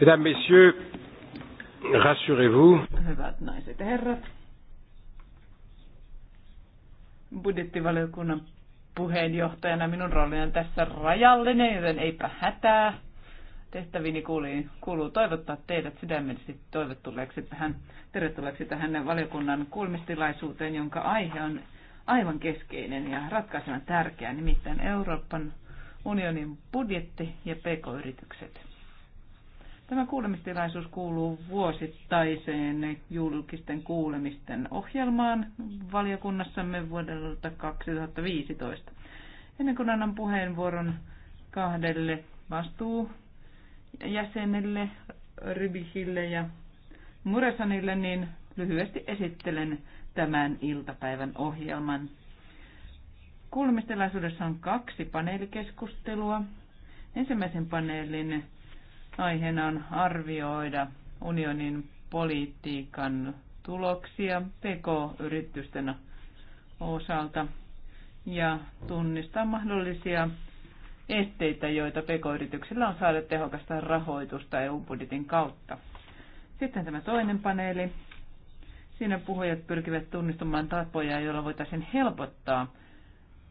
Mesdames, Messieurs, rassurez-vous. Hyvät naiset ja herrat. Budjettivaliokunnan puheenjohtajana minun roolini on tässä rajallinen, joten eipä hätää. Tehtäviini kuuluu, kuuluu toivottaa teidät sydämellisesti toivotulleeksi tähän, tervetulleeksi tähän valiokunnan kuulmistilaisuuteen, jonka aihe on aivan keskeinen ja ratkaisevan tärkeä, nimittäin Euroopan unionin budjetti ja pk-yritykset. Tämä kuulemistilaisuus kuuluu vuosittaiseen julkisten kuulemisten ohjelmaan valiokunnassamme vuodelta 2015. Ennen kuin annan puheenvuoron kahdelle vastuujäsenelle, Rybihille ja Muresanille, niin lyhyesti esittelen tämän iltapäivän ohjelman. Kuulemistilaisuudessa on kaksi paneelikeskustelua. Ensimmäisen paneelin Aiheena on arvioida unionin politiikan tuloksia PK-yritysten osalta ja tunnistaa mahdollisia esteitä, joita pk-yrityksillä on saada tehokasta rahoitusta EU-budjetin kautta. Sitten tämä toinen paneeli. Siinä puhujat pyrkivät tunnistamaan tapoja, joilla voitaisiin helpottaa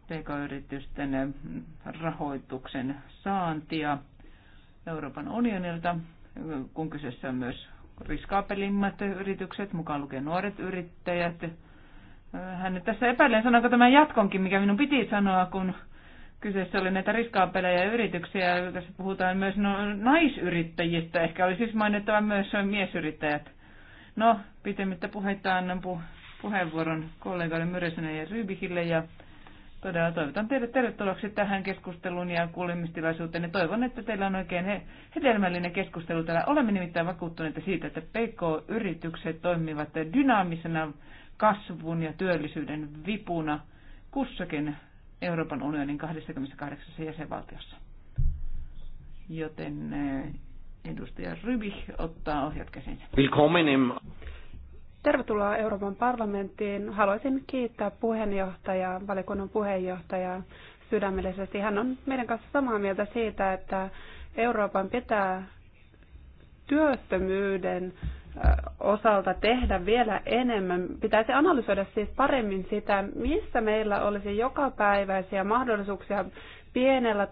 pk-yritysten rahoituksen saantia Euroopan unionilta, kun kyseessä on myös riskaapelimmat yritykset, mukaan lukien nuoret yrittäjät. Hän tässä epäilen, sanoiko tämä jatkonkin, mikä minun piti sanoa, kun kyseessä oli näitä riskaapelejä ja yrityksiä. Tässä puhutaan myös no, naisyrittäjistä, ehkä oli siis mainittava myös miesyrittäjät. No, pitemmittä puheita annan pu- puheenvuoron kollegoille Myresenen ja Rybikille ja Todella toivotan teidät tervetulleeksi tähän keskusteluun ja kuulemistilaisuuteen. Ja toivon, että teillä on oikein hedelmällinen keskustelu täällä. Olemme nimittäin vakuuttuneita siitä, että PK-yritykset toimivat dynaamisena kasvun ja työllisyyden vipuna kussakin Euroopan unionin 28 jäsenvaltiossa. Joten eh, edustaja Rybih ottaa ohjat käsin. Willkommen im Tervetuloa Euroopan parlamenttiin. Haluaisin kiittää puheenjohtajaa, valikunnan puheenjohtajaa sydämellisesti. Hän on meidän kanssa samaa mieltä siitä, että Euroopan pitää työttömyyden osalta tehdä vielä enemmän. Pitäisi analysoida siis paremmin sitä, missä meillä olisi jokapäiväisiä mahdollisuuksia pienellä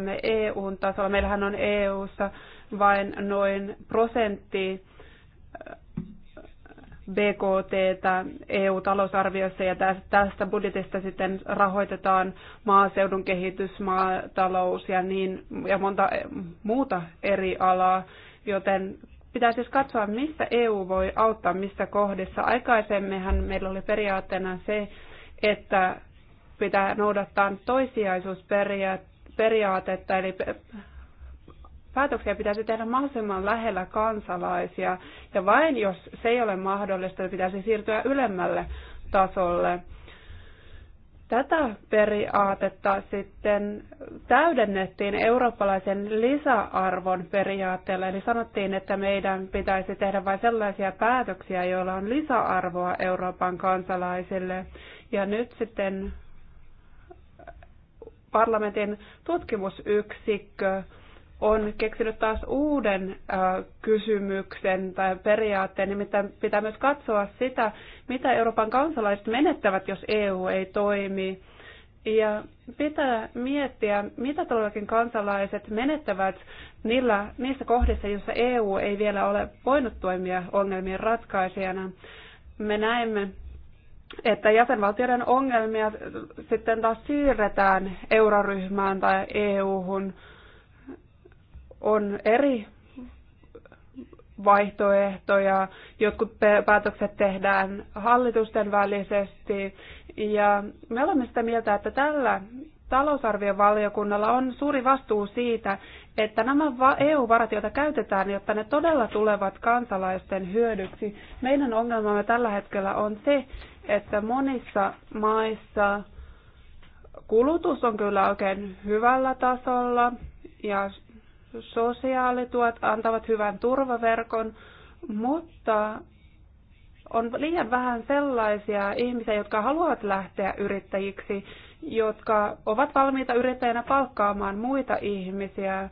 me EUn tasolla. Meillähän on EUssa vain noin prosentti BKT EU-talousarviossa ja tästä budjetista sitten rahoitetaan maaseudun kehitys, maatalous ja, niin, ja monta e, muuta eri alaa, joten pitää siis katsoa, mistä EU voi auttaa, missä kohdissa. Aikaisemminhan meillä oli periaatteena se, että pitää noudattaa toisiaisuusperiaatetta, eli päätöksiä pitäisi tehdä mahdollisimman lähellä kansalaisia, ja vain jos se ei ole mahdollista, niin pitäisi siirtyä ylemmälle tasolle. Tätä periaatetta sitten täydennettiin eurooppalaisen lisäarvon periaatteella, eli sanottiin, että meidän pitäisi tehdä vain sellaisia päätöksiä, joilla on lisäarvoa Euroopan kansalaisille. Ja nyt sitten parlamentin tutkimusyksikkö on keksinyt taas uuden kysymyksen tai periaatteen, nimittäin pitää myös katsoa sitä, mitä Euroopan kansalaiset menettävät, jos EU ei toimi. Ja pitää miettiä, mitä todellakin kansalaiset menettävät niillä, niissä kohdissa, joissa EU ei vielä ole voinut toimia ongelmien ratkaisijana. Me näemme, että jäsenvaltioiden ongelmia sitten taas siirretään euroryhmään tai EU-hun. eu hun on eri vaihtoehtoja. Jotkut päätökset tehdään hallitusten välisesti. Ja me olemme sitä mieltä, että tällä talousarviovaliokunnalla on suuri vastuu siitä, että nämä EU-varat, joita käytetään, jotta ne todella tulevat kansalaisten hyödyksi. Meidän ongelmamme tällä hetkellä on se, että monissa maissa kulutus on kyllä oikein hyvällä tasolla ja sosiaalituet antavat hyvän turvaverkon, mutta on liian vähän sellaisia ihmisiä, jotka haluavat lähteä yrittäjiksi, jotka ovat valmiita yrittäjänä palkkaamaan muita ihmisiä.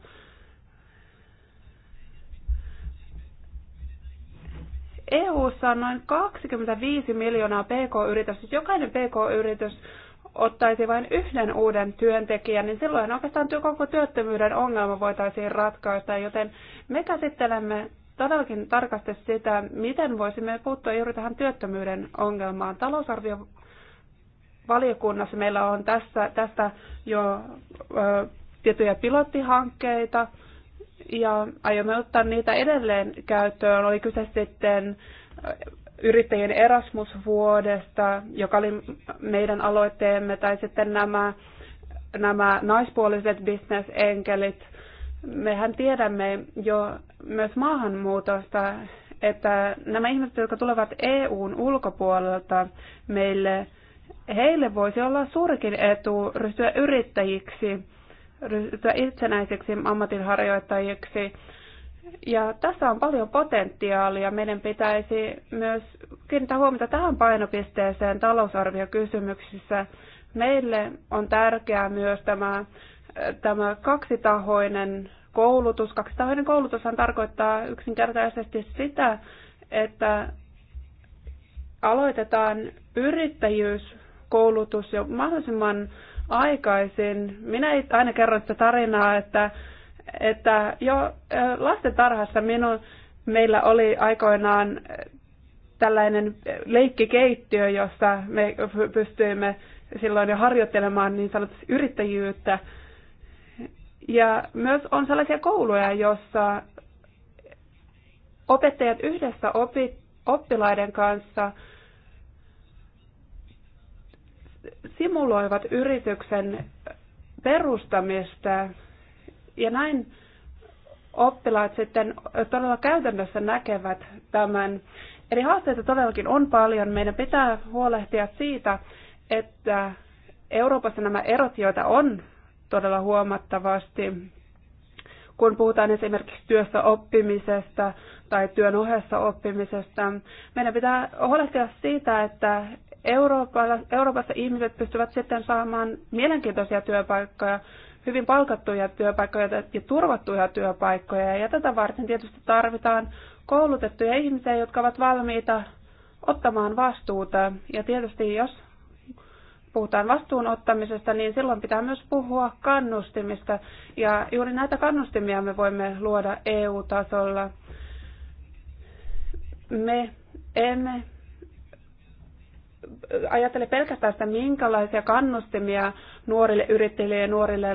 EU:ssa on noin 25 miljoonaa pk-yritystä. Jokainen pk-yritys ottaisi vain yhden uuden työntekijän, niin silloin oikeastaan koko työttömyyden ongelma voitaisiin ratkaista, joten me käsittelemme todellakin tarkasti sitä, miten voisimme puuttua juuri tähän työttömyyden ongelmaan. Talousarvio valiokunnassa meillä on tässä, tästä jo ö, tiettyjä pilottihankkeita ja aiomme ottaa niitä edelleen käyttöön. Oli kyse sitten yrittäjien Erasmus-vuodesta, joka oli meidän aloitteemme, tai sitten nämä, nämä naispuoliset bisnesenkelit. Mehän tiedämme jo myös maahanmuutosta, että nämä ihmiset, jotka tulevat EUn ulkopuolelta meille, heille voisi olla suurikin etu ryhtyä yrittäjiksi, ryhtyä itsenäiseksi ammatinharjoittajiksi. Ja tässä on paljon potentiaalia. Meidän pitäisi myös kiinnittää huomiota tähän painopisteeseen talousarviokysymyksissä. Meille on tärkeää myös tämä, tämä kaksitahoinen koulutus. Kaksitahoinen koulutushan tarkoittaa yksinkertaisesti sitä, että aloitetaan yrittäjyyskoulutus jo mahdollisimman aikaisin. Minä aina kerron sitä tarinaa, että että jo lastentarhassa minun, meillä oli aikoinaan tällainen leikkikeittiö, jossa me pystyimme silloin jo harjoittelemaan niin sanotusti yrittäjyyttä. Ja myös on sellaisia kouluja, joissa opettajat yhdessä opi, oppilaiden kanssa simuloivat yrityksen perustamista ja näin oppilaat sitten todella käytännössä näkevät tämän. Eli haasteita todellakin on paljon. Meidän pitää huolehtia siitä, että Euroopassa nämä erot, joita on todella huomattavasti, kun puhutaan esimerkiksi työssä oppimisesta tai työn ohessa oppimisesta, meidän pitää huolehtia siitä, että Euroopassa ihmiset pystyvät sitten saamaan mielenkiintoisia työpaikkoja hyvin palkattuja työpaikkoja ja turvattuja työpaikkoja. Ja tätä varten tietysti tarvitaan koulutettuja ihmisiä, jotka ovat valmiita ottamaan vastuuta. Ja tietysti jos puhutaan vastuun ottamisesta, niin silloin pitää myös puhua kannustimista. Ja juuri näitä kannustimia me voimme luoda EU-tasolla. Me emme ajattele pelkästään sitä, minkälaisia kannustimia nuorille yrittäjille ja nuorille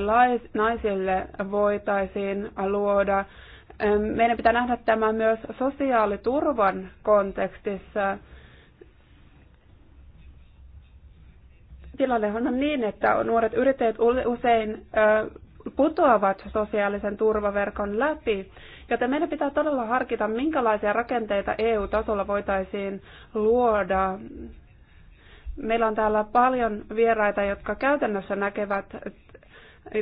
naisille voitaisiin luoda. Meidän pitää nähdä tämä myös sosiaaliturvan kontekstissa. Tilannehan on niin, että nuoret yrittäjät usein putoavat sosiaalisen turvaverkon läpi, joten meidän pitää todella harkita, minkälaisia rakenteita EU-tasolla voitaisiin luoda Meillä on täällä paljon vieraita, jotka käytännössä näkevät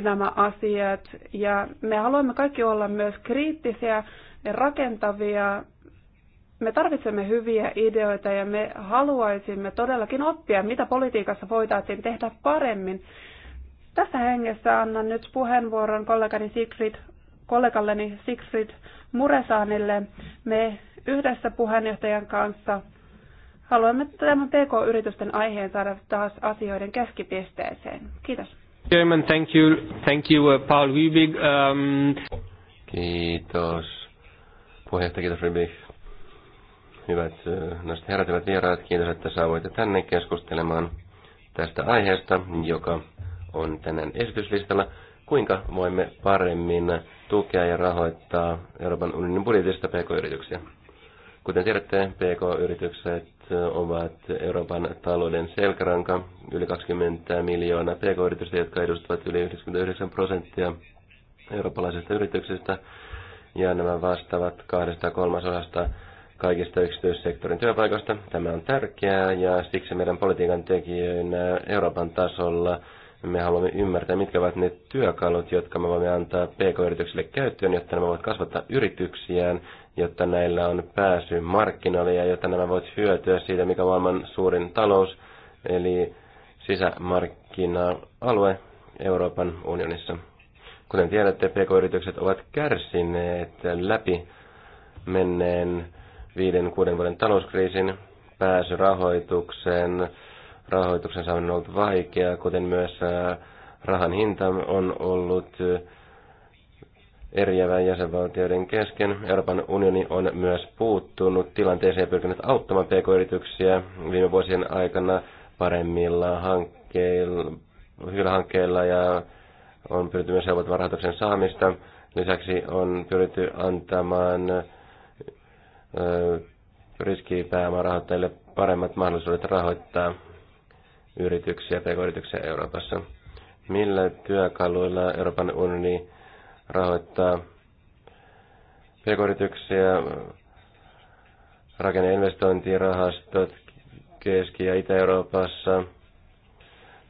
nämä asiat ja me haluamme kaikki olla myös kriittisiä ja rakentavia. Me tarvitsemme hyviä ideoita ja me haluaisimme todellakin oppia, mitä politiikassa voitaisiin tehdä paremmin. Tässä hengessä annan nyt puheenvuoron kollegani Sigrid, kollegalleni Sigrid Muresaanille. Me yhdessä puheenjohtajan kanssa Haluamme tämän PK-yritysten aiheen saada taas asioiden keskipisteeseen. Kiitos. Chairman, thank you, thank you uh, Paul Rübig. Um... Kiitos. Puheenjohtaja, kiitos Rübig. Hyvät uh, naiset herrat, hyvät vieraat, kiitos, että saavuitte tänne keskustelemaan tästä aiheesta, joka on tänään esityslistalla. Kuinka voimme paremmin tukea ja rahoittaa Euroopan unionin budjetista pk-yrityksiä? Kuten tiedätte, pk-yritykset ovat Euroopan talouden selkäranka, yli 20 miljoonaa pk-yritystä, jotka edustavat yli 99 prosenttia eurooppalaisista yrityksistä, ja nämä vastaavat kahdesta kolmasosasta kaikista yksityissektorin työpaikoista. Tämä on tärkeää, ja siksi meidän politiikan tekijöinä Euroopan tasolla me haluamme ymmärtää, mitkä ovat ne työkalut, jotka me voimme antaa pk-yrityksille käyttöön, jotta ne voivat kasvattaa yrityksiään jotta näillä on pääsy markkinoille ja jotta nämä voisivat hyötyä siitä, mikä on maailman suurin talous, eli sisämarkkina-alue Euroopan unionissa. Kuten tiedätte, pk-yritykset ovat kärsineet läpi menneen viiden, kuuden vuoden talouskriisin pääsy rahoitukseen. Rahoituksen saaminen on ollut vaikeaa, kuten myös rahan hinta on ollut eriävän jäsenvaltioiden kesken. Euroopan unioni on myös puuttunut tilanteeseen ja pyrkinyt auttamaan pk-yrityksiä viime vuosien aikana paremmilla hankkeilla, hyvillä hankkeilla ja on pyritty myös helpottamaan rahoituksen saamista. Lisäksi on pyritty antamaan ö, riskipääomarahoittajille paremmat mahdollisuudet rahoittaa yrityksiä, pk-yrityksiä Euroopassa. Millä työkaluilla Euroopan unioni rahoittaa pk-yrityksiä, rakenneinvestointirahastot Keski- ja Itä-Euroopassa.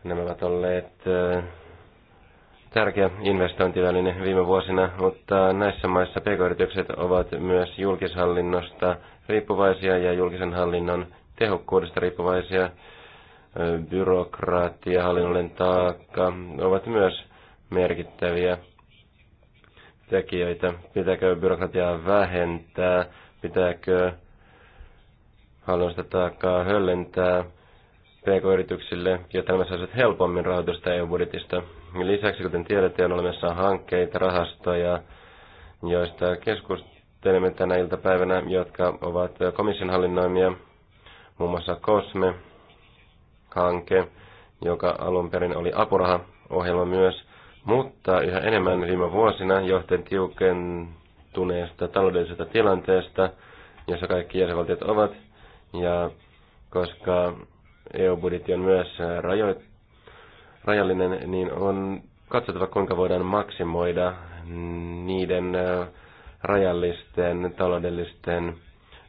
Nämä ovat olleet äh, tärkeä investointiväline viime vuosina, mutta näissä maissa pk-yritykset ovat myös julkishallinnosta riippuvaisia ja julkisen hallinnon tehokkuudesta riippuvaisia. Äh, byrokraatia, hallinnollinen taakka ovat myös merkittäviä tekijöitä? Pitääkö byrokratiaa vähentää? Pitääkö hallinnosta taakkaa höllentää pk-yrityksille, jotta nämä saisivat helpommin rahoitusta EU-budjetista? Lisäksi, kuten tiedätte, on olemassa hankkeita, rahastoja, joista keskustelemme tänä iltapäivänä, jotka ovat komission hallinnoimia, muun muassa COSME-hanke, joka alun perin oli apuraha ohjelma myös, mutta yhä enemmän viime vuosina johtuen tiukentuneesta taloudellisesta tilanteesta, jossa kaikki jäsenvaltiot ovat, ja koska EU-budjetti on myös rajo- rajallinen, niin on katsottava, kuinka voidaan maksimoida niiden rajallisten taloudellisten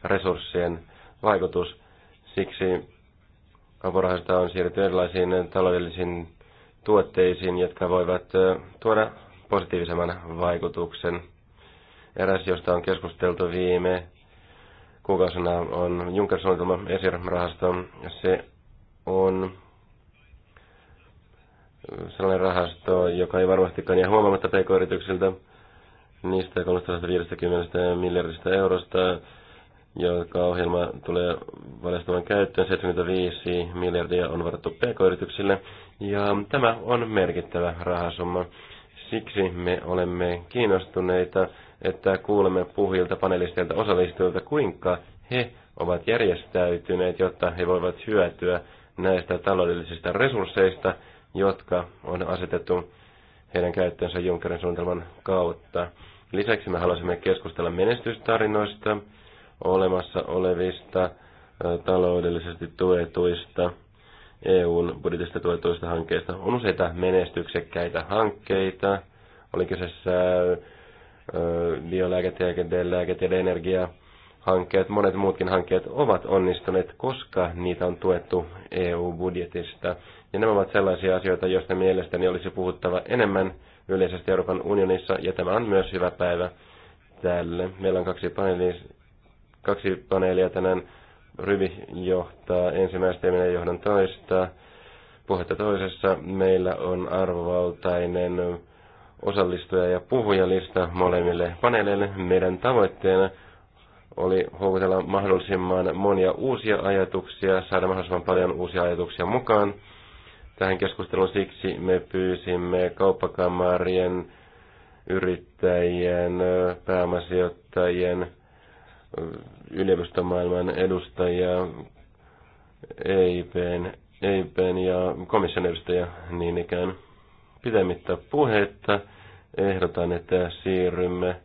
resurssien vaikutus. Siksi apurahoista on siirretty erilaisiin taloudellisiin tuotteisiin, jotka voivat tuoda positiivisemman vaikutuksen. Eräs, josta on keskusteltu viime kuukausina, on Junker-suunnitelma ESIR-rahasto. Se on sellainen rahasto, joka ei varmastikaan jää huomaamatta pk-yrityksiltä. Niistä 350 miljardista eurosta joka ohjelma tulee valjastumaan käyttöön. 75 miljardia on varattu pk-yrityksille, ja tämä on merkittävä rahasumma. Siksi me olemme kiinnostuneita, että kuulemme puhujilta, panelisteilta, osallistujilta, kuinka he ovat järjestäytyneet, jotta he voivat hyötyä näistä taloudellisista resursseista, jotka on asetettu heidän käyttöönsä Junckerin suunnitelman kautta. Lisäksi me haluaisimme keskustella menestystarinoista, olemassa olevista taloudellisesti tuetuista EUn budjetista tuetuista hankkeista. On useita menestyksekkäitä hankkeita. Oli kyseessä biolääketieteen, lääketieteen energia, hankkeet, monet muutkin hankkeet ovat onnistuneet, koska niitä on tuettu EU-budjetista. Ja nämä ovat sellaisia asioita, joista mielestäni olisi puhuttava enemmän yleisesti Euroopan unionissa, ja tämä on myös hyvä päivä tälle. Meillä on kaksi panelis, kaksi paneelia tänään. Ryvi johtaa ensimmäistä ja minä johdan toista. Puhetta toisessa meillä on arvovaltainen osallistuja- ja puhujalista molemmille paneeleille. Meidän tavoitteena oli houkutella mahdollisimman monia uusia ajatuksia, saada mahdollisimman paljon uusia ajatuksia mukaan tähän keskusteluun. Siksi me pyysimme kauppakamarien, yrittäjien, pääomasijoittajien, yliopistomaailman edustajia, EIPn, EIPn ja komission edustajia niin ikään pitämättä puhetta. Ehdotan, että siirrymme,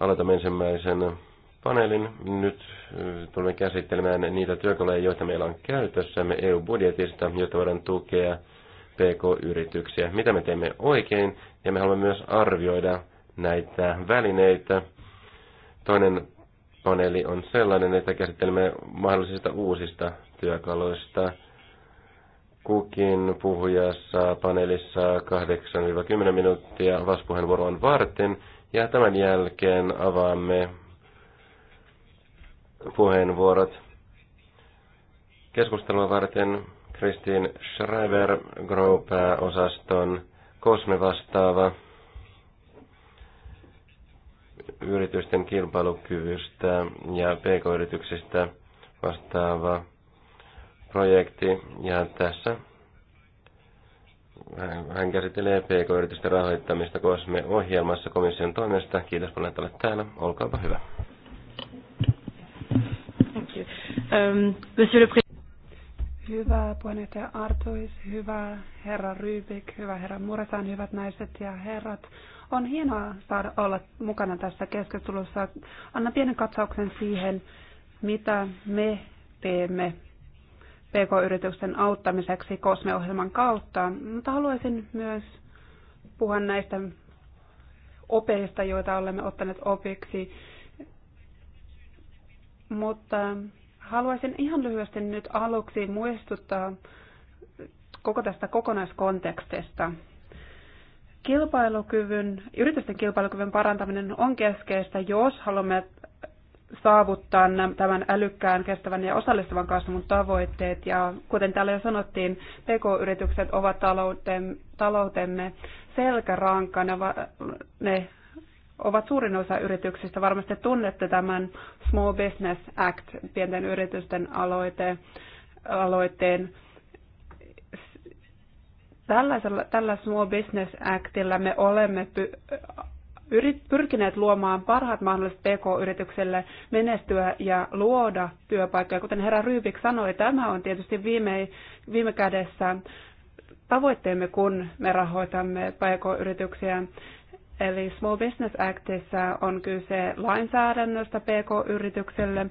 aloitamme ensimmäisen paneelin. Nyt äh, tulemme käsittelemään niitä työkaluja, joita meillä on käytössämme EU-budjetista, jotta voidaan tukea PK-yrityksiä. Mitä me teemme oikein, ja me haluamme myös arvioida näitä välineitä, Toinen paneeli on sellainen, että käsittelemme mahdollisista uusista työkaluista. Kukin puhujassa paneelissa 8-10 minuuttia vastapuheenvuoroon varten, ja tämän jälkeen avaamme puheenvuorot keskustelua varten. Kristin Schreiber, Group-osaston Kosme vastaava yritysten kilpailukyvystä ja pk-yrityksistä vastaava projekti. Ja tässä hän käsittelee pk-yritysten rahoittamista kosme ohjelmassa komission toimesta. Kiitos paljon, että olet täällä. Olkaapa hyvä. Um, hyvä puheenjohtaja Artois, hyvä herra Rybik, hyvä herra Muresan, hyvät naiset ja herrat. On hienoa saada olla mukana tässä keskustelussa. Anna pienen katsauksen siihen, mitä me teemme PK-yritysten auttamiseksi COSME-ohjelman kautta, mutta haluaisin myös puhua näistä opeista, joita olemme ottaneet opiksi. Mutta haluaisin ihan lyhyesti nyt aluksi muistuttaa koko tästä kokonaiskontekstista. Kilpailukyvyn, yritysten kilpailukyvyn parantaminen on keskeistä, jos haluamme saavuttaa tämän älykkään, kestävän ja osallistuvan kasvun tavoitteet. Ja kuten täällä jo sanottiin, PK-yritykset ovat taloutemme selkäranka. Ne, ne ovat suurin osa yrityksistä. Varmasti tunnette tämän Small Business Act, pienten yritysten aloite, aloitteen. Tällaisella, tällä Small Business Actillä me olemme py- yrit, pyrkineet luomaan parhaat mahdolliset PK-yritykselle menestyä ja luoda työpaikkoja. Kuten herra Ryybik sanoi, tämä on tietysti viime, viime kädessä tavoitteemme, kun me rahoitamme PK-yrityksiä. Eli Small Business Actissa on kyse lainsäädännöstä PK-yritykselle,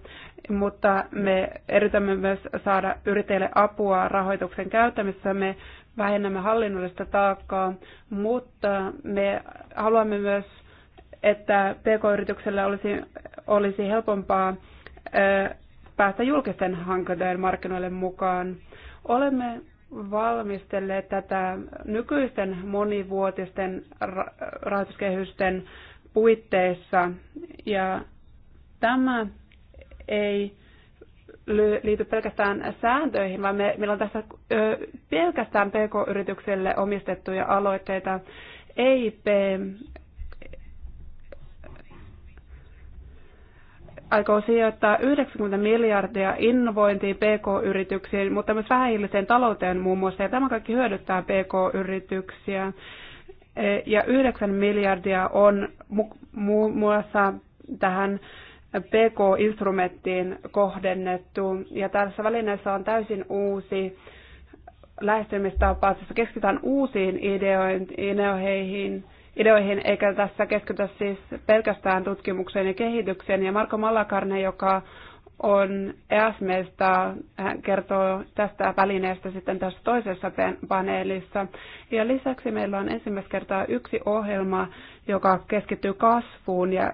mutta me yritämme myös saada yrittäjille apua rahoituksen käyttämisessä. Me vähennämme hallinnollista taakkaa, mutta me haluamme myös, että pk yritykselle olisi, olisi helpompaa päästä julkisten hankintojen markkinoille mukaan. Olemme valmistelleet tätä nykyisten monivuotisten rahoituskehysten puitteissa ja tämä ei liity pelkästään sääntöihin, vaan me, meillä on tässä pelkästään PK-yrityksille omistettuja aloitteita. ei P... aikoo sijoittaa 90 miljardia innovointiin PK-yrityksiin, mutta myös vähähiiliseen talouteen muun muassa, ja tämä kaikki hyödyttää PK-yrityksiä. E, ja 9 miljardia on muun muassa tähän PK-instrumenttiin kohdennettu. Ja tässä välineessä on täysin uusi lähestymistapa, jossa keskitytään uusiin ideoihin, ideoihin, eikä tässä keskitytä siis pelkästään tutkimukseen ja kehitykseen. Ja Marko Mallakarne, joka on easmeista hän kertoo tästä välineestä sitten tässä toisessa paneelissa. Ja lisäksi meillä on ensimmäistä kertaa yksi ohjelma, joka keskittyy kasvuun ja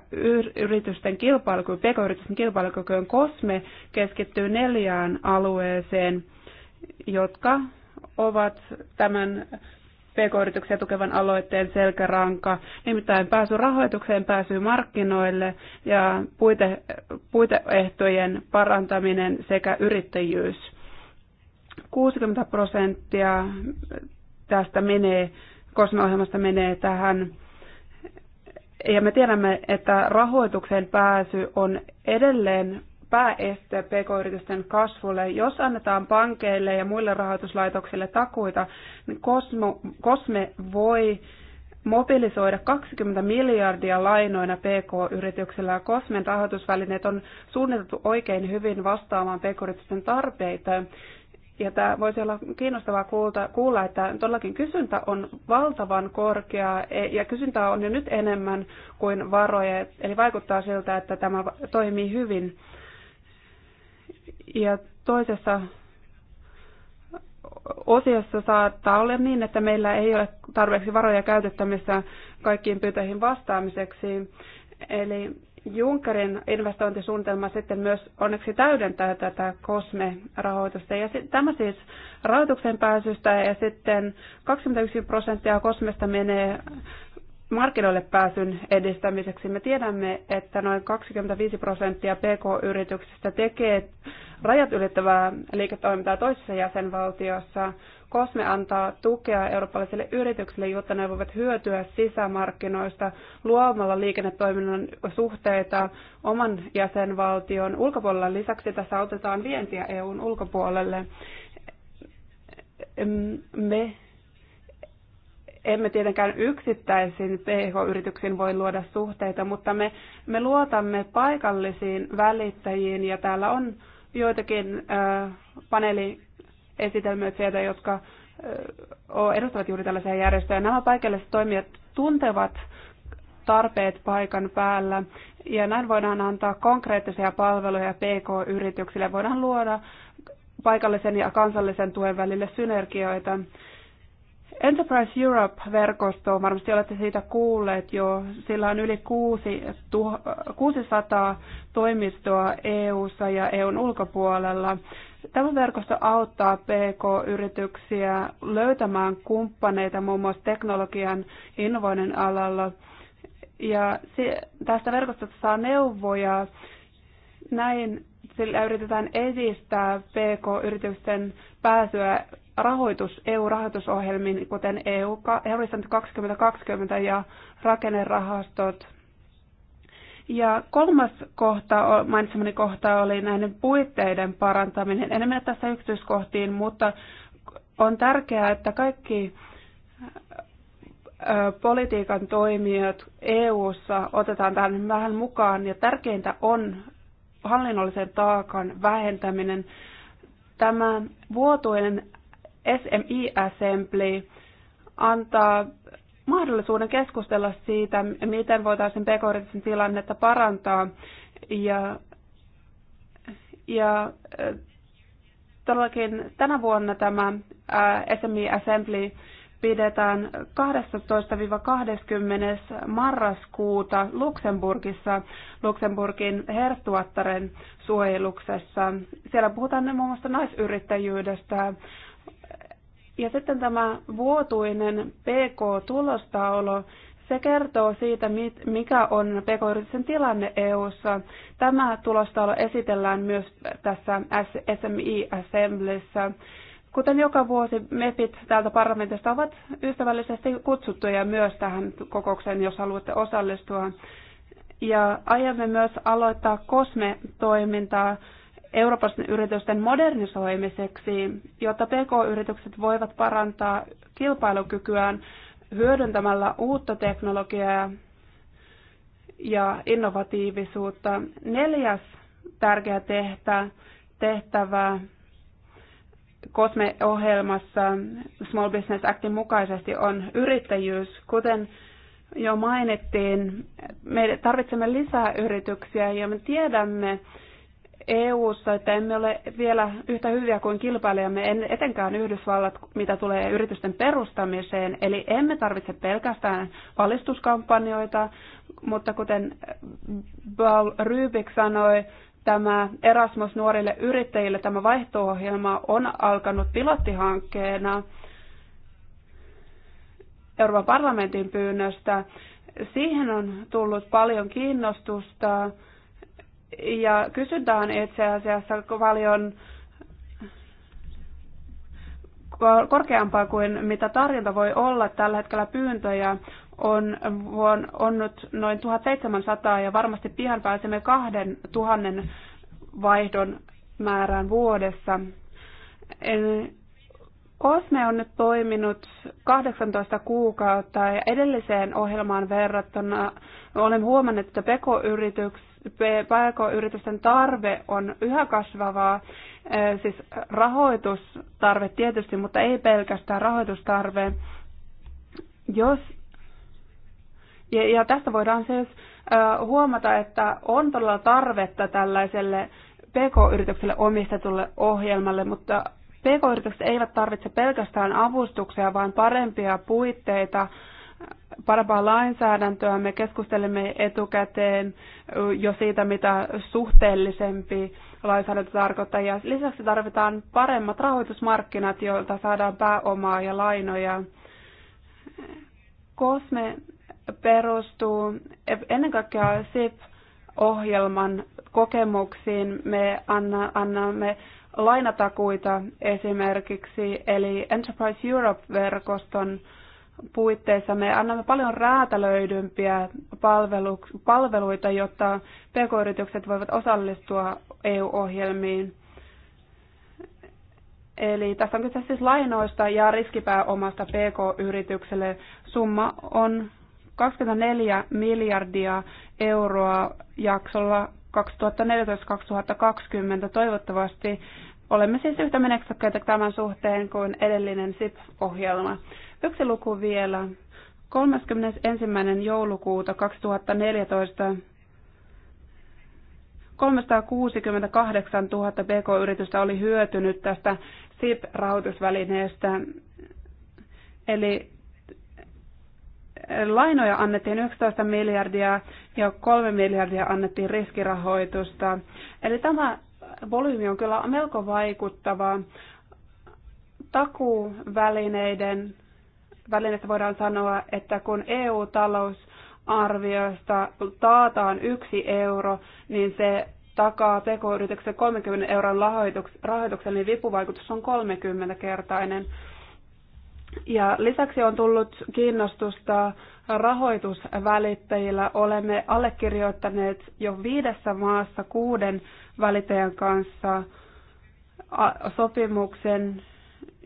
yritysten kilpailukyky, pk-yritysten kilpailukykyyn COSME keskittyy neljään alueeseen, jotka ovat tämän pk-yrityksiä tukevan aloitteen selkäranka, nimittäin pääsy rahoitukseen, pääsy markkinoille ja puite, puiteehtojen parantaminen sekä yrittäjyys. 60 prosenttia tästä menee, kosmeohjelmasta menee tähän. Ja me tiedämme, että rahoitukseen pääsy on edelleen pääeste pk-yritysten kasvulle. Jos annetaan pankeille ja muille rahoituslaitoksille takuita, niin Cosmo, Cosme voi mobilisoida 20 miljardia lainoina PK-yrityksillä. Kosmen rahoitusvälineet on suunniteltu oikein hyvin vastaamaan PK-yritysten tarpeita. Ja tämä voisi olla kiinnostavaa kuulta, kuulla, että todellakin kysyntä on valtavan korkea, e, ja kysyntää on jo nyt enemmän kuin varoja, eli vaikuttaa siltä, että tämä toimii hyvin. Ja toisessa osiossa saattaa olla niin, että meillä ei ole tarpeeksi varoja käytettämissä kaikkiin pyytöihin vastaamiseksi. Eli Junckerin investointisuunnitelma sitten myös onneksi täydentää tätä COSME-rahoitusta. Ja tämä siis rahoituksen pääsystä ja sitten 21 prosenttia COSMEsta menee markkinoille pääsyn edistämiseksi. Me tiedämme, että noin 25 prosenttia PK-yrityksistä tekee rajat ylittävää liiketoimintaa toisessa jäsenvaltiossa. Kosme antaa tukea eurooppalaisille yrityksille, jotta ne voivat hyötyä sisämarkkinoista luomalla liikennetoiminnan suhteita oman jäsenvaltion ulkopuolella. Lisäksi tässä autetaan vientiä EUn ulkopuolelle. Me emme tietenkään yksittäisiin ph yrityksiin voi luoda suhteita, mutta me, me luotamme paikallisiin välittäjiin ja täällä on joitakin äh, paneeliesitelmöitsijöitä, jotka äh, edustavat juuri tällaisia järjestöjä. Nämä paikalliset toimijat tuntevat tarpeet paikan päällä ja näin voidaan antaa konkreettisia palveluja PK-yrityksille. Voidaan luoda paikallisen ja kansallisen tuen välille synergioita. Enterprise Europe-verkosto, varmasti olette siitä kuulleet jo, sillä on yli 600 toimistoa EU-ssa ja EUn ulkopuolella. Tämä verkosto auttaa PK-yrityksiä löytämään kumppaneita muun muassa teknologian innovoinnin alalla. Ja tästä verkostosta saa neuvoja. Näin sillä yritetään edistää PK-yritysten pääsyä rahoitus EU-rahoitusohjelmiin, kuten EU Horisont 2020 ja rakennerahastot. Ja kolmas kohta, mainitsemani kohta oli näiden puitteiden parantaminen. En mene tässä yksityiskohtiin, mutta on tärkeää, että kaikki politiikan toimijat EU:ssa otetaan tähän vähän mukaan ja tärkeintä on hallinnollisen taakan vähentäminen. Tämä vuotuinen SMI Assembly antaa mahdollisuuden keskustella siitä, miten voitaisiin pk tilannetta parantaa. Ja, ja äh, todellakin tänä vuonna tämä äh, SMI Assembly pidetään 12-20. marraskuuta Luxemburgissa, Luxemburgin herttuattaren suojeluksessa. Siellä puhutaan muun muassa naisyrittäjyydestä, ja sitten tämä vuotuinen pk tulostaulo se kertoo siitä, mikä on pk-yritysten tilanne EU:ssa. Tämä tulostaulo esitellään myös tässä SMI Assemblyssä. Kuten joka vuosi, MEPit täältä parlamentista ovat ystävällisesti kutsuttuja myös tähän kokoukseen, jos haluatte osallistua. Ja aiomme myös aloittaa COSME-toimintaa Euroopan yritysten modernisoimiseksi, jotta PK-yritykset voivat parantaa kilpailukykyään hyödyntämällä uutta teknologiaa ja innovatiivisuutta. Neljäs tärkeä tehtä, tehtävä COSME-ohjelmassa Small Business Actin mukaisesti on yrittäjyys. Kuten jo mainittiin, me tarvitsemme lisää yrityksiä ja me tiedämme, EU-ssa, että emme ole vielä yhtä hyviä kuin kilpailijamme, en etenkään Yhdysvallat, mitä tulee yritysten perustamiseen. Eli emme tarvitse pelkästään valistuskampanjoita, mutta kuten Paul Rybik sanoi, tämä Erasmus nuorille yrittäjille, tämä vaihto-ohjelma on alkanut pilottihankkeena Euroopan parlamentin pyynnöstä. Siihen on tullut paljon kiinnostusta ja kysyntä on itse asiassa paljon korkeampaa kuin mitä tarjonta voi olla. Tällä hetkellä pyyntöjä on, on, on nyt noin 1700 ja varmasti pian pääsemme 2000 vaihdon määrään vuodessa. Osme on nyt toiminut 18 kuukautta ja edelliseen ohjelmaan verrattuna olen huomannut, että pk PK-yritysten tarve on yhä kasvavaa, äh, siis rahoitustarve tietysti, mutta ei pelkästään rahoitustarve. Jos, ja, ja tästä voidaan siis äh, huomata, että on todella tarvetta tällaiselle PK-yritykselle omistetulle ohjelmalle, mutta PK-yritykset eivät tarvitse pelkästään avustuksia, vaan parempia puitteita parempaa lainsäädäntöä. Me keskustelimme etukäteen jo siitä, mitä suhteellisempi lainsäädäntö tarkoittaa. Ja lisäksi tarvitaan paremmat rahoitusmarkkinat, joilta saadaan pääomaa ja lainoja. Kosme perustuu ennen kaikkea SIP-ohjelman kokemuksiin. Me annamme lainatakuita esimerkiksi, eli Enterprise Europe-verkoston puitteissa me annamme paljon räätälöidympiä palveluita, jotta pk-yritykset voivat osallistua EU-ohjelmiin. Eli tässä on kyse siis lainoista ja riskipääomasta pk-yritykselle. Summa on 24 miljardia euroa jaksolla 2014-2020. Toivottavasti Olemme siis yhtä menestykkäitä tämän suhteen kuin edellinen SIP-ohjelma. Yksi luku vielä. 31. joulukuuta 2014 368 000 pk-yritystä oli hyötynyt tästä SIP-rahoitusvälineestä. Eli lainoja annettiin 11 miljardia ja 3 miljardia annettiin riskirahoitusta. Eli tämä volyymi on kyllä melko vaikuttava. Takuvälineiden välineistä voidaan sanoa, että kun EU-talousarviosta taataan yksi euro, niin se takaa pk-yrityksen 30 euron rahoituksen, niin vipuvaikutus on 30-kertainen. Ja lisäksi on tullut kiinnostusta rahoitusvälittäjillä olemme allekirjoittaneet jo viidessä maassa kuuden välittäjän kanssa sopimuksen.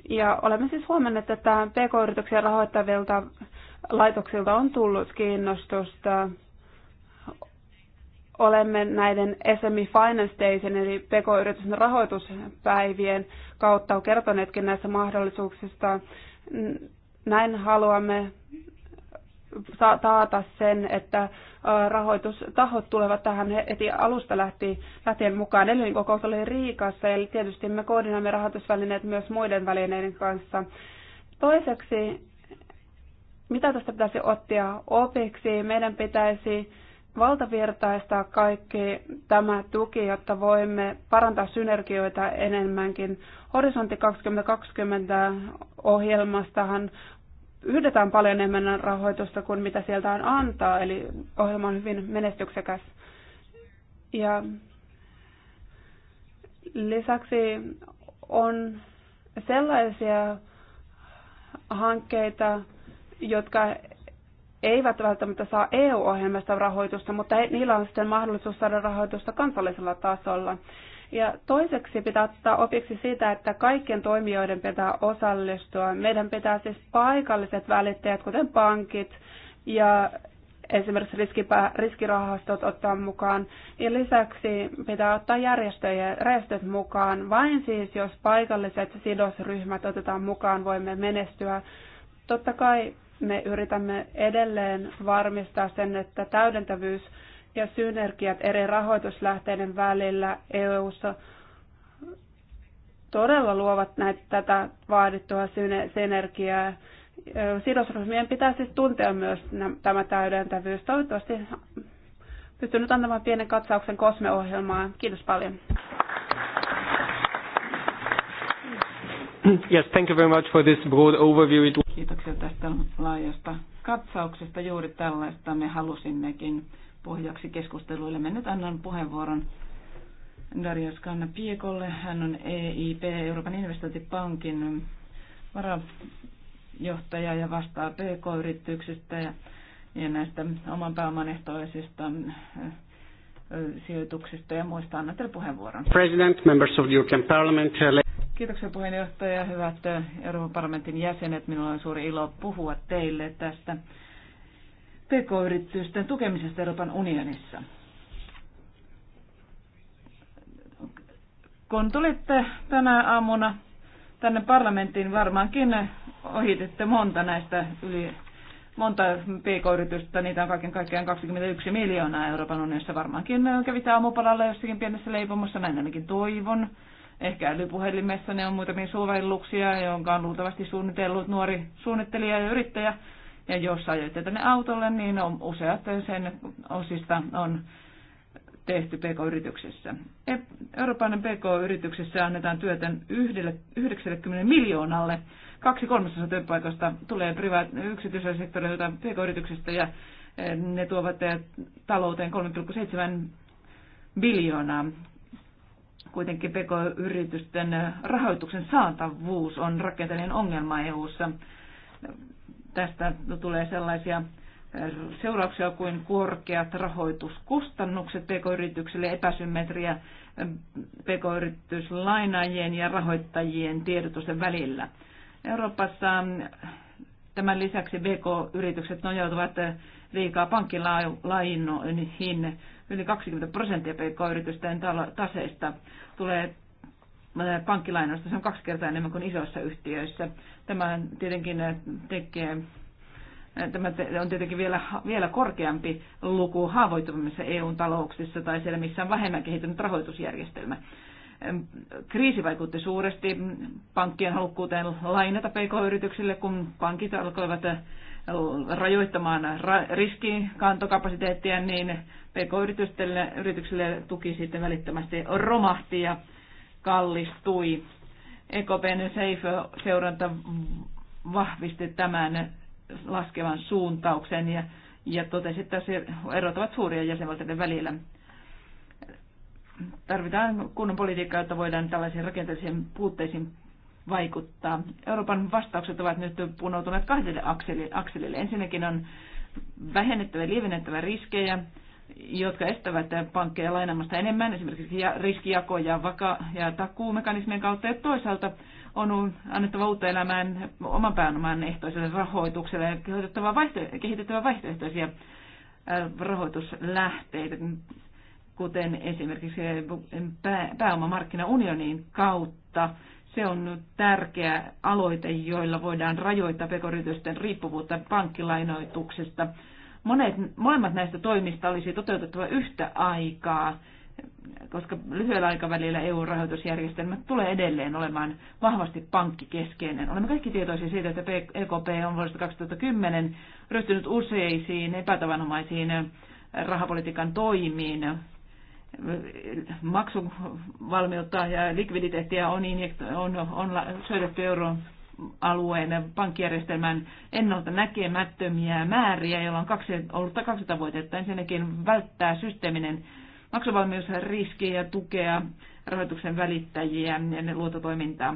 Ja olemme siis huomanneet, että pk-yrityksiä rahoittavilta laitoksilta on tullut kiinnostusta. Olemme näiden SME Finance Daysin eli pk-yritysten rahoituspäivien kautta kertoneetkin näistä mahdollisuuksista. Näin haluamme taata sen, että rahoitustahot tulevat tähän heti alusta lähtien mukaan. Elyin kokous oli Riikassa eli tietysti me koordinoimme rahoitusvälineet myös muiden välineiden kanssa. Toiseksi, mitä tästä pitäisi ottaa opiksi? Meidän pitäisi valtavirtaistaa kaikki tämä tuki, jotta voimme parantaa synergioita enemmänkin. Horisontti 2020 ohjelmastahan pyydetään paljon enemmän rahoitusta kuin mitä sieltä on antaa, eli ohjelma on hyvin menestyksekäs. Ja lisäksi on sellaisia hankkeita, jotka eivät välttämättä saa EU-ohjelmasta rahoitusta, mutta niillä on sitten mahdollisuus saada rahoitusta kansallisella tasolla. Ja toiseksi pitää ottaa opiksi sitä, että kaikkien toimijoiden pitää osallistua. Meidän pitää siis paikalliset välittäjät, kuten pankit ja esimerkiksi riskipä, riskirahastot ottaa mukaan. Ja lisäksi pitää ottaa järjestöt mukaan. Vain siis, jos paikalliset sidosryhmät otetaan mukaan, voimme menestyä. Totta kai me yritämme edelleen varmistaa sen, että täydentävyys ja synergiat eri rahoituslähteiden välillä EU:ssa todella luovat näitä, tätä vaadittua synergiaa. Sidosryhmien pitää siis tuntea myös tämä täydentävyys. Toivottavasti pystyn nyt antamaan pienen katsauksen kosmeohjelmaan. Kiitos paljon. Yes, thank you very much for this broad overview. Kiitoksia tästä laajasta katsauksesta. Juuri tällaista me halusimmekin pohjaksi keskusteluille. Mä nyt annan puheenvuoron Darja Skanna Piekolle. Hän on EIP, Euroopan investointipankin varajohtaja ja vastaa PK-yrityksistä ja, ja näistä oman pääoman ehtoisista sijoituksista ja muista. Annan teille puheenvuoron. President, members of European Parliament. Kiitoksia puheenjohtaja. Hyvät Euroopan parlamentin jäsenet, minulla on suuri ilo puhua teille tästä pk-yritysten tukemisesta Euroopan unionissa. Kun tulitte tänä aamuna tänne parlamenttiin, varmaankin ohititte monta näistä yli monta pk-yritystä, niitä on kaiken kaikkiaan 21 miljoonaa Euroopan unionissa. Varmaankin kävitte aamupalalla jossakin pienessä leipomossa, näin ainakin toivon. Ehkä älypuhelimessa ne on muutamia suovelluksia, jonka on luultavasti suunnitellut nuori suunnittelija ja yrittäjä. Ja jos ajoitte tänne autolle, niin on, useat sen osista on tehty PK-yrityksessä. E- Euroopan PK-yrityksessä annetaan työtä 90 miljoonalle. Kaksi kolmasosa työpaikoista tulee privaat- yksityisellä sektorilla PK-yrityksestä ja e, ne tuovat e, talouteen 3,7 biljoonaa. Kuitenkin PK-yritysten rahoituksen saatavuus on rakenteellinen ongelma EU-ssa tästä tulee sellaisia äh, seurauksia kuin korkeat rahoituskustannukset pk-yrityksille, epäsymmetriä äh, pk yrityslainajien ja rahoittajien tiedotusten välillä. Euroopassa äh, tämän lisäksi pk-yritykset nojautuvat liikaa pankkilainoihin. Yli 20 prosenttia pk-yritysten taseista tulee pankkilainoista. Se on kaksi kertaa enemmän kuin isoissa yhtiöissä. Tämähän tietenkin äh, tekee äh, Tämä on tietenkin vielä, vielä korkeampi luku haavoittuvimmissa EU-talouksissa tai siellä, missä on vähemmän kehittynyt rahoitusjärjestelmä. Ähm, kriisi vaikutti suuresti pankkien halukkuuteen lainata pk-yrityksille, kun pankit alkoivat äh, rajoittamaan riskikantokapasiteettia, niin pk-yrityksille tuki sitten välittömästi romahti ja kallistui. EKPn seuranta vahvisti tämän laskevan suuntauksen ja, ja totesi, että se erot ovat suuria jäsenvaltioiden välillä. Tarvitaan kunnon politiikkaa, jotta voidaan tällaisiin rakenteellisiin puutteisiin vaikuttaa. Euroopan vastaukset ovat nyt punoutuneet kahdelle akselille. Ensinnäkin on vähennettävä ja lievennettävä riskejä jotka estävät pankkeja lainaamasta enemmän, esimerkiksi riskijako- ja, vaka- ja takuumekanismien kautta, ja toisaalta on annettava uutta elämään oman pääoman ehtoiselle rahoitukselle ja kehitettävä, vaihto- kehitettävä vaihtoehtoisia rahoituslähteitä, kuten esimerkiksi pääomamarkkinaunionin kautta. Se on tärkeä aloite, joilla voidaan rajoittaa pekoritysten riippuvuutta pankkilainoituksesta Monet, molemmat näistä toimista olisi toteutettava yhtä aikaa, koska lyhyellä aikavälillä eu rahoitusjärjestelmät tulee edelleen olemaan vahvasti pankkikeskeinen. Olemme kaikki tietoisia siitä, että EKP on vuodesta 2010 ryhtynyt useisiin epätavanomaisiin rahapolitiikan toimiin, maksuvalmiutta ja likviditeettiä on, injekto, on, on syötetty euroon alueen pankkijärjestelmän ennalta näkemättömiä määriä, joilla on kaksi, ollut 200 vuotta, Ensinnäkin välttää systeeminen maksuvalmiusriski ja tukea rahoituksen välittäjiä ja luototoimintaa.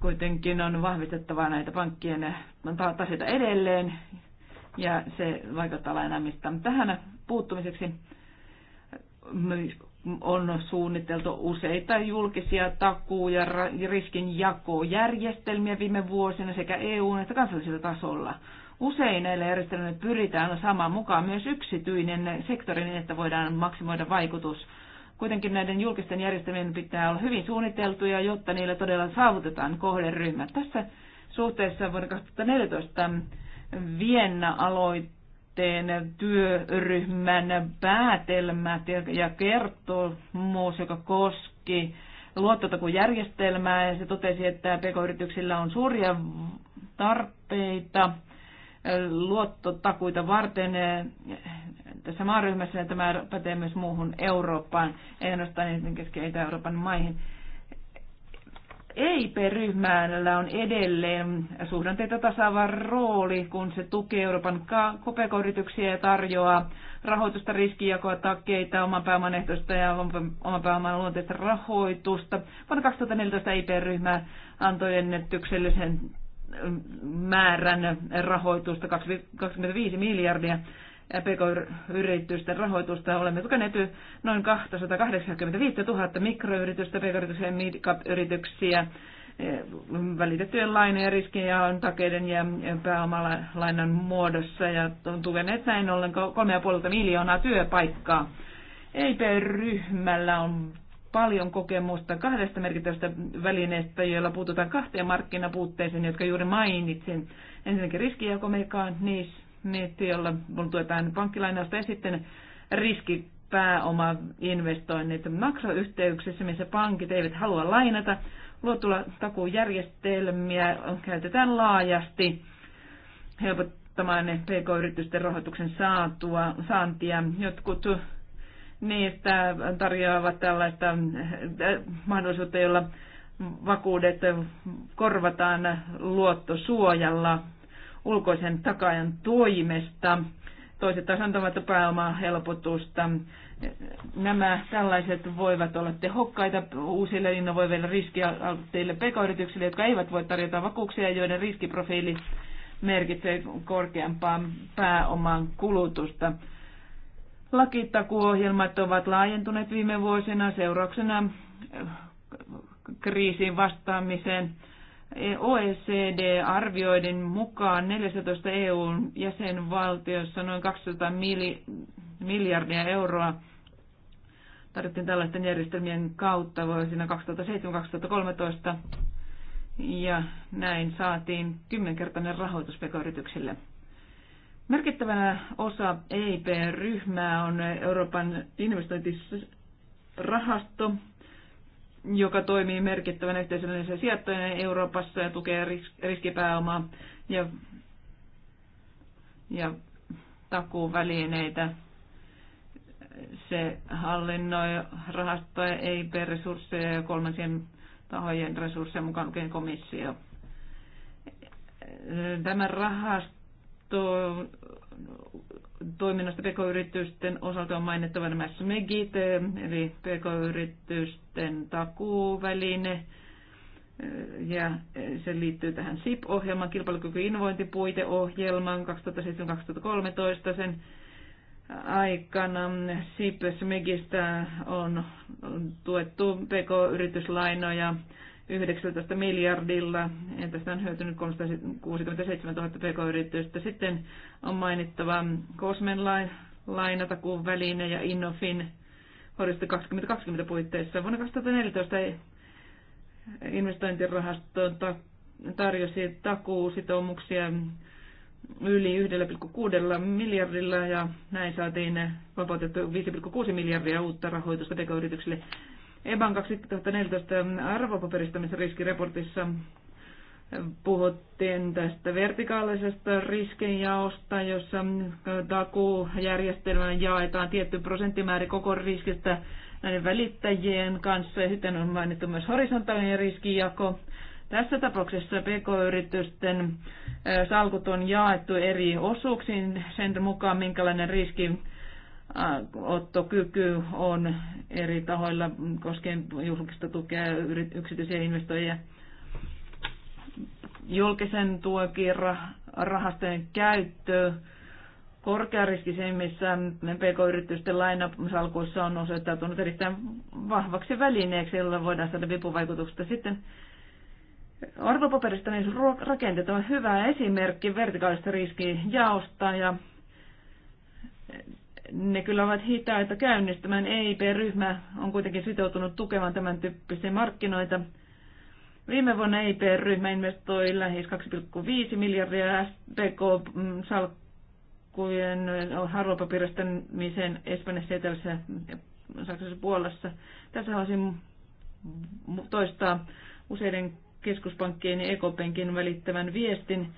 Kuitenkin on vahvistettava näitä pankkien taseita edelleen ja se vaikuttaa lainaamista. Tähän puuttumiseksi on suunniteltu useita julkisia takuu- ja riskinjakojärjestelmiä viime vuosina sekä EU- että kansallisella tasolla. Usein näillä järjestelmillä pyritään samaan mukaan myös yksityinen sektori niin, että voidaan maksimoida vaikutus. Kuitenkin näiden julkisten järjestelmien pitää olla hyvin suunniteltuja, jotta niillä todella saavutetaan kohderyhmä. Tässä suhteessa vuonna 2014 Vienna aloitti sitten työryhmän päätelmät ja kertomus, joka koski luottotakujärjestelmää ja se totesi, että pk-yrityksillä on suuria tarpeita luottotakuita varten. Tässä maaryhmässä tämä pätee myös muuhun Eurooppaan, ei ainoastaan keski euroopan maihin. EIP-ryhmällä on edelleen suhdanteita tasaava rooli, kun se tukee Euroopan kopekoyrityksiä ja tarjoaa rahoitusta, riskijakoa, takkeita, oman pääoman ehtoista ja oman pääoman luonteista rahoitusta. Vuonna 2014 EIP-ryhmä antoi ennätyksellisen mm, määrän rahoitusta, 25 miljardia pk-yritysten rahoitusta. Olemme tukeneet noin 285 000 mikroyritystä, pk-yrityksiä ja cap yrityksiä välitettyjen lainojen riskejä on takeiden ja pääomalainan muodossa ja on tukeneet näin ollen 3,5 miljoonaa työpaikkaa. EIP-ryhmällä on paljon kokemusta kahdesta merkittävästä välineestä, joilla puututaan kahteen markkinapuutteeseen, jotka juuri mainitsin. Ensinnäkin niissä mietti, jolla tuetaan pankkilainausta ja sitten riski pääomainvestoinnit maksoyhteyksissä, missä pankit eivät halua lainata. Luotulla takuujärjestelmiä käytetään laajasti helpottamaan pk-yritysten rahoituksen saatua, saantia. Jotkut niistä tarjoavat tällaista äh, mahdollisuutta, jolla vakuudet korvataan luottosuojalla ulkoisen takajan toimesta. Toiset taas antavat pääomaa helpotusta. Nämä tällaiset voivat olla tehokkaita uusille innovoiville riskialttiille pk-yrityksille, jotka eivät voi tarjota vakuuksia, joiden riskiprofiili merkitsee korkeampaa pääoman kulutusta. Lakitakuohjelmat ovat laajentuneet viime vuosina seurauksena kriisiin vastaamiseen OECD-arvioiden mukaan 14 EUn jäsenvaltiossa noin 200 miljardia euroa tarvittiin tällaisten järjestelmien kautta vuosina 2007-2013 ja näin saatiin kymmenkertainen rahoitus pk-yrityksille. Merkittävänä osa EIP-ryhmää on Euroopan investointirahasto, joka toimii merkittävänä yhteisöllisen sijoittajana Euroopassa ja tukee riskipääomaa ja, ja takuuvälineitä. Se hallinnoi rahastoja, EIP-resursseja ja kolmansien tahojen resursseja mukaan lukien komissio. Tämä rahasto toiminnasta pk-yritysten osalta on mainittava nämä SMEGit, eh, eli pk-yritysten takuuväline, eh, ja eh, se liittyy tähän SIP-ohjelmaan, kilpailukyky innovointipuiteohjelmaan 2007-2013. Sen aikana SIP-SMEGistä on tuettu pk-yrityslainoja 19 miljardilla, ja tästä on hyötynyt 367 000 pk-yritystä. Sitten on mainittava Cosmen lainatakuun väline ja Innofin Horisontti 2020 puitteissa. Vuonna 2014 investointirahasto tarjosi takuusitoumuksia yli 1,6 miljardilla ja näin saatiin vapautettu 5,6 miljardia uutta rahoitusta pk-yrityksille. EBAN 2014 arvopaperistamisriskiraportissa puhuttiin tästä vertikaalisesta riskinjaosta, jossa takuujärjestelmään jaetaan tietty prosenttimäärä koko riskistä näiden välittäjien kanssa ja sitten on mainittu myös horisontaalinen riskijako. Tässä tapauksessa pk-yritysten salkut on jaettu eri osuuksiin sen mukaan, minkälainen riski ottokyky on eri tahoilla koskien julkista tukea yksityisiä investoijia. Julkisen tuokin rahastojen käyttö korkeariskisemmissä pk-yritysten lainasalkuissa on osoittautunut erittäin vahvaksi välineeksi, jolla voidaan saada vipuvaikutusta. Sitten arvopaperista niin rakenteet on hyvä esimerkki vertikaalista riskijaosta ja ne kyllä ovat hitaita käynnistämään. EIP-ryhmä on kuitenkin sitoutunut tukemaan tämän tyyppisiä markkinoita. Viime vuonna EIP-ryhmä investoi lähes 2,5 miljardia SPK-salkkujen mm, eh, harvopapiristamiseen Espanjassa, Etelässä ja Saksassa Puolassa. Tässä haluaisin toistaa useiden keskuspankkien ja EKPnkin välittävän viestin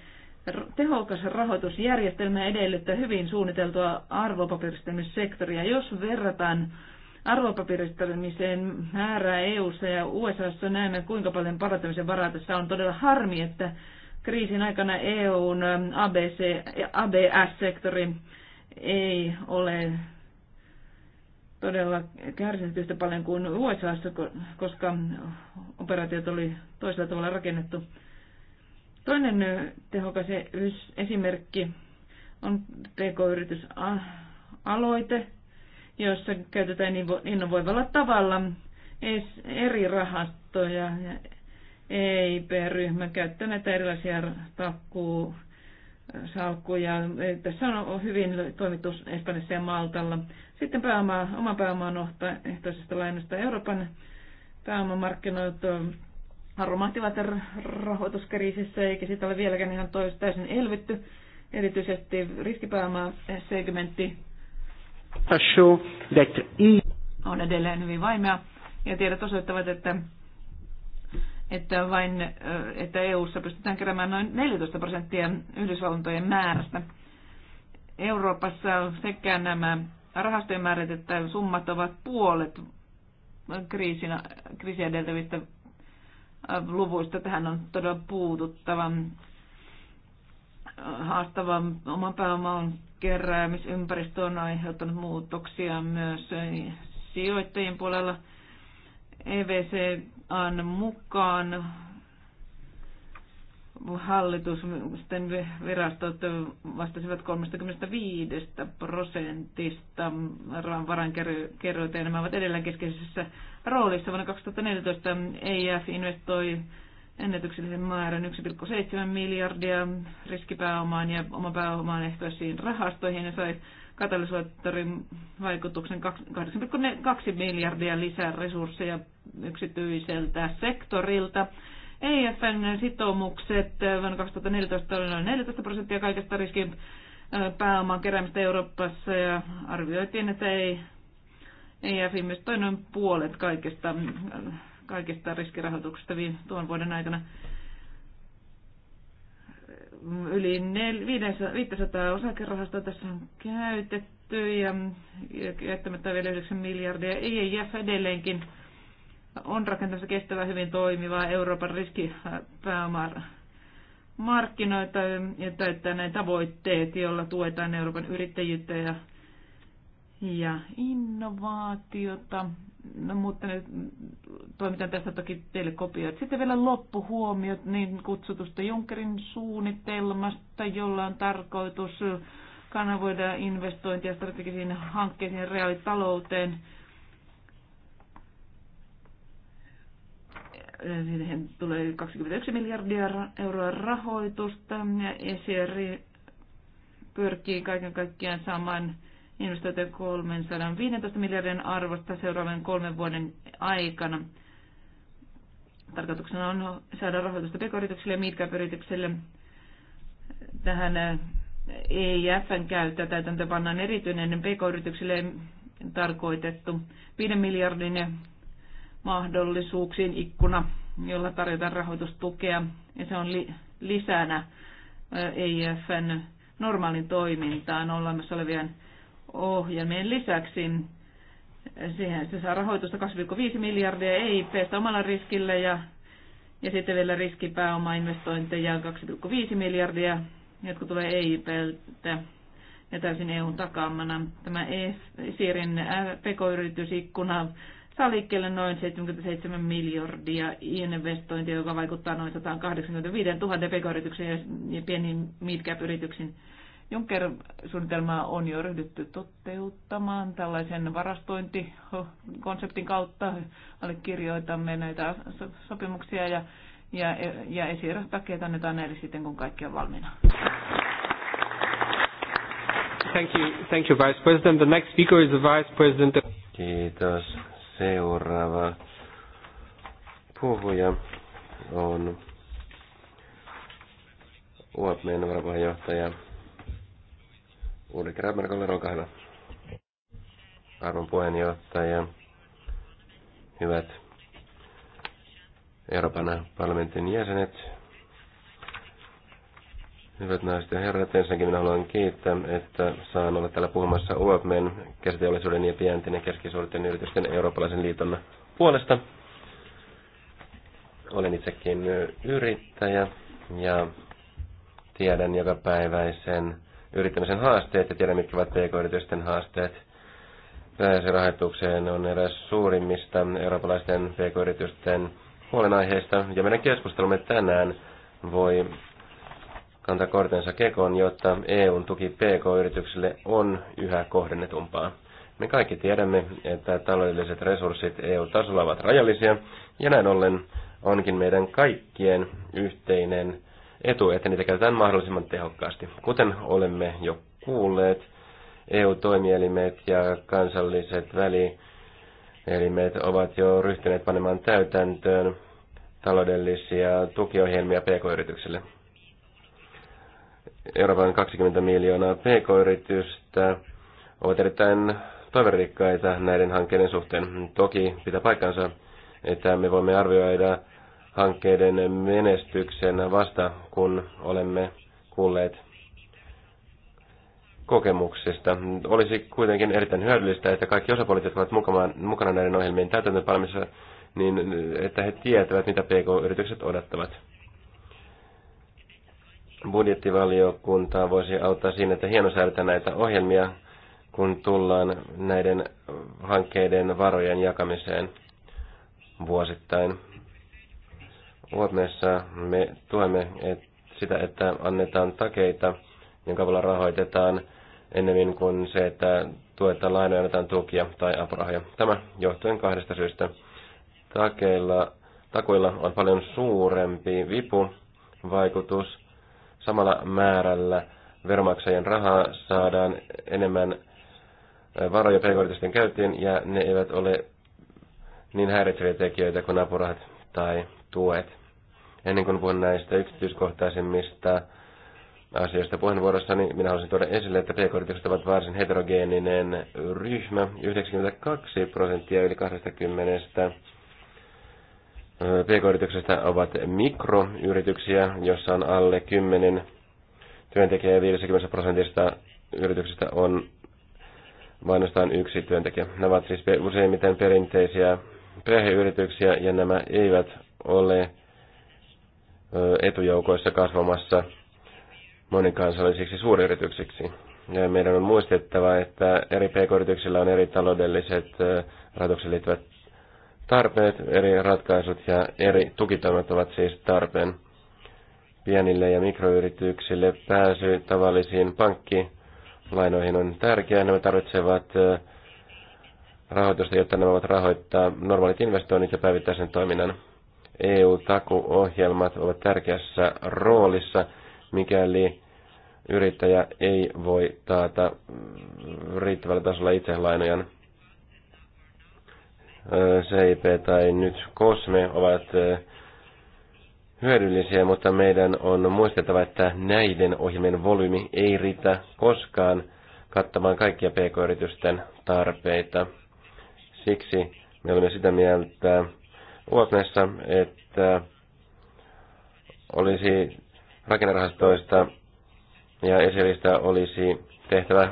tehokas rahoitusjärjestelmä edellyttää hyvin suunniteltua arvopaperistämissektoria. Jos verrataan arvopaperistamiseen määrää EU:ssa ja USAssa näemme, kuinka paljon parantamisen varaa tässä on. Todella harmi, että kriisin aikana EUn ähm, ABC, ABS-sektori ei ole todella kärsinyt yhtä paljon kuin USA, koska operaatiot oli toisella tavalla rakennettu Toinen tehokas e- esimerkki on tk yritysaloite jossa käytetään innovoivalla tavalla eri rahastoja ja EIP-ryhmä käyttää näitä erilaisia takkuu salkkuja. E, tässä on hyvin toimittu Espanjassa ja Maltalla. Sitten pääoma, oma on ehtoisesta lainasta Euroopan pääomamarkkinoilta romahtivat rahoituskriisissä, eikä siitä ole vieläkään ihan täysin elvytty. Erityisesti segmentti e on edelleen hyvin vaimea. Ja tiedot osoittavat, että, että, vain, että EU-ssa pystytään keräämään noin 14 prosenttia Yhdysvaltojen määrästä. Euroopassa sekä nämä rahastojen että summat ovat puolet kriisin, edeltävistä luvuista. Tähän on todella puututtava haastava oman pääoman keräämisympäristö on aiheuttanut muutoksia myös sijoittajien puolella. EVCAn mukaan hallitusten virastot vastasivat 35 prosentista ja Nämä ovat edelleen keskeisessä roolissa. Vuonna 2014 EIF investoi ennätyksellisen määrän 1,7 miljardia riskipääomaan ja oman pääomaan ehtoisiin rahastoihin ja sai katalysoittorin vaikutuksen 8,2 miljardia lisää resursseja yksityiseltä sektorilta. EFN sitoumukset vuonna 2014 oli noin 14 prosenttia kaikesta riskin pääoman keräämistä Euroopassa ja arvioitiin, että ei EF toi noin puolet kaikesta, kaikesta riskirahoituksesta tuon vuoden aikana. Yli 500 osakerahastoa tässä on käytetty ja jättämättä vielä 9 miljardia. EIF edelleenkin on rakentamassa kestävä hyvin toimivaa Euroopan riskipääomaa markkinoita ja täyttää näin tavoitteet, joilla tuetaan Euroopan yrittäjyyttä ja ja innovaatiota. No, mutta nyt toimitan tästä toki teille kopioit. Sitten vielä loppuhuomiot niin kutsutusta Junckerin suunnitelmasta, jolla on tarkoitus kanavoida investointia strategisiin hankkeisiin reaalitalouteen. Siihen tulee 21 miljardia euroa rahoitusta ja ESR pyrkii kaiken kaikkiaan saamaan investointeja 315 miljardin arvosta seuraavan kolmen vuoden aikana. Tarkoituksena on saada rahoitusta pk-yrityksille ja midcap-yrityksille. Tähän äh, EIFn käyttö täytäntö pannaan erityinen pk-yrityksille tarkoitettu 5 miljardin mahdollisuuksiin ikkuna, jolla tarjotaan rahoitustukea. Ja se on li- lisänä äh, EIFn normaalin toimintaan olemassa olevien ohjelmien lisäksi. Siihen se saa rahoitusta 2,5 miljardia EIPstä omalla riskillä ja, ja sitten vielä riskipääomainvestointeja 2,5 miljardia, jotka tulee EIPltä ja täysin EUn takaamana. Tämä e Siirin pekoyritysikkuna saa liikkeelle noin 77 miljardia investointia, joka vaikuttaa noin 185 000 pekoyrityksiin ja pieniin midcap-yrityksiin. Juncker-suunnitelmaa on jo ryhdytty toteuttamaan tällaisen varastointikonseptin kautta. Allekirjoitamme näitä sopimuksia ja, ja, ja esirastakkeet annetaan näille sitten, kun kaikki on valmiina. Thank you, thank you, Vice President. The next speaker is the Vice President. Kiitos. Seuraava puhuja on UAPn varapuheenjohtaja Ulrika Rämmerkolle, olkaa hyvä. Arvon puheenjohtaja, hyvät Euroopan parlamentin jäsenet, hyvät naiset ja herrat, ensinnäkin minä haluan kiittää, että saan olla täällä puhumassa UAPMen käsiteollisuuden ja pienten ja keskisuurten yritysten eurooppalaisen liiton puolesta. Olen itsekin yrittäjä ja tiedän jokapäiväisen päiväisen yrittämisen haasteet ja tiedä, mitkä ovat pk-yritysten haasteet. Pääsen rahoitukseen on eräs suurimmista eurooppalaisten pk-yritysten huolenaiheista, ja meidän keskustelumme tänään voi kantaa kortensa kekoon, jotta EUn tuki pk-yrityksille on yhä kohdennetumpaa. Me kaikki tiedämme, että taloudelliset resurssit EU-tasolla ovat rajallisia, ja näin ollen onkin meidän kaikkien yhteinen etu, että niitä käytetään mahdollisimman tehokkaasti. Kuten olemme jo kuulleet, EU-toimielimet ja kansalliset välielimet ovat jo ryhtyneet panemaan täytäntöön taloudellisia tukiohjelmia pk-yrityksille. Euroopan 20 miljoonaa pk-yritystä ovat erittäin toiverikkaita näiden hankkeiden suhteen. Toki pitää paikkansa, että me voimme arvioida hankkeiden menestyksen vasta, kun olemme kuulleet kokemuksista. Olisi kuitenkin erittäin hyödyllistä, että kaikki osapuolet, jotka ovat mukana, mukana näiden ohjelmien täytäntöönpanemissa, niin että he tietävät, mitä PK-yritykset odottavat. Budjettivaliokunta voisi auttaa siinä, että hienosäädetään näitä ohjelmia, kun tullaan näiden hankkeiden varojen jakamiseen vuosittain. UAPMessa me tuemme et, sitä, että annetaan takeita, jonka avulla rahoitetaan ennemmin kuin se, että tuetaan lainoja, annetaan tukia tai apurahoja. Tämä johtuen kahdesta syystä. Takeilla, takuilla on paljon suurempi vipuvaikutus. Samalla määrällä veromaksajien rahaa saadaan enemmän varoja pk käyttöön ja ne eivät ole niin häiritseviä tekijöitä kuin apurahat tai tuet. Ennen kuin puhun näistä yksityiskohtaisemmista asioista puheenvuorossa, niin minä haluaisin tuoda esille, että pk-yritykset ovat varsin heterogeeninen ryhmä. 92 prosenttia yli 20 pk-yrityksestä ovat mikroyrityksiä, jossa on alle 10 työntekijää ja 50 prosentista yrityksistä on vain yksi työntekijä. Nämä ovat siis useimmiten perinteisiä perheyrityksiä ja nämä eivät ole etujoukoissa kasvamassa monikansallisiksi suuryrityksiksi. Ja meidän on muistettava, että eri pk-yrityksillä on eri taloudelliset rahoitukseen liittyvät tarpeet, eri ratkaisut ja eri tukitoimet ovat siis tarpeen. Pienille ja mikroyrityksille pääsy tavallisiin pankkilainoihin on tärkeää. Ne tarvitsevat rahoitusta, jotta ne voivat rahoittaa normaalit investoinnit ja päivittäisen toiminnan. EU-takuohjelmat ovat tärkeässä roolissa, mikäli yrittäjä ei voi taata riittävällä tasolla itse lainojan. CIP tai nyt COSME ovat hyödyllisiä, mutta meidän on muistettava, että näiden ohjelmien volyymi ei riitä koskaan kattamaan kaikkia pk-yritysten tarpeita. Siksi me olemme sitä mieltä, Uoknessa, että olisi rakennerahastoista ja esilistä olisi tehtävä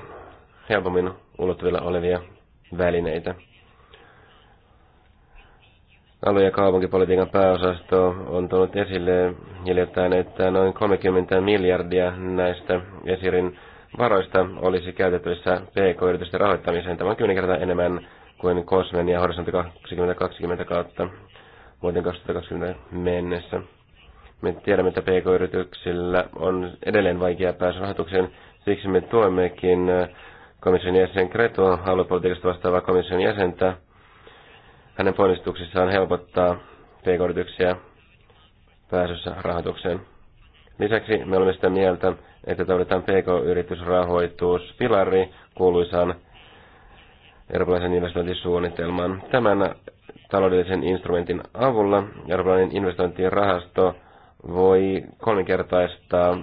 helpommin ulottuvilla olevia välineitä. Alue- ja kaupunkipolitiikan pääosasto on tullut esille hiljattain, että noin 30 miljardia näistä esirin varoista olisi käytettävissä PK-yritysten rahoittamiseen. Tämä on kymmenen kertaa enemmän kuin Kosmen ja Horisontti 2020 kautta vuoden 2020 mennessä. Me tiedämme, että PK-yrityksillä on edelleen vaikea päästä rahoitukseen, siksi me tuemmekin äh, komission jäsen Kretoa, aluepolitiikasta vastaavaa komission jäsentä. Hänen ponnistuksissaan helpottaa pk-yrityksiä pääsyssä rahoitukseen. Lisäksi me olemme sitä mieltä, että tarvitaan pk-yritysrahoituspilari kuuluisaan eurooppalaisen investointisuunnitelman. Tämän taloudellisen instrumentin avulla Euroopan investointirahasto voi kolminkertaistaa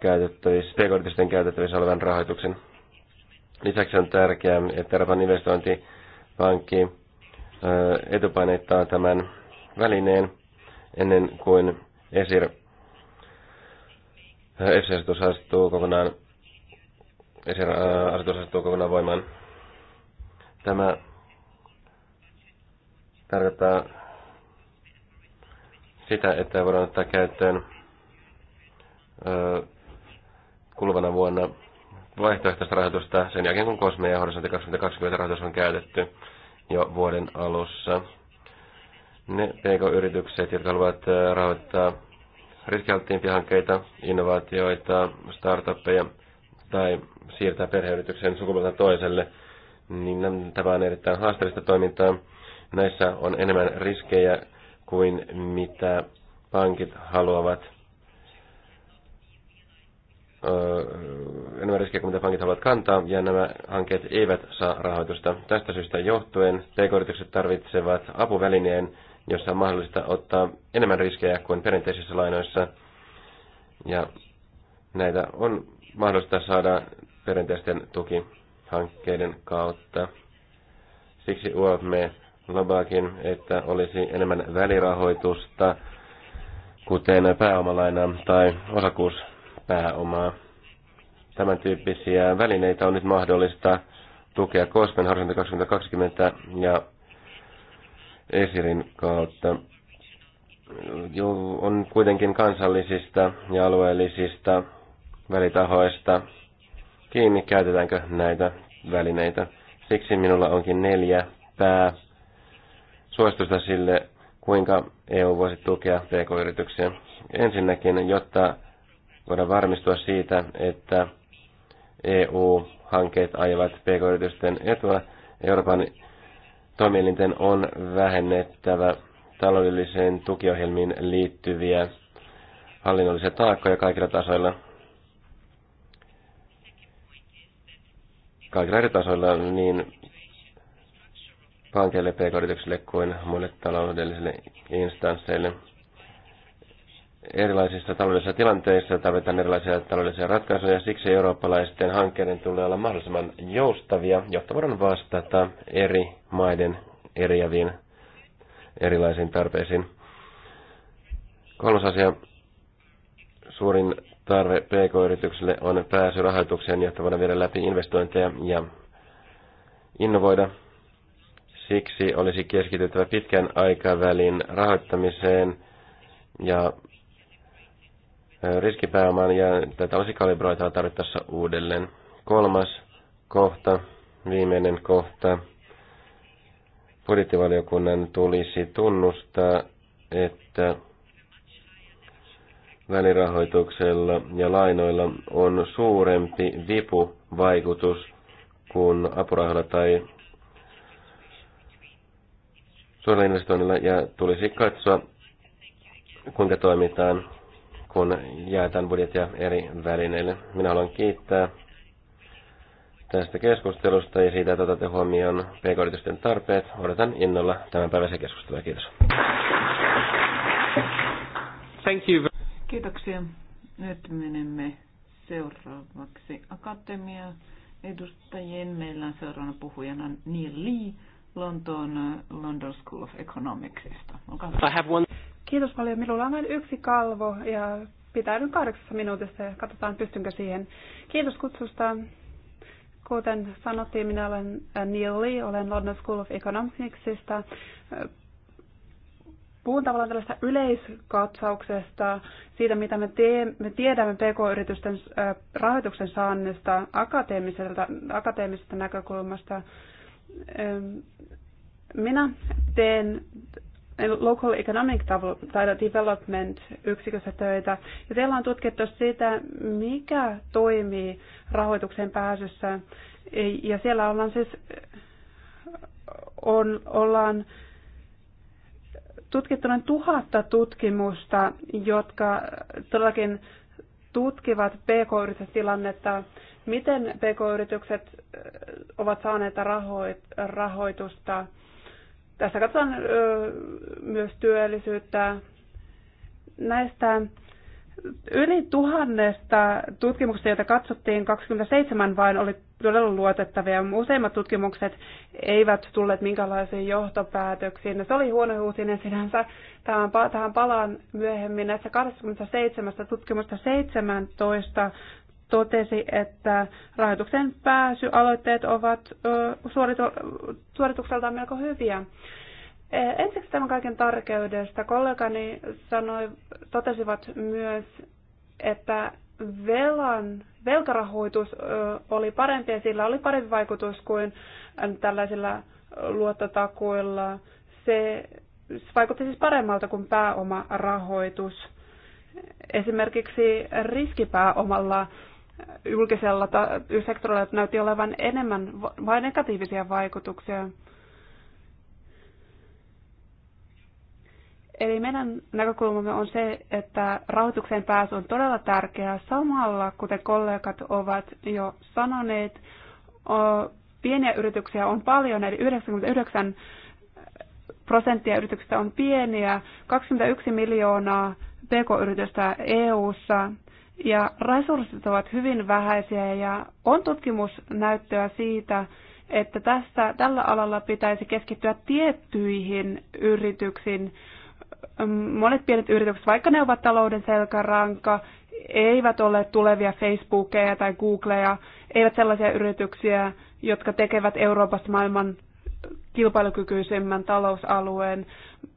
käytettävissä, pk käytettävissä olevan rahoituksen. Lisäksi on tärkeää, että Euroopan investointipankki etupaineittaa tämän välineen ennen kuin ESIR EFSI-asetus astuu kokonaan, ESIR-asetus astuu kokonaan voimaan. Tämä tarkoittaa sitä, että voidaan ottaa käyttöön kuluvana vuonna vaihtoehtoista rahoitusta sen jälkeen, kun Cosme ja Horisontti 2020 rahoitus on käytetty jo vuoden alussa. Ne PK-yritykset, jotka haluavat rahoittaa riskialttiimpia hankkeita, innovaatioita, startuppeja tai siirtää perheyrityksen sukupuolta toiselle, niin tämä on erittäin haasteellista toimintaa. Näissä on enemmän riskejä kuin mitä pankit haluavat enemmän riskejä kuin mitä pankit haluavat kantaa, ja nämä hankkeet eivät saa rahoitusta. Tästä syystä johtuen pk-yritykset tarvitsevat apuvälineen, jossa on mahdollista ottaa enemmän riskejä kuin perinteisissä lainoissa, ja näitä on mahdollista saada perinteisten tukihankkeiden kautta. Siksi UFM Lobakin, että olisi enemmän välirahoitusta, kuten pääomalaina tai osakkuuspääomaa. Tämän tyyppisiä välineitä on nyt mahdollista tukea Kosmen Horisontti 2020 ja Esirin kautta. On kuitenkin kansallisista ja alueellisista välitahoista kiinni, käytetäänkö näitä välineitä. Siksi minulla onkin neljä pää suositusta sille, kuinka EU voisi tukea pk-yrityksiä. Ensinnäkin, jotta voidaan varmistua siitä, että EU-hankkeet ajavat pk-yritysten etua, Euroopan toimielinten on vähennettävä taloudelliseen tukiohjelmiin liittyviä hallinnollisia taakkoja kaikilla tasoilla. Kaikilla eri tasoilla niin pankeille, pk kuin monille taloudellisille instansseille. Erilaisissa taloudellisissa tilanteissa tarvitaan erilaisia taloudellisia ratkaisuja, siksi eurooppalaisten hankkeiden tulee olla mahdollisimman joustavia, jotta voidaan vastata eri maiden eriäviin erilaisiin tarpeisiin. Kolmas asia. Suurin tarve pk yritykselle on pääsy rahoitukseen, jotta voidaan viedä läpi investointeja ja innovoida Siksi olisi keskityttävä pitkän aikavälin rahoittamiseen ja riskipääomaan ja tätä olisi kalibroitava tarvittaessa uudelleen. Kolmas kohta, viimeinen kohta. Budjettivaliokunnan tulisi tunnustaa, että välirahoituksella ja lainoilla on suurempi vipuvaikutus kuin apurahoilla tai suurella investoinnilla ja tulisi katsoa, kuinka toimitaan, kun jaetaan budjettia eri välineille. Minä haluan kiittää tästä keskustelusta ja siitä, että otatte huomioon pk tarpeet. Odotan innolla tämän päiväisen keskustelua. Kiitos. Thank you. Kiitoksia. Nyt menemme seuraavaksi akatemia edustajien. Meillä on seuraavana puhujana Neil Lee Lontoon eh, London School of Economicsista. Olkaa hyvä. I have one. Kiitos paljon. Minulla on vain yksi kalvo ja pitäydyn kahdeksassa minuutissa ja katsotaan pystynkö siihen. Kiitos kutsusta. Kuten sanottiin, minä olen Neil Lee, olen London School of Economicsista. Puhun tavallaan tällaista yleiskatsauksesta, siitä mitä me, teemme, me tiedämme pk-yritysten eh, rahoituksen saannista akateemisesta näkökulmasta. Ähm, minä teen Local Economic Development yksikössä töitä, ja siellä on tutkittu sitä, mikä toimii rahoituksen pääsyssä, ja siellä ollaan siis on, ollaan tutkittu noin tuhatta tutkimusta, jotka todellakin tutkivat pk-yritystilannetta Miten PK-yritykset ovat saaneet rahoitusta? Tässä katsotaan myös työllisyyttä. Näistä yli tuhannesta tutkimuksesta, joita katsottiin, 27 vain oli todella luotettavia. Useimmat tutkimukset eivät tulleet minkälaisiin johtopäätöksiin. No, se oli huono uutinen sinänsä. Tähän, tähän palaan myöhemmin. Näissä 27 tutkimusta 17 totesi, että rahoituksen pääsyaloitteet ovat suoritukseltaan melko hyviä. E, ensiksi tämän kaiken tarkeudesta kollegani sanoi, totesivat myös, että velan, velkarahoitus oli parempi ja sillä oli parempi vaikutus kuin tällaisilla luottotakuilla. Se vaikutti siis paremmalta kuin pääomarahoitus. Esimerkiksi riskipääomalla julkisella ta- sektorilla näytti olevan enemmän vain negatiivisia vaikutuksia. Eli meidän näkökulmamme on se, että rahoitukseen pääsy on todella tärkeää. Samalla, kuten kollegat ovat jo sanoneet, pieniä yrityksiä on paljon, eli 99 prosenttia yrityksistä on pieniä, 21 miljoonaa pk-yritystä EU-ssa ja resurssit ovat hyvin vähäisiä ja on tutkimusnäyttöä siitä, että tässä, tällä alalla pitäisi keskittyä tiettyihin yrityksiin. Mm, monet pienet yritykset, vaikka ne ovat talouden selkäranka, eivät ole tulevia Facebookeja tai Googleja, eivät sellaisia yrityksiä, jotka tekevät Euroopasta maailman kilpailukykyisemmän talousalueen.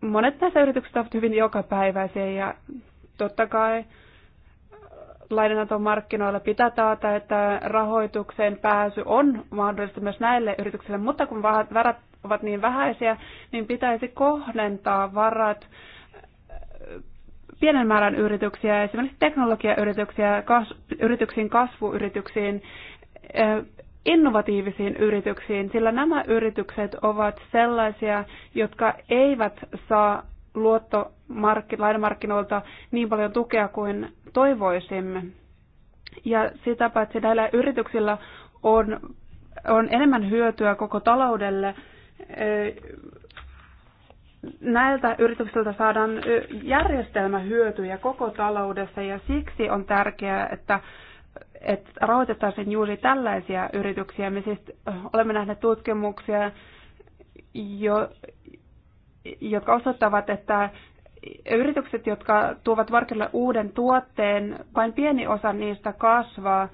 Monet näistä yrityksistä ovat hyvin jokapäiväisiä ja totta kai lainanoton markkinoilla pitää taata, että rahoitukseen pääsy on mahdollista myös näille yrityksille, mutta kun varat ovat niin vähäisiä, niin pitäisi kohdentaa varat äh, pienen määrän yrityksiä, esimerkiksi teknologiayrityksiä, kas, yrityksiin, kasvuyrityksiin, äh, innovatiivisiin yrityksiin, sillä nämä yritykset ovat sellaisia, jotka eivät saa luottolainamarkkinoilta niin paljon tukea kuin toivoisimme. Ja sitä paitsi näillä yrityksillä on, on enemmän hyötyä koko taloudelle. Näiltä yrityksiltä saadaan järjestelmähyötyjä koko taloudessa ja siksi on tärkeää, että että rahoitettaisiin juuri tällaisia yrityksiä. Me siis olemme nähneet tutkimuksia, jo, jotka osoittavat, että yritykset, jotka tuovat markkinoille uuden tuotteen, vain pieni osa niistä kasvaa.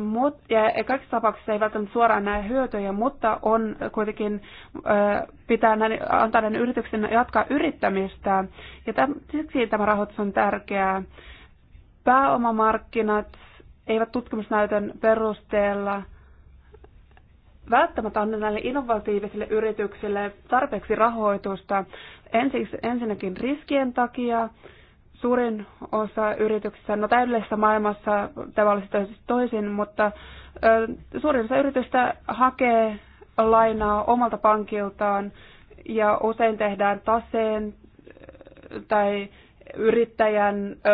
Mut, ja kaikissa tapauksissa ei välttämättä suoraan näe hyötyjä, mutta on kuitenkin pitää näin, antaa näiden yrityksen jatkaa yrittämistä. Ja siksi tämä rahoitus on tärkeää. Pääomamarkkinat eivät tutkimusnäytön perusteella – välttämättä anna näille innovatiivisille yrityksille tarpeeksi rahoitusta. ensiksi, ensinnäkin riskien takia suurin osa yrityksistä, no täydellisessä maailmassa tavallisesti toisin, mutta ö, suurin osa yritystä hakee lainaa omalta pankiltaan ja usein tehdään taseen tai yrittäjän ö,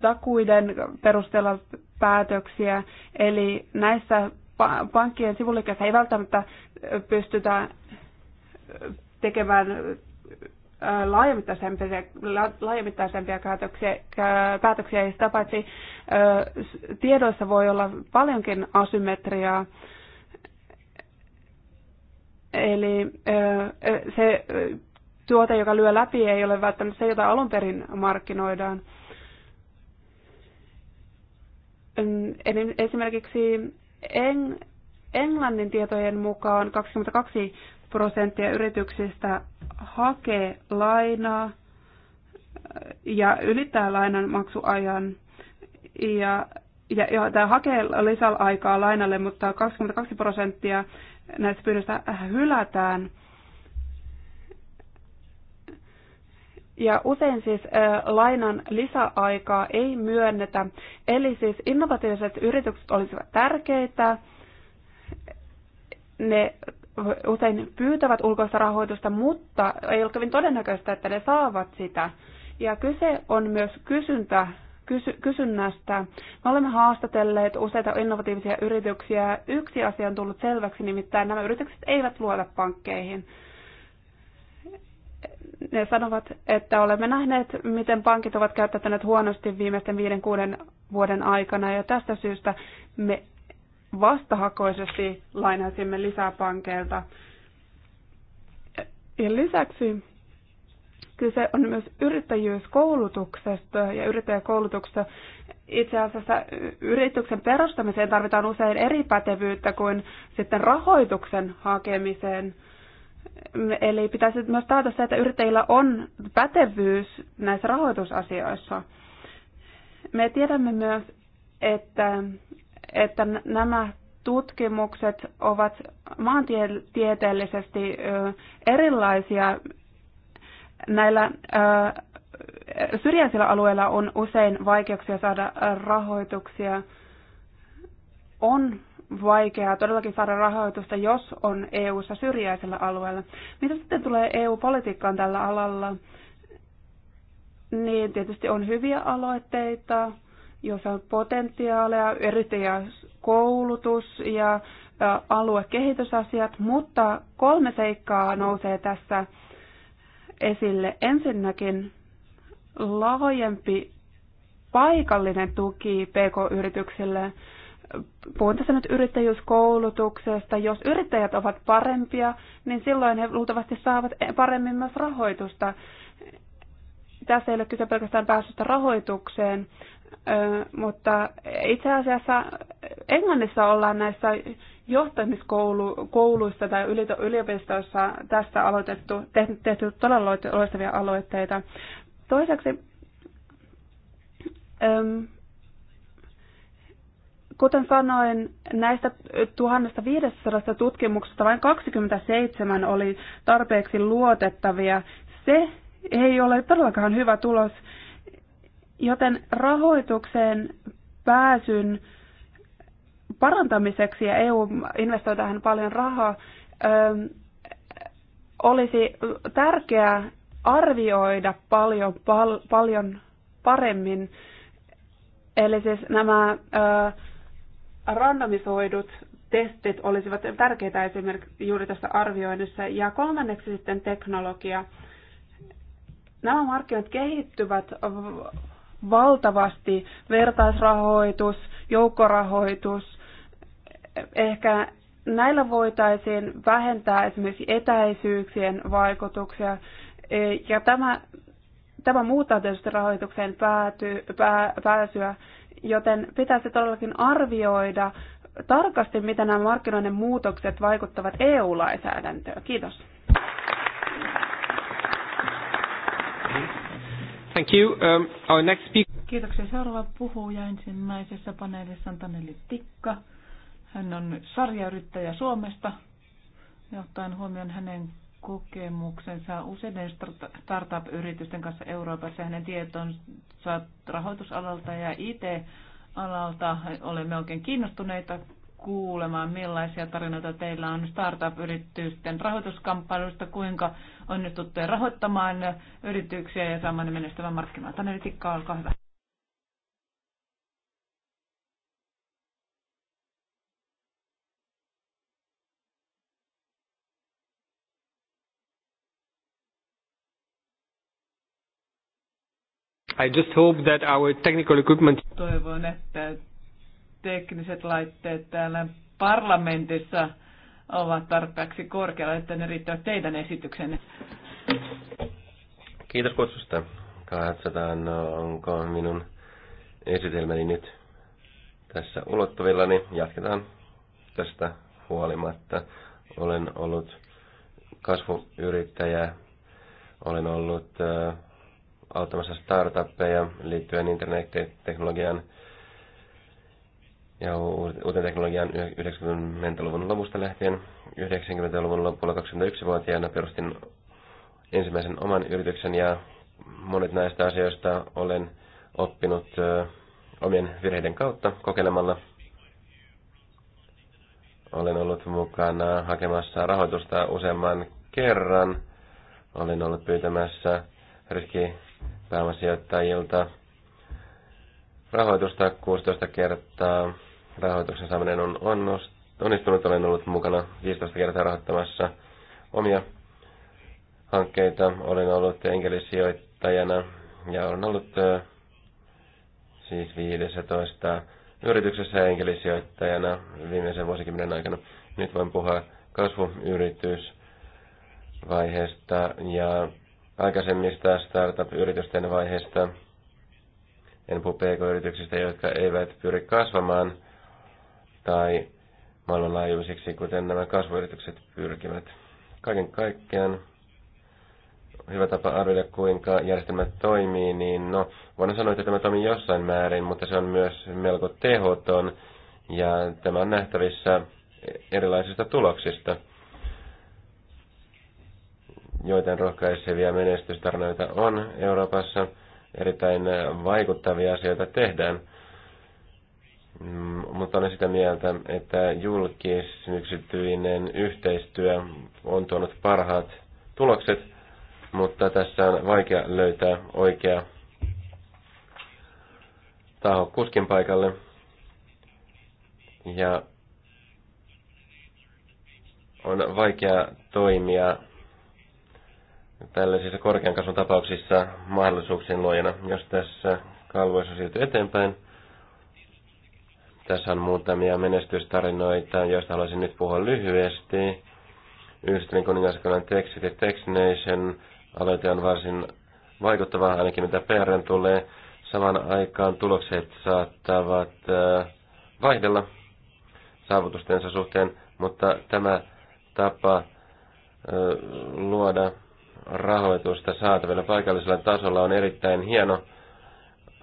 takuiden perusteella päätöksiä. Eli näissä pankkien sivuliikkeessä ei välttämättä pystytä tekemään laajamittaisempia, laajamittaisempia päätöksiä, päätöksiä ja sitä paitsi tiedoissa voi olla paljonkin asymmetriaa. Eli se tuote, joka lyö läpi, ei ole välttämättä se, jota alun perin markkinoidaan. Eli esimerkiksi Eng, Englannin tietojen mukaan 22 prosenttia yrityksistä hakee lainaa äh, ja ylittää lainan maksuajan. Ja, ja, ja tämä hakee lisäaikaa lainalle, mutta 22 prosenttia näistä pyydöistä hylätään – Ja usein siis lainan lisäaikaa ei myönnetä. Eli siis innovatiiviset yritykset olisivat tärkeitä. Ne usein pyytävät ulkoista rahoitusta, mutta ei ole kovin todennäköistä, että ne saavat sitä. Ja kyse on myös kysyntä, kysy, kysynnästä. Me olemme haastatelleet useita innovatiivisia yrityksiä. Yksi asia on tullut selväksi, nimittäin nämä yritykset eivät luota pankkeihin ne sanovat, että olemme nähneet, miten pankit ovat käyttäneet huonosti viimeisten viiden kuuden vuoden aikana ja tästä syystä me vastahakoisesti lainaisimme lisää pankeilta. Ja lisäksi kyse on myös yrittäjyyskoulutuksesta ja yrittäjäkoulutuksesta. Itse asiassa yrityksen perustamiseen tarvitaan usein eri pätevyyttä kuin sitten rahoituksen hakemiseen – Eli pitäisi myös taata se, että yrittäjillä on pätevyys näissä rahoitusasioissa. Me tiedämme myös, että, että nämä tutkimukset ovat maantieteellisesti erilaisia. Näillä syrjäisillä alueilla on usein vaikeuksia saada rahoituksia. On vaikeaa todellakin saada rahoitusta, jos on EU-ssa syrjäisellä alueella. Mitä sitten tulee EU-politiikkaan tällä alalla? Niin tietysti on hyviä aloitteita, jos on potentiaalia, koulutus ja aluekehitysasiat, mutta kolme seikkaa nousee tässä esille. Ensinnäkin laajempi paikallinen tuki pk-yrityksille puhun tässä nyt yrittäjyyskoulutuksesta, jos yrittäjät ovat parempia, niin silloin he luultavasti saavat paremmin myös rahoitusta. Tässä ei ole kyse pelkästään pääsystä rahoitukseen, mutta itse asiassa Englannissa ollaan näissä johtamiskouluissa tai yliopistoissa tästä aloitettu, tehty, tehty todella loistavia aloitteita. Toiseksi, Kuten sanoin, näistä 1500 tutkimuksesta vain 27 oli tarpeeksi luotettavia. Se ei ole todellakaan hyvä tulos, joten rahoitukseen pääsyn parantamiseksi, ja EU investoi tähän paljon rahaa, olisi tärkeää arvioida paljon, pal- paljon paremmin. Eli siis nämä ö, randomisoidut testit olisivat tärkeitä esimerkiksi juuri tässä arvioinnissa. Ja kolmanneksi sitten teknologia. Nämä markkinat kehittyvät valtavasti. Vertaisrahoitus, joukkorahoitus. Ehkä näillä voitaisiin vähentää esimerkiksi etäisyyksien vaikutuksia. Ja tämä, tämä muuttaa tietysti rahoitukseen pääty, pää, pääsyä joten pitäisi todellakin arvioida tarkasti, miten nämä markkinoiden muutokset vaikuttavat EU-lainsäädäntöön. Kiitos. Thank you. Um, our next speaker... Kiitoksia. Seuraava puhuja ensimmäisessä paneelissa on Taneli Tikka. Hän on sarjayrittäjä Suomesta. Ja ottaen huomioon hänen kokemuksensa useiden startup-yritysten kanssa Euroopassa hänen tietonsa rahoitusalalta ja IT-alalta. Olemme oikein kiinnostuneita kuulemaan, millaisia tarinoita teillä on startup-yritysten rahoituskamppailuista, kuinka onnistutte rahoittamaan yrityksiä ja saamaan menestyvän markkinoita. Taneli Tikka, olkaa hyvä. I just hope that our technical equipment... Toivon, että tekniset laitteet täällä parlamentissa ovat tarpeeksi korkealla, että ne riittävät teidän esityksenne. Kiitos kutsusta. Katsotaan, onko minun esitelmäni nyt tässä ulottuvillani. Jatketaan tästä huolimatta. Olen ollut kasvuyrittäjä, olen ollut uh, auttamassa startuppeja liittyen internet-teknologian ja uuteen teknologiaan 90-luvun lopusta lähtien. 90-luvun lopulla 21-vuotiaana perustin ensimmäisen oman yrityksen ja monet näistä asioista olen oppinut omien virheiden kautta kokeilemalla. Olen ollut mukana hakemassa rahoitusta useamman kerran. Olen ollut pyytämässä riski pääomasijoittajilta. Rahoitusta 16 kertaa. Rahoituksen saaminen on onnistunut. Olen ollut mukana 15 kertaa rahoittamassa omia hankkeita. Olen ollut enkelisijoittajana ja olen ollut siis 15 yrityksessä enkelisijoittajana viimeisen vuosikymmenen aikana. Nyt voin puhua kasvuyritysvaiheesta ja aikaisemmista startup-yritysten vaiheista. En puhu pk-yrityksistä, jotka eivät pyri kasvamaan tai maailmanlaajuisiksi, kuten nämä kasvuyritykset pyrkivät. Kaiken kaikkiaan hyvä tapa arvioida, kuinka järjestelmä toimii, niin no, voin sanoa, että tämä toimii jossain määrin, mutta se on myös melko tehoton, ja tämä on nähtävissä erilaisista tuloksista joitain rohkaisevia menestystarinoita on Euroopassa. Erittäin vaikuttavia asioita tehdään. Mm, mutta olen sitä mieltä, että julkisyksityinen yksityinen yhteistyö on tuonut parhaat tulokset, mutta tässä on vaikea löytää oikea taho kuskin paikalle. Ja on vaikea toimia tällaisissa korkean kasvun tapauksissa mahdollisuuksien luojana. Jos tässä kalvoissa siirtyy eteenpäin, tässä on muutamia menestystarinoita, joista haluaisin nyt puhua lyhyesti. Yhdistyneen kuningaskunnan Texit ja Tex Nation aloite on varsin vaikuttava, ainakin mitä PRN tulee. Saman aikaan tulokset saattavat äh, vaihdella saavutustensa suhteen, mutta tämä tapa äh, luoda rahoitusta saatavilla paikallisella tasolla on erittäin hieno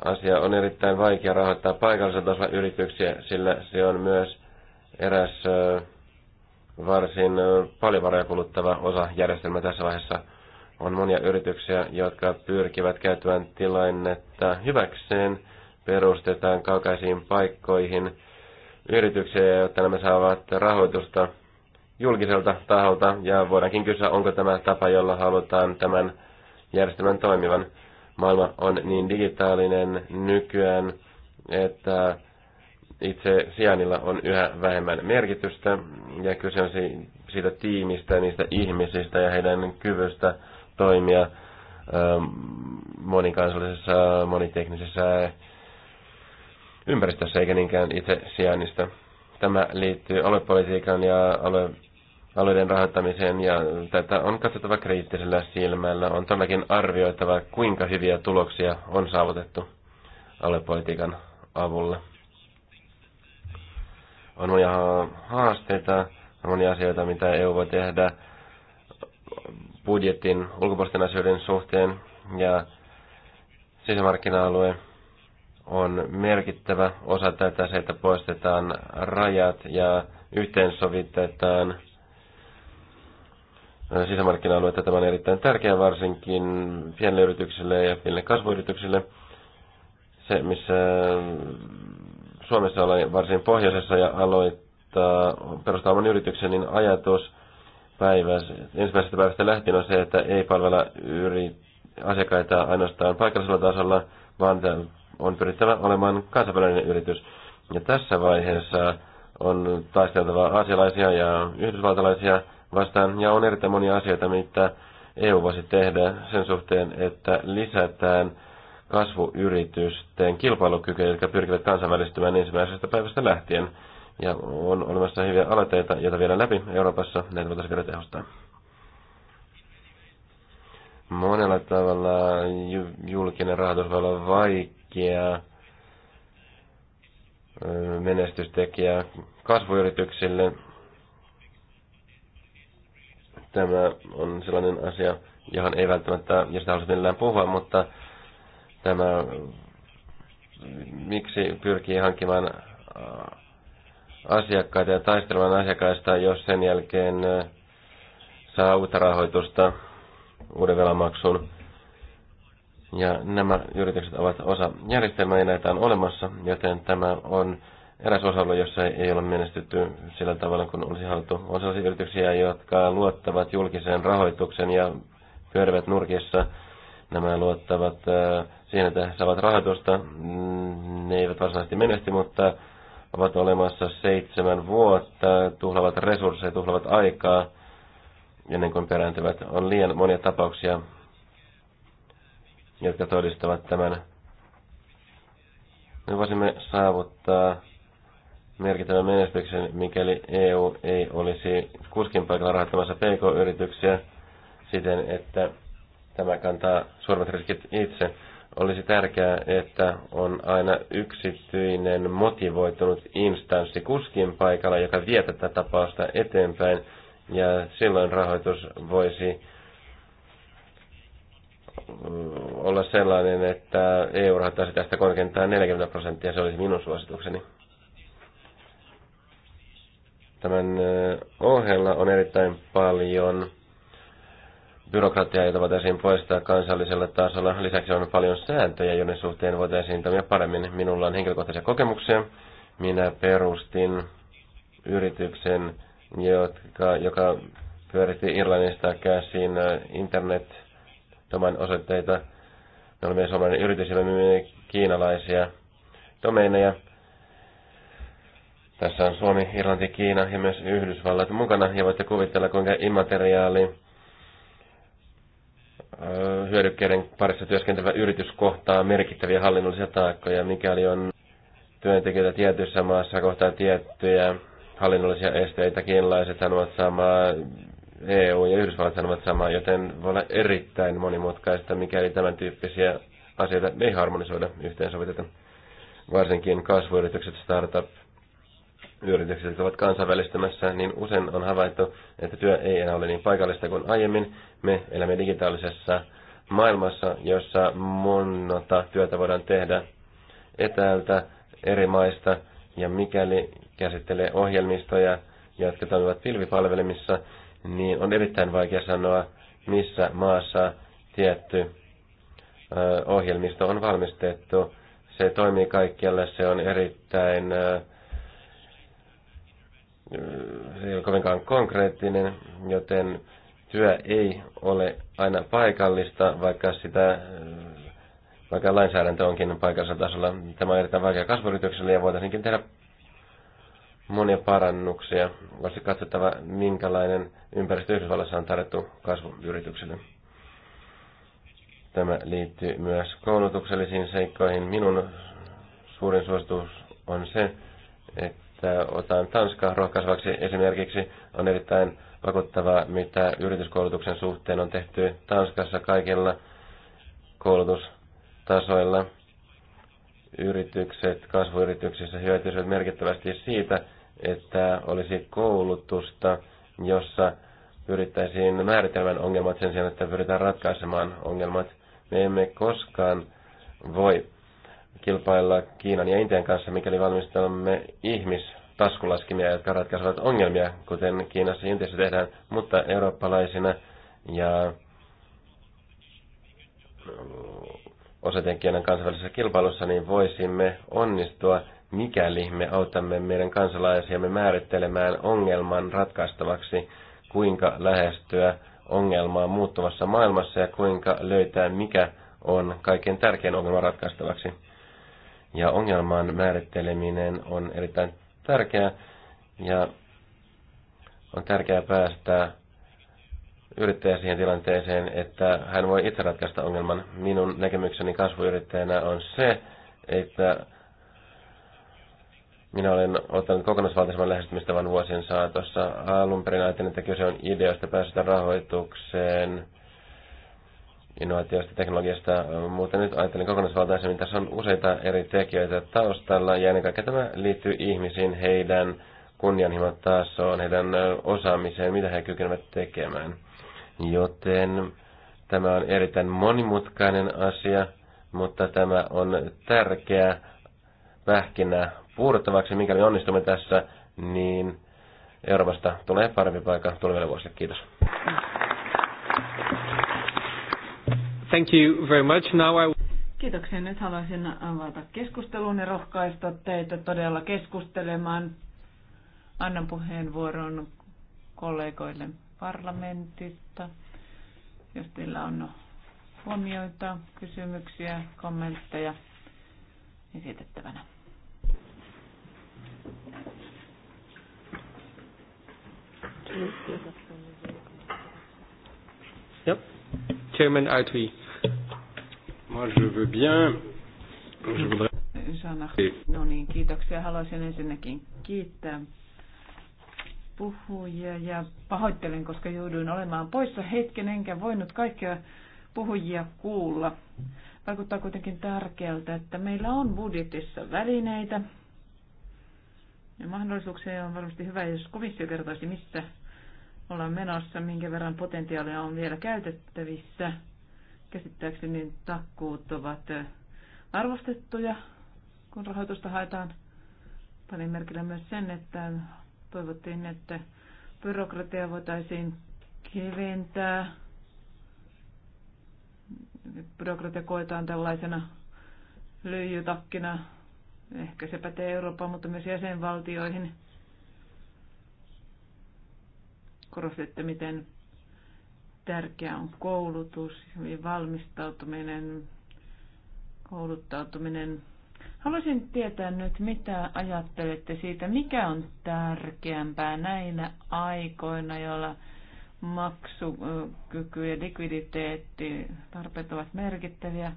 asia. On erittäin vaikea rahoittaa paikallisella tasolla yrityksiä, sillä se on myös eräs varsin paljon varoja kuluttava osa järjestelmä tässä vaiheessa. On monia yrityksiä, jotka pyrkivät käyttämään tilannetta hyväkseen. Perustetaan kaukaisiin paikkoihin yrityksiä, jotta nämä saavat rahoitusta – julkiselta taholta, ja voidaankin kysyä, onko tämä tapa, jolla halutaan tämän järjestelmän toimivan. Maailma on niin digitaalinen nykyään, että itse sijainnilla on yhä vähemmän merkitystä, ja kyse on siitä tiimistä, niistä ihmisistä ja heidän kyvystä toimia ähm, monikansallisessa, moniteknisessä ympäristössä, eikä niinkään itse sijainnista. Tämä liittyy aluepolitiikan ja alue alueiden rahoittamiseen ja tätä on katsottava kriittisellä silmällä. On todellakin arvioitava, kuinka hyviä tuloksia on saavutettu aluepolitiikan avulla. On monia haasteita, on monia asioita, mitä EU voi tehdä budjetin ulkopuolisten asioiden suhteen ja sisämarkkina-alue on merkittävä osa tätä, se, että poistetaan rajat ja yhteensovitetaan – Äh, sisämarkkina-aluetta. Tämä on erittäin tärkeää varsinkin pienille yrityksille ja pienille kasvuyrityksille. Se, missä Suomessa ollaan varsin pohjoisessa ja aloittaa perustaa oman yrityksen, niin ajatus päivässä, ensimmäisestä päivästä lähtien on se, että ei palvella yri, asiakkaita ainoastaan paikallisella tasolla, vaan on pyrittävä olemaan kansainvälinen yritys. Ja tässä vaiheessa on taisteltava asialaisia ja yhdysvaltalaisia vastaan. Ja on erittäin monia asioita, mitä EU voisi tehdä sen suhteen, että lisätään kasvuyritysten kilpailukykyä, jotka pyrkivät kansainvälistymään ensimmäisestä päivästä lähtien. Ja on olemassa hyviä aloitteita, joita vielä läpi Euroopassa, näitä voitaisiin vielä tehostaa. Monella tavalla julkinen rahoitus voi olla vaikea menestystekijä kasvuyrityksille, Tämä on sellainen asia, johon ei välttämättä, josta haluaisi millään puhua, mutta tämä, miksi pyrkii hankkimaan äh, asiakkaita ja taistelemaan asiakkaista, jos sen jälkeen äh, saa uutta rahoitusta uuden velamaksun. Ja nämä yritykset ovat osa järjestelmää ja näitä on olemassa, joten tämä on eräs osa-alue, jossa ei ole menestytty sillä tavalla, kun olisi haluttu. On sellaisia yrityksiä, jotka luottavat julkiseen rahoituksen ja pyörivät nurkissa. Nämä luottavat äh, siihen, että saavat rahoitusta. Mm, ne eivät varsinaisesti menesty, mutta ovat olemassa seitsemän vuotta, tuhlavat resursseja, tuhlavat aikaa ennen kuin perääntyvät. On liian monia tapauksia, jotka todistavat tämän. Me voisimme saavuttaa merkittävän menestyksen, mikäli EU ei olisi kuskin paikalla rahoittamassa PK-yrityksiä siten, että tämä kantaa suurimmat riskit itse. Olisi tärkeää, että on aina yksityinen motivoitunut instanssi kuskin paikalla, joka vie tätä tapausta eteenpäin, ja silloin rahoitus voisi mm, olla sellainen, että EU rahoittaisi tästä korkeintaan 40 prosenttia, se olisi minun suositukseni. Tämän ohella on erittäin paljon byrokratiaa, jota voitaisiin poistaa kansallisella tasolla. Lisäksi on paljon sääntöjä, joiden suhteen voitaisiin toimia paremmin. Minulla on henkilökohtaisia kokemuksia. Minä perustin yrityksen, jotka, joka pyöritti Irlannista käsin internet domain osoitteita. Me olemme suomalainen yritys ja me kiinalaisia domeineja. Tässä on Suomi, Irlanti, Kiina ja myös Yhdysvallat mukana, ja voitte kuvitella, kuinka immateriaali hyödykkeiden parissa työskentelevä yritys kohtaa merkittäviä hallinnollisia taakkoja, mikäli on työntekijöitä tietyssä maassa kohtaa tiettyjä hallinnollisia esteitä, kiinalaiset sanovat samaa, EU ja Yhdysvallat sanovat samaa, joten voi olla erittäin monimutkaista, mikäli tämän tyyppisiä asioita ei harmonisoida yhteensoviteta. Varsinkin kasvuyritykset, startup, yritykset ovat kansainvälistymässä, niin usein on havaittu, että työ ei enää ole niin paikallista kuin aiemmin. Me elämme digitaalisessa maailmassa, jossa monota työtä voidaan tehdä etäältä eri maista, ja mikäli käsittelee ohjelmistoja, jotka toimivat pilvipalvelimissa, niin on erittäin vaikea sanoa, missä maassa tietty ohjelmisto on valmistettu. Se toimii kaikkialla, se on erittäin se ei ole kovinkaan konkreettinen, joten työ ei ole aina paikallista, vaikka sitä äh, vaikka lainsäädäntö onkin paikallisella tasolla. Tämä on erittäin vaikea kasvuyritykselle ja voitaisiinkin tehdä monia parannuksia. Olisi katsottava, minkälainen ympäristö Yhdysvallassa on tarjottu kasvuyritykselle. Tämä liittyy myös koulutuksellisiin seikkoihin. Minun suurin suositus on se, että että otan Tanskaa rohkaisevaksi esimerkiksi. On erittäin vakuuttavaa, mitä yrityskoulutuksen suhteen on tehty Tanskassa kaikilla koulutustasoilla. Yritykset kasvuyrityksissä hyötyisivät merkittävästi siitä, että olisi koulutusta, jossa pyrittäisiin määritelmän ongelmat sen sijaan, että pyritään ratkaisemaan ongelmat. Me emme koskaan voi kilpailla Kiinan ja Intian kanssa, mikäli valmistamme ihmistaskulaskimia, jotka ratkaisevat ongelmia, kuten Kiinassa ja Intiassa tehdään, mutta eurooppalaisina ja osatekijänä kansainvälisessä kilpailussa, niin voisimme onnistua, mikäli me autamme meidän kansalaisiamme määrittelemään ongelman ratkaistavaksi, kuinka lähestyä ongelmaa muuttuvassa maailmassa ja kuinka löytää mikä on kaikkein tärkein ongelma ratkaistavaksi. Ja ongelman määritteleminen on erittäin tärkeää ja on tärkeää päästä yrittäjä siihen tilanteeseen, että hän voi itse ratkaista ongelman. Minun näkemykseni kasvuyrittäjänä on se, että minä olen ottanut kokonaisvaltaisemman lähestymistavan vuosien saatossa. Alun perin ajattelin, että kyse on ideasta päästä rahoitukseen – innovaatioista, teknologiasta, mutta nyt ajattelin kokonaisvaltaisemmin. Tässä on useita eri tekijöitä taustalla ja ennen kaikkea tämä liittyy ihmisiin, heidän kunnianhimon tasoon, heidän osaamiseen, mitä he kykenevät tekemään. Joten tämä on erittäin monimutkainen asia, mutta tämä on tärkeä pähkinä puurtavaksi. Mikäli onnistumme tässä, niin Euroopasta tulee parempi paikka tuleville vuosille. Kiitos. Thank you very much. Now I... Kiitoksia. Nyt haluaisin avata keskustelun ja rohkaista teitä todella keskustelemaan. Annan puheenvuoron kollegoille parlamentista, jos teillä on huomioita, kysymyksiä, kommentteja esitettävänä. Yep. Chairman Artui. Moi, je veux bien. Je voudrais... No niin, kiitoksia. Haluaisin ensinnäkin kiittää puhujia ja pahoittelen, koska jouduin olemaan poissa hetken, enkä voinut kaikkia puhujia kuulla. Vaikuttaa kuitenkin tärkeältä, että meillä on budjetissa välineitä ja mahdollisuuksia on varmasti hyvä, jos komissio kertoisi, missä ollaan menossa, minkä verran potentiaalia on vielä käytettävissä Käsittääkseni niin takkuut ovat arvostettuja, kun rahoitusta haetaan. Panin merkillä myös sen, että toivottiin, että byrokratia voitaisiin keventää. Byrokratia koetaan tällaisena lyijytakkina. Ehkä se pätee Eurooppaan, mutta myös jäsenvaltioihin. Korostitte, miten tärkeää on koulutus, valmistautuminen, kouluttautuminen. Haluaisin tietää nyt, mitä ajattelette siitä, mikä on tärkeämpää näinä aikoina, joilla maksukyky ja likviditeetti tarpeet ovat merkittäviä.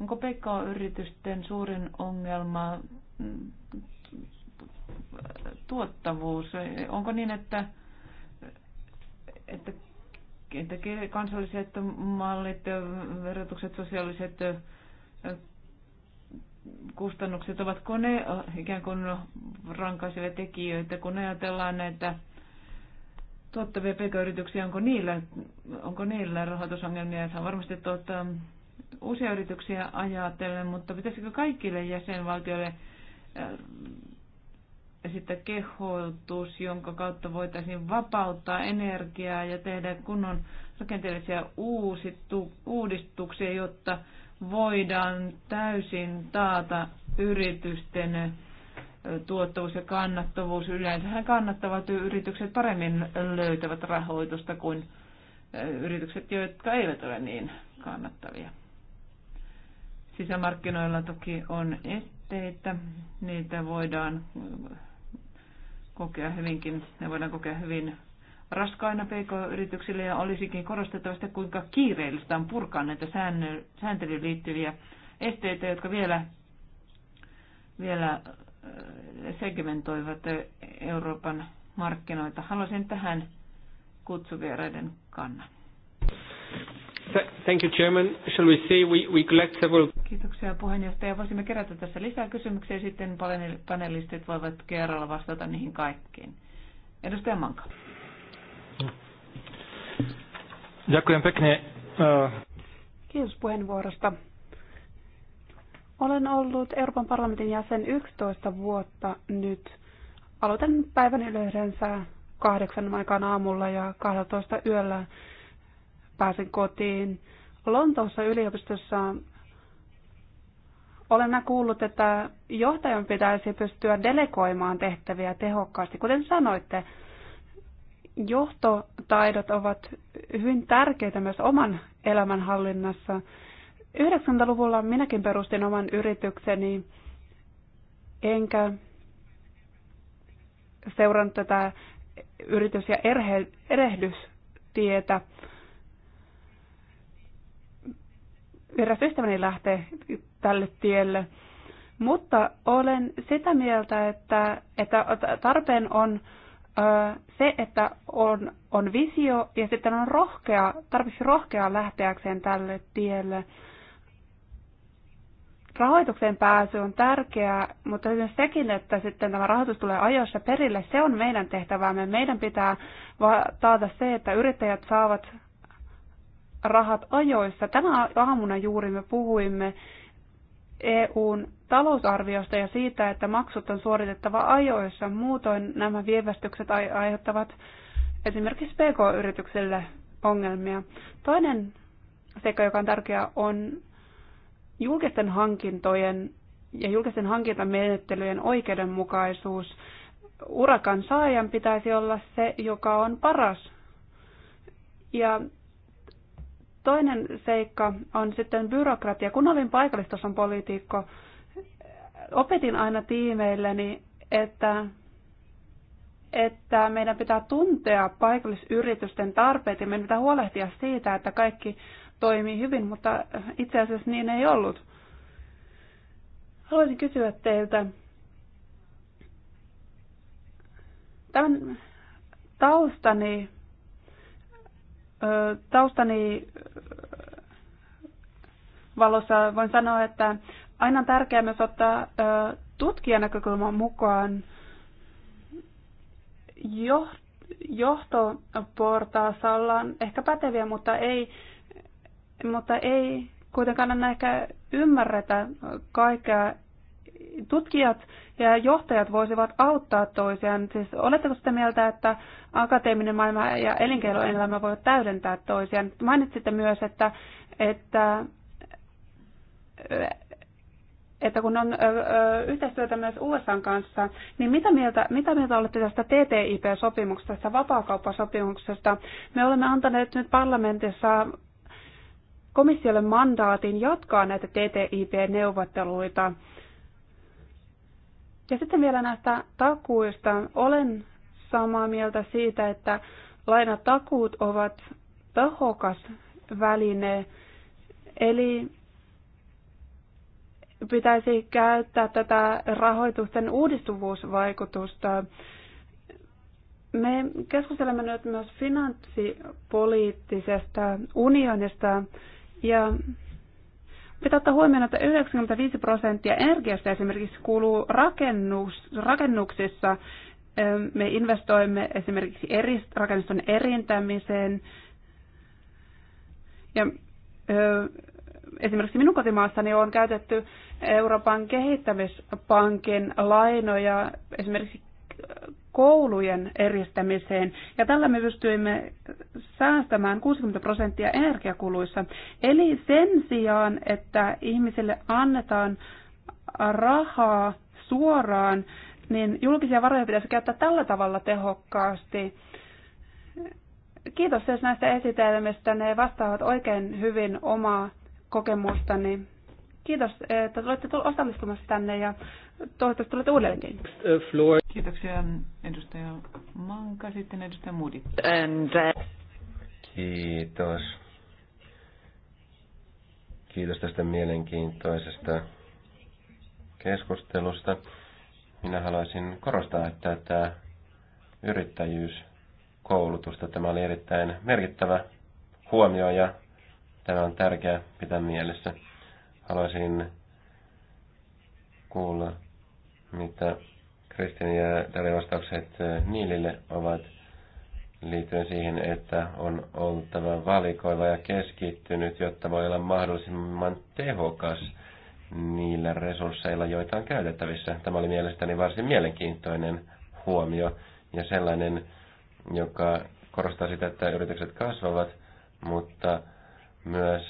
Onko PK-yritysten suurin ongelma mm, tuottavuus? Onko niin, että, että kansalliset mallit, verotukset, sosiaaliset kustannukset, ovatko ne ikään kuin rankaisevia tekijöitä, kun ajatellaan näitä tuottavia pk-yrityksiä, onko niillä, onko niillä rahoitusongelmia? Se on varmasti tuota, uusia yrityksiä ajatellen, mutta pitäisikö kaikille jäsenvaltioille sitten kehoitus, jonka kautta voitaisiin vapauttaa energiaa ja tehdä kunnon rakenteellisia uusittu, uudistuksia, jotta voidaan täysin taata yritysten tuottavuus ja kannattavuus. Yleensähän kannattavat yritykset paremmin löytävät rahoitusta kuin yritykset, jotka eivät ole niin kannattavia. Sisämarkkinoilla toki on esteitä, niitä voidaan kokea hyvinkin, ne voidaan kokea hyvin raskaina pk-yrityksille ja olisikin sitä, kuinka kiireellistä on purkaa näitä sääntelyyn liittyviä esteitä, jotka vielä, vielä äh, segmentoivat Euroopan markkinoita. Haluaisin tähän kutsuvieraiden kannan. Thank you, Chairman. Shall we say we, we collect several... Kiitoksia puheenjohtaja. Voisimme kerätä tässä lisää kysymyksiä ja sitten panelistit voivat kerralla vastata niihin kaikkiin. Edustaja Manka. Jakujen pekne. Kiitos puheenvuorosta. Olen ollut Euroopan parlamentin jäsen 11 vuotta nyt. Aloitan päivän yleensä kahdeksan aikaan aamulla ja 12 yöllä pääsen kotiin. Lontoossa yliopistossa olen kuullut, että johtajan pitäisi pystyä delegoimaan tehtäviä tehokkaasti. Kuten sanoitte, johtotaidot ovat hyvin tärkeitä myös oman elämänhallinnassa. 90-luvulla minäkin perustin oman yritykseni, enkä seurannut tätä yritys- ja erehdystietä. Yhdessä ystäväni lähtee tälle tielle. Mutta olen sitä mieltä, että, että tarpeen on se, että on, on visio ja sitten on rohkea, tarpeeksi rohkea lähteäkseen tälle tielle. Rahoitukseen pääsy on tärkeää, mutta myös sekin, että sitten tämä rahoitus tulee ajoissa perille, se on meidän tehtävämme. Meidän pitää taata se, että yrittäjät saavat rahat ajoissa. Tänä aamuna juuri me puhuimme EUn talousarviosta ja siitä, että maksut on suoritettava ajoissa. Muutoin nämä viivästykset aiheuttavat esimerkiksi PK-yrityksille ongelmia. Toinen seikka, joka on tärkeä, on julkisten hankintojen ja julkisten hankintamenettelyjen oikeudenmukaisuus. Urakan saajan pitäisi olla se, joka on paras. Ja Toinen seikka on sitten byrokratia. Kun olin paikallistason poliitikko, opetin aina tiimeilleni, että, että meidän pitää tuntea paikallisyritysten tarpeet ja meidän pitää huolehtia siitä, että kaikki toimii hyvin, mutta itse asiassa niin ei ollut. Haluaisin kysyä teiltä tämän taustani, taustani valossa voin sanoa, että aina on tärkeää myös ottaa tutkijan näkökulman mukaan johtoportaassa ollaan ehkä päteviä, mutta ei, mutta ei kuitenkaan aina ehkä ymmärretä kaikkea. Tutkijat ja johtajat voisivat auttaa toisiaan. Siis oletteko sitä mieltä, että akateeminen maailma ja elinkeinoelämä voivat täydentää toisiaan? Mainitsitte myös, että, että että kun on yhteistyötä myös USA kanssa, niin mitä mieltä, mitä mieltä olette tästä TTIP-sopimuksesta, tästä vapaakauppasopimuksesta? Me olemme antaneet nyt parlamentissa komissiolle mandaatin jatkaa näitä TTIP-neuvotteluita. Ja sitten vielä näistä takuista. Olen samaa mieltä siitä, että lainatakuut ovat tehokas väline. Eli pitäisi käyttää tätä rahoitusten uudistuvuusvaikutusta. Me keskustelemme nyt myös finanssipoliittisesta unionista ja pitää ottaa huomioon, että 95 prosenttia energiasta esimerkiksi kuuluu rakennus, rakennuksissa. Me investoimme esimerkiksi eri, rakennuston erintämiseen ja esimerkiksi minun kotimaassani on käytetty Euroopan kehittämispankin lainoja esimerkiksi koulujen eristämiseen. Ja tällä me pystyimme säästämään 60 prosenttia energiakuluissa. Eli sen sijaan, että ihmisille annetaan rahaa suoraan, niin julkisia varoja pitäisi käyttää tällä tavalla tehokkaasti. Kiitos siis näistä esitelmistä. Ne vastaavat oikein hyvin omaa niin Kiitos, että olette osallistumassa tänne ja toivottavasti tulette uudelleenkin. Kiitoksia edustaja Manka, sitten edustaja Moody. Uh, kiitos. Kiitos tästä mielenkiintoisesta keskustelusta. Minä haluaisin korostaa, että tämä yrittäjyyskoulutusta, tämä oli erittäin merkittävä huomio ja Tämä on tärkeää pitää mielessä. Haluaisin kuulla, mitä Kristin ja Dari vastaukset Niilille ovat liittyen siihen, että on oltava valikoiva ja keskittynyt, jotta voi olla mahdollisimman tehokas niillä resursseilla, joita on käytettävissä. Tämä oli mielestäni varsin mielenkiintoinen huomio ja sellainen, joka korostaa sitä, että yritykset kasvavat, mutta myös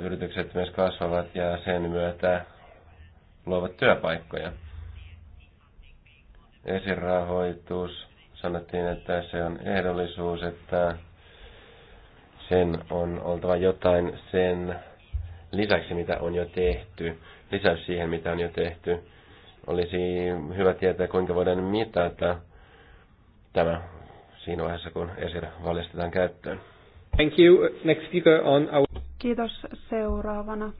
yritykset myös kasvavat ja sen myötä luovat työpaikkoja. Esirahoitus, sanottiin, että se on ehdollisuus, että sen on oltava jotain sen lisäksi, mitä on jo tehty, lisäys siihen, mitä on jo tehty. Olisi hyvä tietää, kuinka voidaan mitata tämä siinä vaiheessa, kun esir valistetaan käyttöön. Thank you. Next speaker on our... Kiitos seuraavana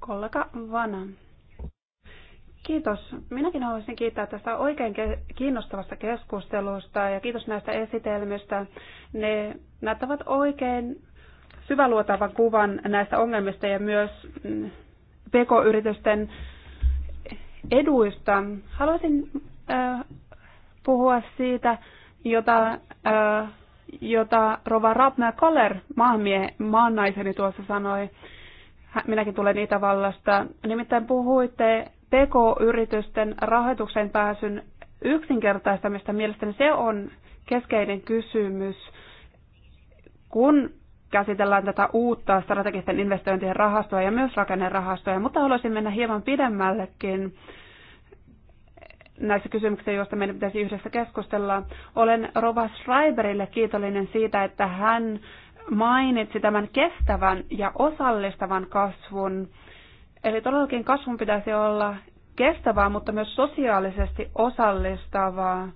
kollega Vana. Kiitos. Minäkin haluaisin kiittää tästä oikein kiinnostavasta keskustelusta ja kiitos näistä esitelmistä. Ne näyttävät oikein syväluotavan kuvan näistä ongelmista ja myös mm, pk-yritysten eduista. Haluaisin äh, puhua siitä, jota äh, jota Rova Rapna Koller, maanmie, maannaiseni tuossa sanoi, minäkin tulen Itävallasta, nimittäin puhuitte PK-yritysten rahoituksen pääsyn yksinkertaistamista. Mielestäni se on keskeinen kysymys, kun käsitellään tätä uutta strategisten investointien rahastoa ja myös rakennerahastoja, mutta haluaisin mennä hieman pidemmällekin näissä kysymyksissä, joista meidän pitäisi yhdessä keskustella. Olen Rova Schreiberille kiitollinen siitä, että hän mainitsi tämän kestävän ja osallistavan kasvun. Eli todellakin kasvun pitäisi olla kestävää, mutta myös sosiaalisesti osallistavaa.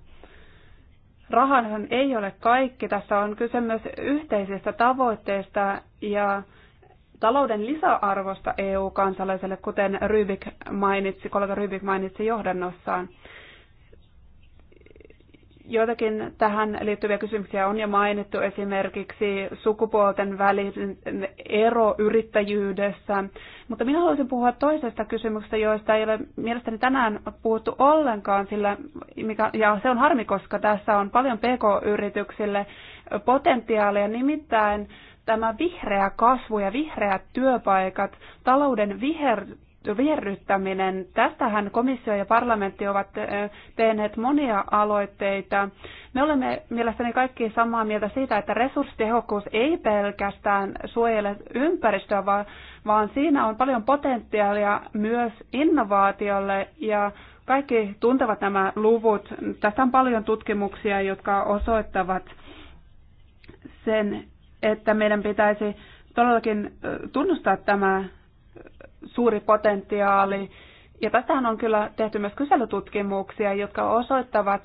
Rahanhan ei ole kaikki. Tässä on kyse myös yhteisistä tavoitteista ja talouden lisäarvosta EU-kansalaiselle, kuten Rybik mainitsi, kollega Rybik mainitsi johdannossaan. Joitakin tähän liittyviä kysymyksiä on jo mainittu, esimerkiksi sukupuolten välinen ero yrittäjyydessä. Mutta minä haluaisin puhua toisesta kysymyksestä, joista ei ole mielestäni tänään puhuttu ollenkaan, sillä, mikä, ja se on harmi, koska tässä on paljon pk-yrityksille potentiaalia, nimittäin tämä vihreä kasvu ja vihreät työpaikat, talouden viher, verryttäminen. Tästähän komissio ja parlamentti ovat tehneet monia aloitteita. Me olemme mielestäni kaikki samaa mieltä siitä, että resurssitehokkuus ei pelkästään suojele ympäristöä, vaan, vaan siinä on paljon potentiaalia myös innovaatiolle ja kaikki tuntevat nämä luvut. Tästä on paljon tutkimuksia, jotka osoittavat sen, että meidän pitäisi todellakin tunnustaa tämä suuri potentiaali. Ja tästähän on kyllä tehty myös kyselytutkimuksia, jotka osoittavat,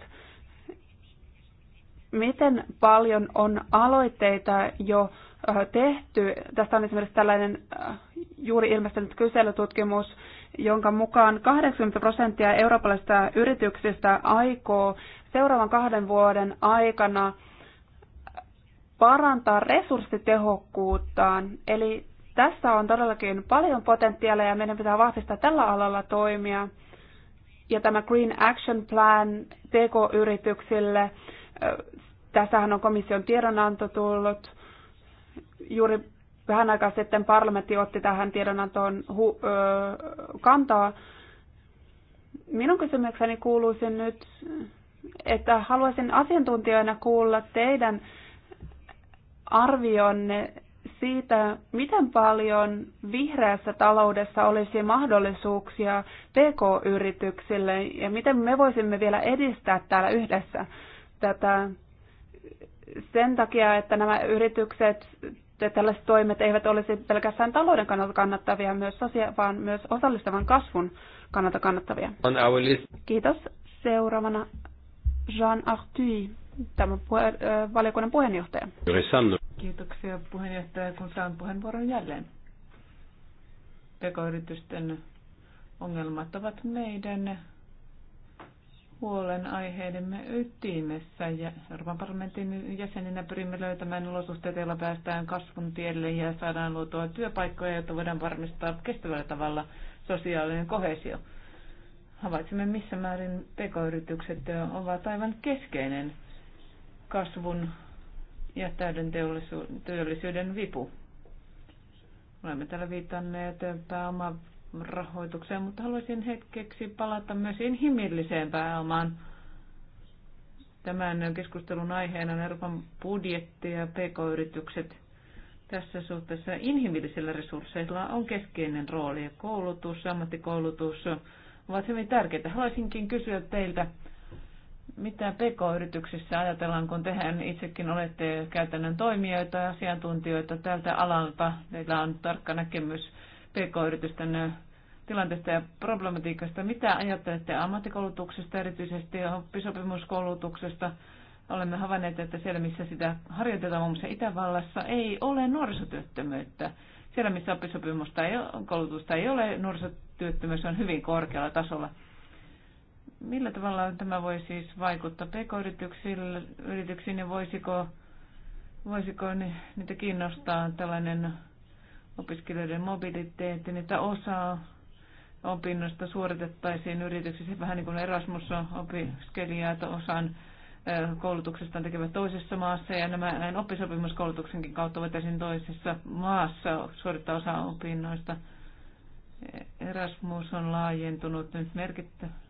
miten paljon on aloitteita jo äh, tehty. Tästä on esimerkiksi tällainen äh, juuri ilmestynyt kyselytutkimus, jonka mukaan 80 prosenttia eurooppalaisista yrityksistä aikoo seuraavan kahden vuoden aikana parantaa resurssitehokkuuttaan. Eli tässä on todellakin paljon potentiaalia ja meidän pitää vahvistaa tällä alalla toimia. Ja tämä Green Action Plan tk yrityksille tässähän on komission tiedonanto tullut. Juuri vähän aikaa sitten parlamentti otti tähän tiedonantoon hu- kantaa. Minun kysymykseni kuuluisi nyt, että haluaisin asiantuntijoina kuulla teidän arvionne siitä, miten paljon vihreässä taloudessa olisi mahdollisuuksia PK-yrityksille ja miten me voisimme vielä edistää täällä yhdessä tätä sen takia, että nämä yritykset ja tällaiset toimet eivät olisi pelkästään talouden kannalta kannattavia, myös sosia- vaan myös osallistavan kasvun kannalta kannattavia. Kiitos. Seuraavana Jean Arthuis tämän puhe- valiokunnan puheenjohtaja. Kiitoksia puheenjohtaja, kun saan puheenvuoron jälleen. Pekoyritysten ongelmat ovat meidän huolenaiheidemme ytimessä. Ja Euroopan parlamentin jäseninä pyrimme löytämään olosuhteet, joilla päästään kasvun tielle ja saadaan luotua työpaikkoja, jotta voidaan varmistaa kestävällä tavalla sosiaalinen kohesio. Havaitsemme, missä määrin pekoyritykset ovat aivan keskeinen kasvun ja täyden työllisyyden vipu. Olemme täällä viitanneet rahoitukseen, mutta haluaisin hetkeksi palata myös inhimilliseen pääomaan. Tämän keskustelun aiheena on Euroopan budjetti ja pk-yritykset. Tässä suhteessa inhimillisillä resursseilla on keskeinen rooli. ja Koulutus, ammattikoulutus ovat hyvin tärkeitä. Haluaisinkin kysyä teiltä, mitä PK-yrityksissä ajatellaan, kun tehän itsekin olette käytännön toimijoita ja asiantuntijoita tältä alalta? Teillä on tarkka näkemys PK-yritysten tilanteesta ja problematiikasta. Mitä ajattelette ammattikoulutuksesta, erityisesti oppisopimuskoulutuksesta? Olemme havainneet, että siellä missä sitä harjoitetaan, muun muassa Itävallassa, ei ole nuorisotyöttömyyttä. Siellä missä oppisopimusta ei, koulutusta ei ole, nuorisotyöttömyys on hyvin korkealla tasolla Millä tavalla tämä voi siis vaikuttaa pk-yrityksiin ja voisiko, voisiko niitä kiinnostaa tällainen opiskelijoiden mobiliteetti, niin että osa opinnosta suoritettaisiin yrityksissä vähän niin kuin Erasmus opiskelijat osan koulutuksestaan tekevät toisessa maassa ja nämä näin oppisopimuskoulutuksenkin kautta voitaisiin toisessa maassa suorittaa osa opinnoista. Erasmus on laajentunut nyt merkittävästi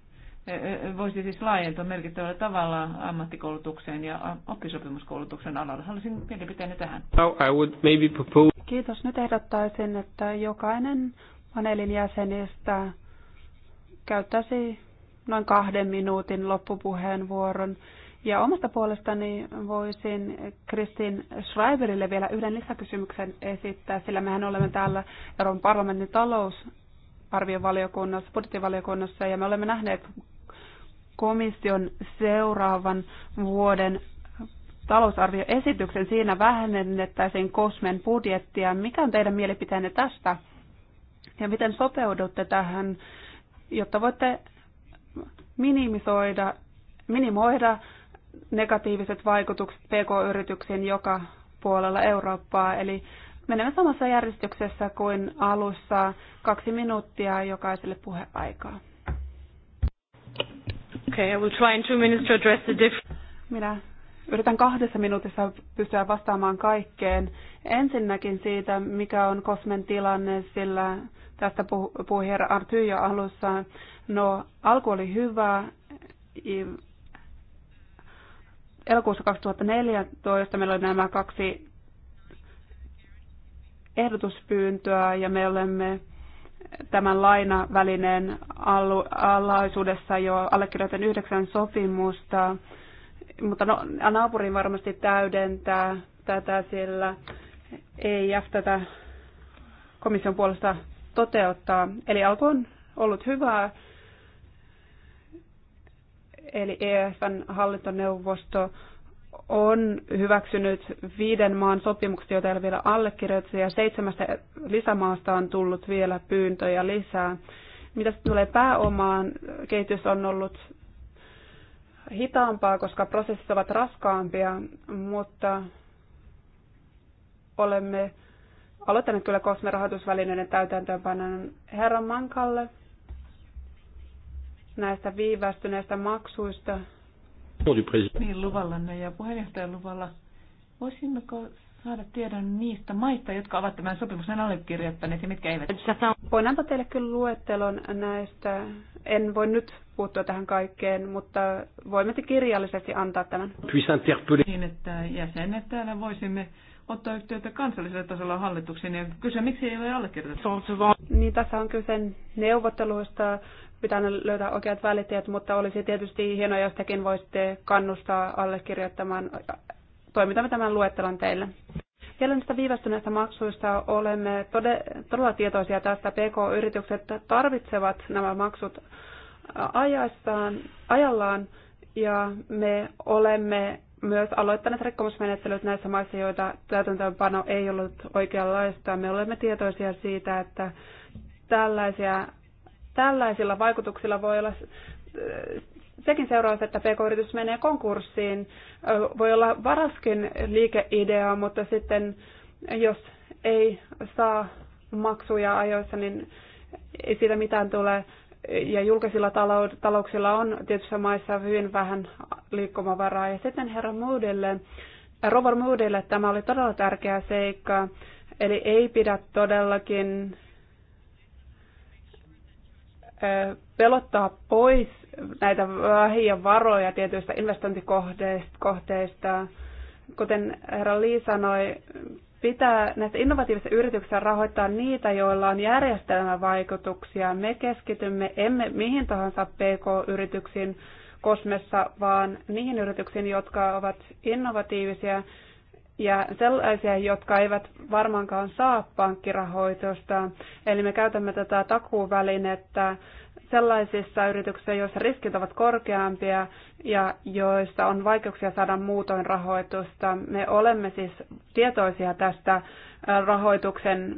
voisi siis laajentua merkittävällä tavalla ammattikoulutukseen ja oppisopimuskoulutuksen alalla. Haluaisin mielipiteeni tähän. I would maybe propose... Kiitos. Nyt ehdottaisin, että jokainen paneelin jäsenistä käyttäisi noin kahden minuutin loppupuheenvuoron. Ja omasta puolestani voisin Kristin Schreiberille vielä yhden lisäkysymyksen esittää, sillä mehän olemme täällä Euroopan parlamentin talous arviovaliokunnassa, budjettivaliokunnassa, ja me olemme nähneet komission seuraavan vuoden talousarvioesityksen. Siinä vähennettäisiin Kosmen budjettia. Mikä on teidän mielipiteenne tästä? Ja miten sopeudutte tähän, jotta voitte minimisoida, minimoida negatiiviset vaikutukset PK-yrityksiin joka puolella Eurooppaa. Eli menemme samassa järjestyksessä kuin alussa kaksi minuuttia jokaiselle puheaikaa. Okay, I will try in two minutes to address the different... Minä yritän kahdessa minuutissa pystyä vastaamaan kaikkeen. Ensinnäkin siitä, mikä on kosmen tilanne, sillä tästä puhui herra Arty jo alussa. No, alku oli hyvä. Elokuussa 2014 meillä oli nämä kaksi ehdotuspyyntöä ja me olemme tämän lainavälineen alaisuudessa jo allekirjoitan yhdeksän sopimusta, mutta no, naapurin varmasti täydentää tätä, sillä EIF tätä komission puolesta toteuttaa. Eli alku on ollut hyvää, eli EFN hallintoneuvosto on hyväksynyt viiden maan sopimuksia, joita ei ole vielä allekirjoitettu, ja seitsemästä lisämaasta on tullut vielä pyyntöjä lisää. Mitä sitten tulee pääomaan, kehitys on ollut hitaampaa, koska prosessit ovat raskaampia, mutta olemme aloittaneet kyllä kosmerahoitusvälineiden täytäntöönpanon herran Mankalle näistä viivästyneistä maksuista niin, luvallanne ja puheenjohtajan luvalla. Voisimmeko saada tiedon niistä maista, jotka ovat tämän sopimuksen allekirjoittaneet ja mitkä eivät? Voin antaa teille kyllä luettelon näistä. En voi nyt puuttua tähän kaikkeen, mutta voimme te kirjallisesti antaa tämän. Niin, että jäsenet täällä voisimme ottaa yhteyttä kansallisella tasolla hallituksiin ja kysyä, miksi ei ole allekirjoitettu. Niin, tässä on kyse neuvotteluista, pitää löytää oikeat välitteet, mutta olisi tietysti hienoa, jos tekin voisitte kannustaa allekirjoittamaan. Toimitamme tämän luettelon teille. Vielä näistä viivästyneistä maksuista olemme todella tietoisia tästä. PK-yritykset tarvitsevat nämä maksut ajassaan, ajallaan ja me olemme myös aloittaneet rikkomusmenettelyt näissä maissa, joita täytäntöönpano ei ollut oikeanlaista. Me olemme tietoisia siitä, että tällaisia, tällaisilla vaikutuksilla voi olla eh, sekin seuraus, että pk-yritys menee konkurssiin. Eh, voi olla varaskin liikeidea, mutta sitten eh, jos ei saa maksuja ajoissa, niin ei siitä mitään tule ja julkisilla talouksilla on tietyissä maissa hyvin vähän liikkumavaraa. Ja sitten herra Moodille, Robert Moodille tämä oli todella tärkeä seikka, eli ei pidä todellakin pelottaa pois näitä vähiä varoja tietyistä investointikohteista. Kuten herra Lee sanoi, pitää näistä innovatiivisista yrityksistä rahoittaa niitä, joilla on järjestelmävaikutuksia. Me keskitymme emme mihin tahansa PK-yrityksiin kosmessa, vaan niihin yrityksiin, jotka ovat innovatiivisia ja sellaisia, jotka eivät varmaankaan saa pankkirahoitusta. Eli me käytämme tätä takuuvälinettä sellaisissa yrityksissä, joissa riskit ovat korkeampia ja joissa on vaikeuksia saada muutoin rahoitusta. Me olemme siis tietoisia tästä rahoituksen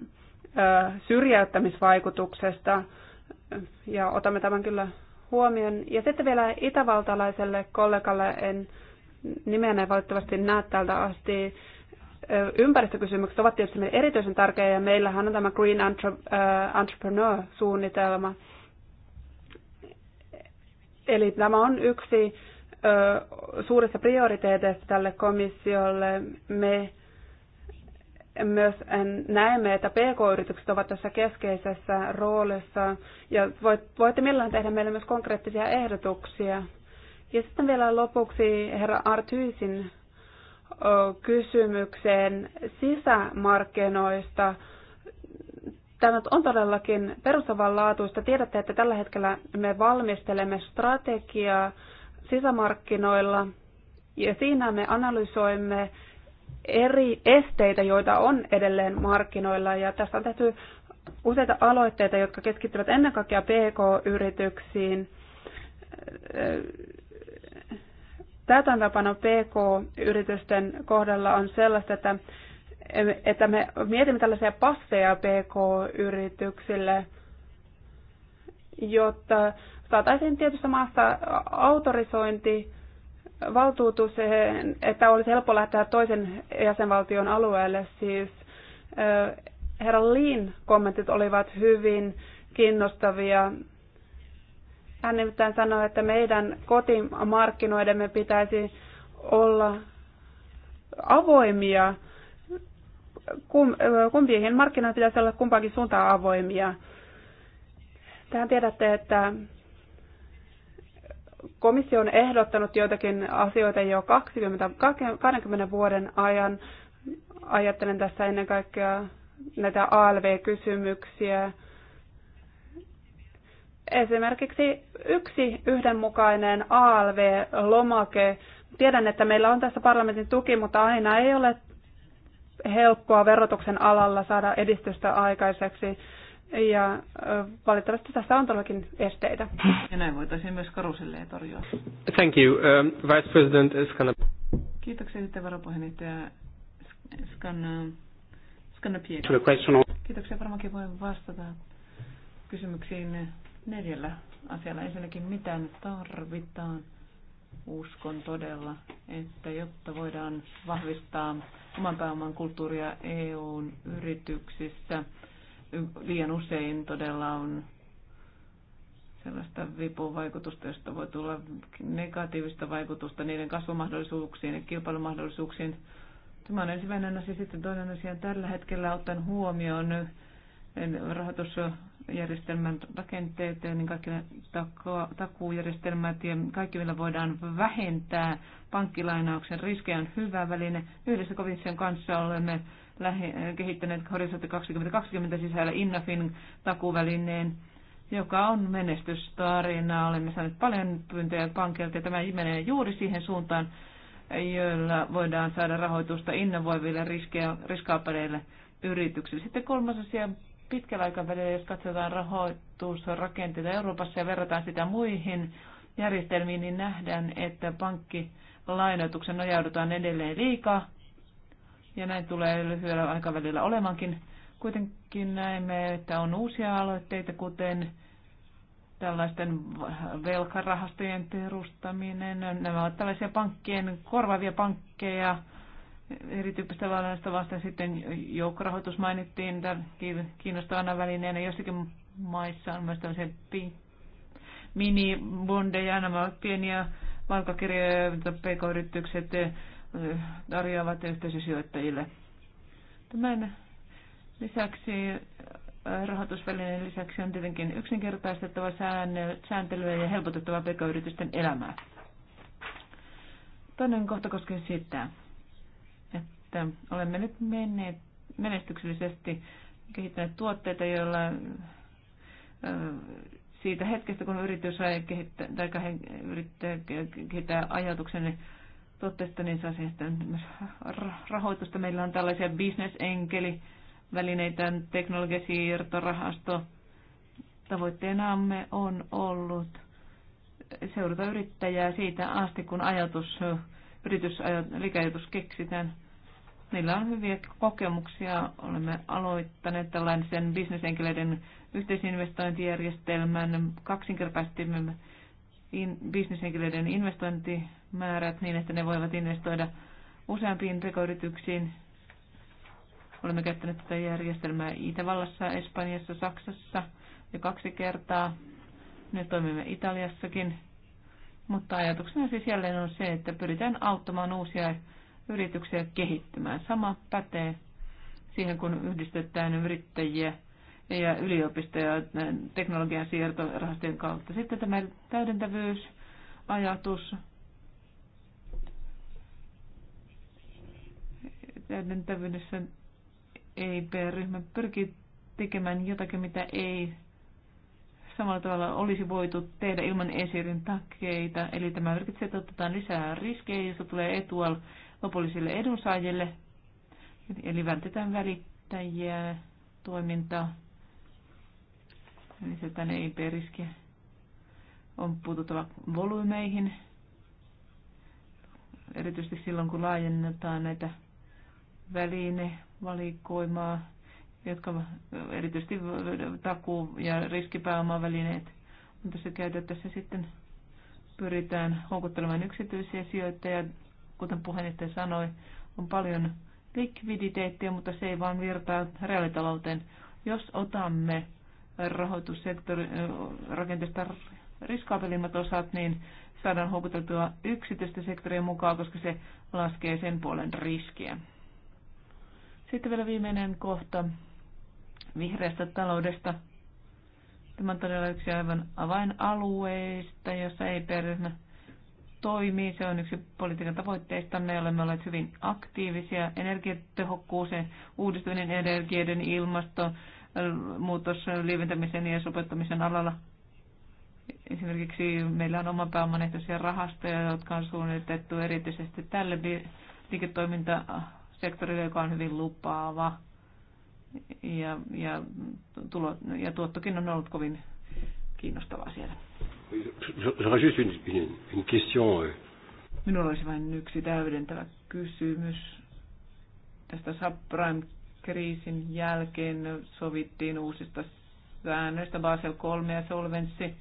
syrjäyttämisvaikutuksesta ja otamme tämän kyllä huomioon. Ja sitten vielä itävaltalaiselle kollegalle, en nimeä valitettavasti näe täältä asti, ympäristökysymykset ovat tietysti erityisen tärkeitä ja meillähän on tämä Green Entrepreneur-suunnitelma, Eli tämä on yksi suurista prioriteeteista tälle komissiolle. Me myös näemme, että PK-yritykset ovat tässä keskeisessä roolissa ja voitte millään tehdä meille myös konkreettisia ehdotuksia. Ja sitten vielä lopuksi herra Artyisin kysymykseen sisämarkkinoista Tämä on todellakin perustavanlaatuista. Tiedätte, että tällä hetkellä me valmistelemme strategiaa sisämarkkinoilla ja siinä me analysoimme eri esteitä, joita on edelleen markkinoilla. Ja tässä on tehty useita aloitteita, jotka keskittyvät ennen kaikkea PK-yrityksiin. Täytäntöpano PK-yritysten kohdalla on sellaista, että että me mietimme tällaisia passeja PK-yrityksille, jotta saataisiin tietystä maasta autorisointi, valtuutus, että olisi helppo lähteä toisen jäsenvaltion alueelle. Siis herra Liin kommentit olivat hyvin kiinnostavia. Hän nimittäin sanoi, että meidän kotimarkkinoidemme pitäisi olla avoimia kumpienkin markkinoiden pitäisi olla kumpaankin suuntaan avoimia. Tähän tiedätte, että komissio on ehdottanut joitakin asioita jo 20, 20 vuoden ajan. Ajattelen tässä ennen kaikkea näitä ALV-kysymyksiä. Esimerkiksi yksi yhdenmukainen ALV-lomake. Tiedän, että meillä on tässä parlamentin tuki, mutta aina ei ole helppoa verotuksen alalla saada edistystä aikaiseksi. Ja valitettavasti tässä on todellakin esteitä. Ja näin voitaisiin myös karusilleen torjua. Thank you. Um, Vice President Skana. Kiitoksia sitten varapuheenjohtaja Skana, Skana Kiitoksia. Varmaankin voin vastata kysymyksiin neljällä asialla. Ensinnäkin, mitä nyt tarvitaan? Uskon todella, että jotta voidaan vahvistaa oman pääoman kulttuuria EUn yrityksissä. Liian usein todella on sellaista vipuvaikutusta, josta voi tulla negatiivista vaikutusta niiden kasvumahdollisuuksiin ja kilpailumahdollisuuksiin. Tämä on ensimmäinen asia. Sitten toinen asia on tällä hetkellä ottaen huomioon niin rahoitus järjestelmän rakenteet, niin kaikki takuujärjestelmät ja kaikki, millä voidaan vähentää pankkilainauksen riskejä on hyvä väline. Yhdessä komission kanssa olemme kehittäneet Horisontti 2020 sisällä Innafin takuvälineen, joka on menestystarina. Olemme saaneet paljon pyyntöjä pankilta ja tämä menee juuri siihen suuntaan, joilla voidaan saada rahoitusta innovoiville riskaapereille yrityksille. Sitten kolmas asia pitkällä aikavälillä, jos katsotaan rahoitusrakenteita Euroopassa ja verrataan sitä muihin järjestelmiin, niin nähdään, että pankkilainoituksen nojaudutaan edelleen liikaa. Ja näin tulee lyhyellä aikavälillä olemankin. Kuitenkin näemme, että on uusia aloitteita, kuten tällaisten velkarahastojen perustaminen. Nämä ovat tällaisia pankkien, korvaavia pankkeja, erityyppistä valinnasta vasta sitten joukkorahoitus mainittiin kiinnostavana välineenä. Jossakin maissa on myös tämmöisiä mini-bondeja, nämä ovat pieniä valkakirjoja, joita pk-yritykset eh, tarjoavat yhteisösijoittajille. Tämän lisäksi eh, rahoitusvälineen lisäksi on tietenkin yksinkertaistettava sääntelyä ja helpotettava pk-yritysten elämää. Toinen kohta koskee sitä, että olemme nyt menneet menestyksellisesti kehittäneet tuotteita, joilla siitä hetkestä, kun yritys kehittää, tai yrittää kehittää ajatuksen tuotteesta, niin saa sitten myös rahoitusta. Meillä on tällaisia välineitä, teknologiasiirtorahasto. Tavoitteenamme on ollut seurata yrittäjää siitä asti, kun ajatus, yritysajatus, liikeajatus keksitään. Meillä on hyviä kokemuksia. Olemme aloittaneet tällaisen bisnesenkeleiden yhteisinvestointijärjestelmän. Kaksinkertaistimme bisnesenkeleiden investointimäärät niin, että ne voivat investoida useampiin pk Olemme käyttäneet tätä järjestelmää Itävallassa, Espanjassa, Saksassa jo kaksi kertaa. Nyt toimimme Italiassakin. Mutta ajatuksena siis jälleen on se, että pyritään auttamaan uusia yrityksiä kehittymään. Sama pätee siihen, kun yhdistetään yrittäjiä ja yliopistoja teknologian siirtorahastojen kautta. Sitten tämä täydentävyys, ajatus, täydentävyydessä EIP-ryhmä pyrkii tekemään jotakin, mitä ei samalla tavalla olisi voitu tehdä ilman esirin Eli tämä merkitsee, että otetaan lisää riskejä, jos tulee etual lopullisille edunsaajille. Eli vältetään välittäjiä, toimintaa, tänne ei riskiä On puututtava volyymeihin, erityisesti silloin kun laajennetaan näitä välinevalikoimaa, jotka erityisesti takuu- ja riskipääomavälineet on tässä käytettävissä sitten pyritään houkuttelemaan yksityisiä sijoittajia kuten puheenjohtaja sanoi, on paljon likviditeettiä, mutta se ei vaan virtaa reaalitalouteen. Jos otamme rahoitussektorin rakenteesta riskaapelimmat osat, niin saadaan houkuteltua yksityistä sektoria mukaan, koska se laskee sen puolen riskiä. Sitten vielä viimeinen kohta vihreästä taloudesta. Tämä on todella yksi aivan avainalueista, jossa ei perhe toimii. Se on yksi politiikan tavoitteista. Me olemme olleet hyvin aktiivisia. Energiatehokkuus, uudistuminen energioiden ilmasto, muutos lieventämisen ja sopeuttamisen alalla. Esimerkiksi meillä on oma pääomanehtoisia rahastoja, jotka on suunnitettu erityisesti tälle liiketoimintasektorille, joka on hyvin lupaava. Ja, ja, tulo, ja tuottokin on ollut kovin kiinnostavaa siellä. J'aurais juste une, une, une question. Euh. Minulla olisi vain yksi täydentävä kysymys. Tästä subprime-kriisin jälkeen sovittiin uusista säännöistä Basel 3 ja Solvenssi.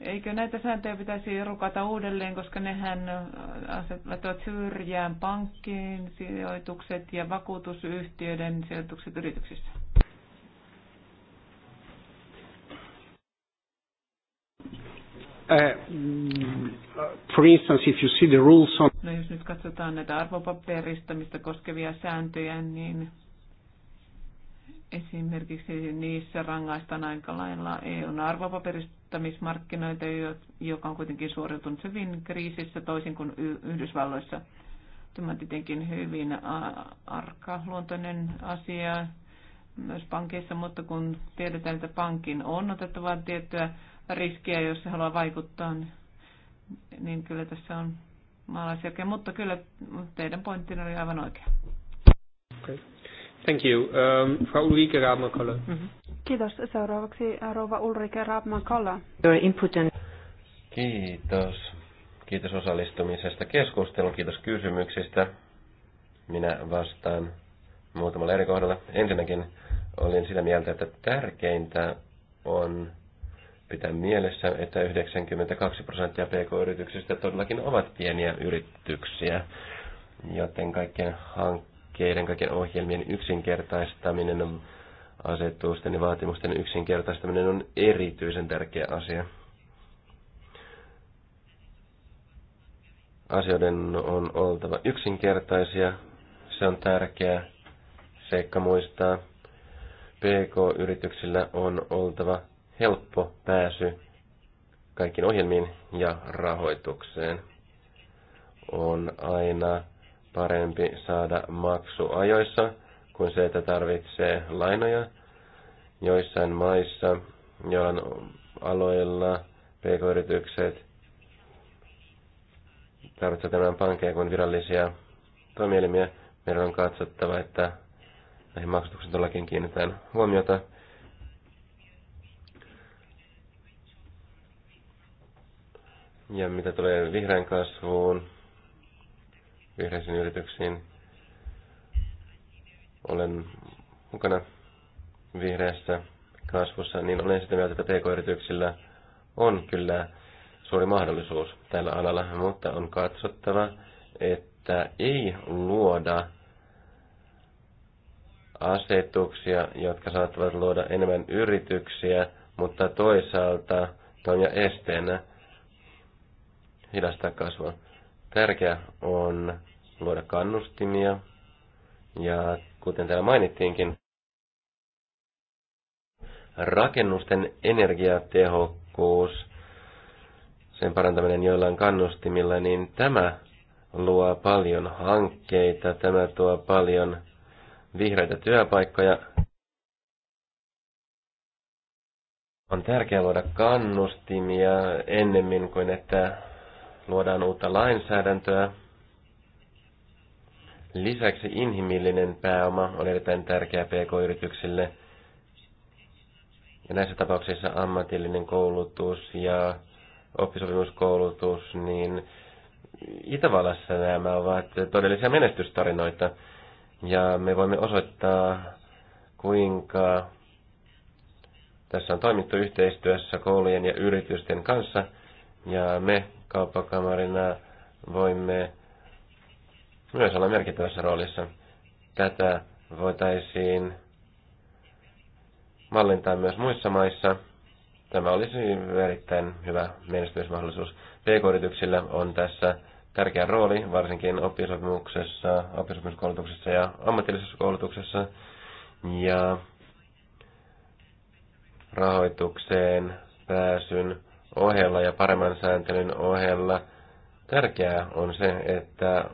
Eikö näitä sääntöjä pitäisi rukata uudelleen, koska nehän asettavat syrjään pankkiin sijoitukset ja vakuutusyhtiöiden sijoitukset yrityksissä? Uh, mm, for instance, if you see the rules on... No jos nyt katsotaan näitä arvopaperistamista koskevia sääntöjä, niin esimerkiksi niissä rangaistaan aika lailla EUn arvopaperistamismarkkinoita, joka on kuitenkin suoriutunut hyvin kriisissä toisin kuin Yhdysvalloissa. Tämä on tietenkin hyvin arkaluontoinen asia myös pankeissa, mutta kun tiedetään, että pankin on otettava tiettyä riskiä, jos se haluaa vaikuttaa, niin, niin kyllä tässä on maalaisjärkeä. Mutta kyllä teidän pointtina oli aivan oikea. Okay. Thank you. Um, Frau Ulrike rabmann Mm-hmm. Kiitos. Seuraavaksi rouva Ulrike Rabmakolla. Your Kiitos. Kiitos osallistumisesta keskusteluun. Kiitos kysymyksistä. Minä vastaan muutamalla eri kohdalla. Ensinnäkin olin sitä mieltä, että tärkeintä on pitää mielessä, että 92 prosenttia pk-yrityksistä todellakin ovat pieniä yrityksiä, joten kaikkien hankkeiden, kaikkien ohjelmien yksinkertaistaminen, asetusten ja vaatimusten yksinkertaistaminen on erityisen tärkeä asia. Asioiden on oltava yksinkertaisia, se on tärkeä seikka muistaa. PK-yrityksillä on oltava helppo pääsy kaikkiin ohjelmiin ja rahoitukseen. On aina parempi saada maksu ajoissa kuin se, että tarvitsee lainoja. Joissain maissa, joilla aloilla, pk-yritykset tarvitsevat enemmän pankkeja kuin virallisia toimielimiä. Meidän on katsottava, että näihin maksatuksiin todellakin kiinnitetään huomiota. Ja mitä tulee vihreän kasvuun, vihreisiin yrityksiin, olen mukana vihreässä kasvussa, niin olen sitä mieltä, että pk-yrityksillä on kyllä suuri mahdollisuus tällä alalla, mutta on katsottava, että ei luoda asetuksia, jotka saattavat luoda enemmän yrityksiä, mutta toisaalta toimia esteenä hidastaa kasvua. Tärkeää on luoda kannustimia ja kuten täällä mainittiinkin, rakennusten energiatehokkuus, sen parantaminen joillain kannustimilla, niin tämä luo paljon hankkeita, tämä tuo paljon vihreitä työpaikkoja. On tärkeää luoda kannustimia ennemmin kuin että luodaan uutta lainsäädäntöä. Lisäksi inhimillinen pääoma on erittäin tärkeä pk-yrityksille. Ja näissä tapauksissa ammatillinen koulutus ja oppisopimuskoulutus, niin Itävallassa nämä ovat todellisia menestystarinoita. Ja me voimme osoittaa, kuinka tässä on toimittu yhteistyössä koulujen ja yritysten kanssa. Ja me kauppakamarina voimme myös olla merkittävässä roolissa. Tätä voitaisiin mallintaa myös muissa maissa. Tämä olisi erittäin hyvä menestymismahdollisuus. PK-yrityksillä on tässä tärkeä rooli, varsinkin oppisopimuksessa, oppisopimuskoulutuksessa ja ammatillisessa koulutuksessa. Ja rahoitukseen pääsyn ohella ja paremman sääntelyn ohella tärkeää on se, että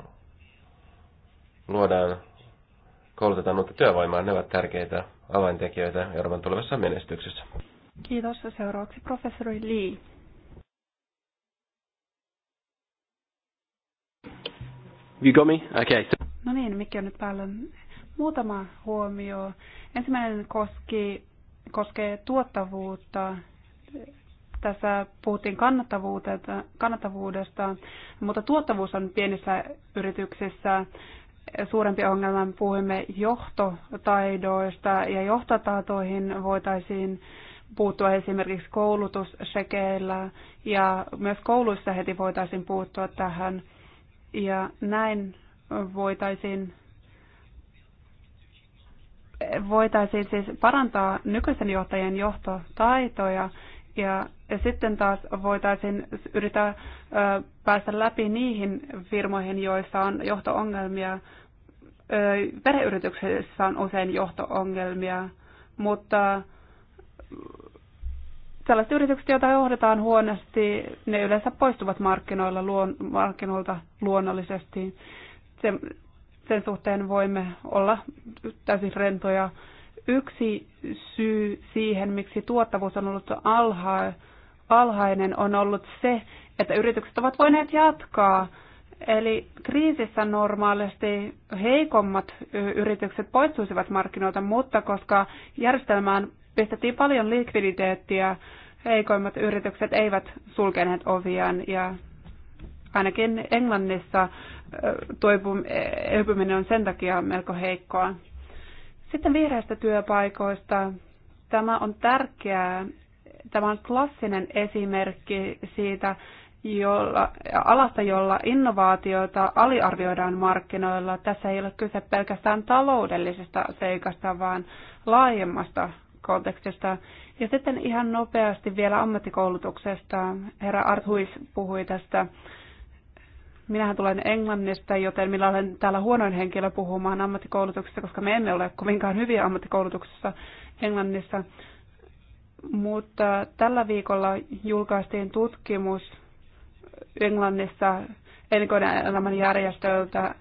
luodaan, koulutetaan uutta työvoimaa. Ne ovat tärkeitä avaintekijöitä Euroopan tulevassa menestyksessä. Kiitos. Seuraavaksi professori Lee. You got me? Okay. No niin, mikä on nyt päällä? Muutama huomio. Ensimmäinen koski, koskee tuottavuutta tässä puhuttiin kannattavuudesta, mutta tuottavuus on pienissä yrityksissä suurempi ongelma. Puhuimme johtotaidoista ja johtotaitoihin voitaisiin puuttua esimerkiksi koulutussekeillä ja myös kouluissa heti voitaisiin puuttua tähän ja näin voitaisiin voitaisiin siis parantaa nykyisen johtajien johtotaitoja ja, ja sitten taas voitaisiin yrittää ö, päästä läpi niihin firmoihin, joissa on johtoongelmia. Ö, perheyrityksissä on usein johtoongelmia, mutta sellaiset yritykset, joita johdetaan huonosti, ne yleensä poistuvat markkinoilla luon, markkinoilta luonnollisesti. Sen, sen suhteen voimme olla täysin rentoja Yksi syy siihen, miksi tuottavuus on ollut alha, alhainen, on ollut se, että yritykset ovat voineet jatkaa. Eli kriisissä normaalisti heikommat yritykset poistuisivat markkinoilta, mutta koska järjestelmään pistettiin paljon likviditeettiä, heikoimmat yritykset eivät sulkeneet oviaan ja ainakin Englannissa toipuminen elpyminen on sen takia melko heikkoa. Sitten vihreistä työpaikoista. Tämä on tärkeää. Tämä on klassinen esimerkki siitä jolla, alasta, jolla innovaatioita aliarvioidaan markkinoilla. Tässä ei ole kyse pelkästään taloudellisesta seikasta, vaan laajemmasta kontekstista. Ja sitten ihan nopeasti vielä ammattikoulutuksesta. Herra Arthuis puhui tästä Minähän tulen Englannista, joten minä olen täällä huonoin henkilö puhumaan ammattikoulutuksesta, koska me emme ole kovinkaan hyviä ammattikoulutuksessa Englannissa. Mutta tällä viikolla julkaistiin tutkimus Englannissa elinkeinoelämän järjestöltä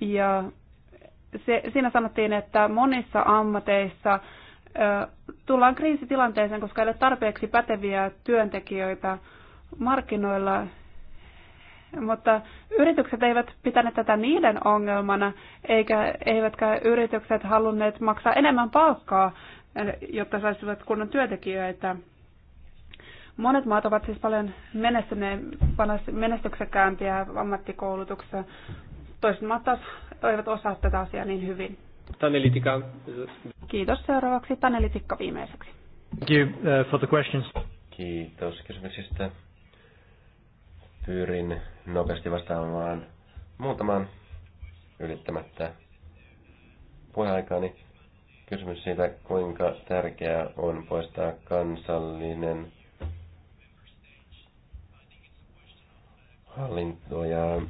ja se, siinä sanottiin, että monissa ammateissa ö, tullaan kriisitilanteeseen, koska ei ole tarpeeksi päteviä työntekijöitä markkinoilla mutta yritykset eivät pitäneet tätä niiden ongelmana, eikä, eivätkä yritykset halunneet maksaa enemmän palkkaa, eh, jotta saisivat kunnon työntekijöitä. Monet maat ovat siis paljon menestyksekkäämpiä ammattikoulutuksessa. Toiset maat taas eivät osaa tätä asiaa niin hyvin. Tanelitika. Kiitos seuraavaksi Tanelitikka viimeiseksi. Thank you uh, for the questions. Kiitos kysymyksistä. Pyrin nopeasti vastaamaan muutamaan ylittämättä puheaikaani. Kysymys siitä, kuinka tärkeää on poistaa kansallinen hallinto ja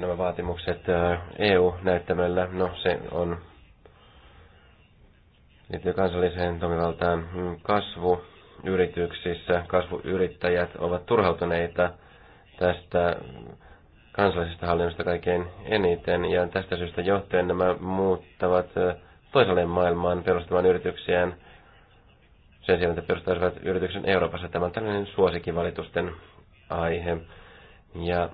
nämä vaatimukset EU-näyttämällä, no se on liittyy kansalliseen toimivaltaan mm, kasvu yrityksissä kasvuyrittäjät ovat turhautuneita tästä kansallisesta hallinnosta kaikkein eniten, ja tästä syystä johtuen nämä muuttavat toiselle maailmaan perustamaan yrityksiään sen sijaan, että perustaisivat yrityksen Euroopassa. Tämä on tällainen suosikivalitusten aihe. Ja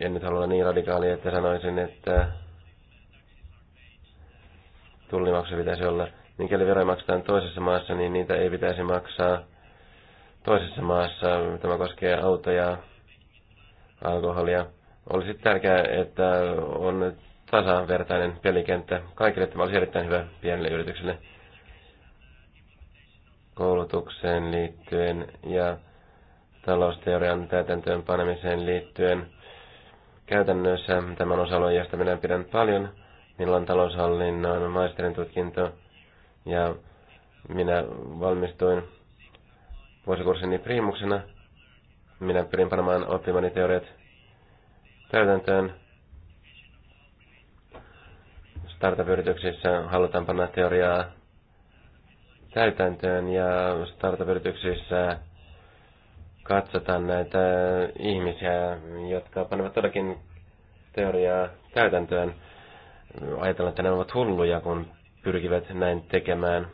en nyt halua niin radikaali, että sanoisin, että tullimaksu pitäisi olla Mikäli veroja maksetaan toisessa maassa, niin niitä ei pitäisi maksaa toisessa maassa. Tämä koskee autoja, alkoholia. Olisi tärkeää, että on tasavertainen pelikenttä. Kaikille tämä olisi erittäin hyvä pienille yrityksille koulutukseen liittyen ja talousteorian täytäntöön panemiseen liittyen. Käytännössä tämän osa-alueen, minä pidän paljon, minulla on taloushallinnon maisterin tutkinto, ja minä valmistuin vuosikurssini priimuksena. Minä pyrin panemaan oppimani teoriat täytäntöön. Startup-yrityksissä halutaan panna teoriaa täytäntöön ja startup-yrityksissä katsotaan näitä ihmisiä, jotka panevat todellakin teoriaa täytäntöön. Ajatellaan, että ne ovat hulluja, kun pyrkivät näin tekemään.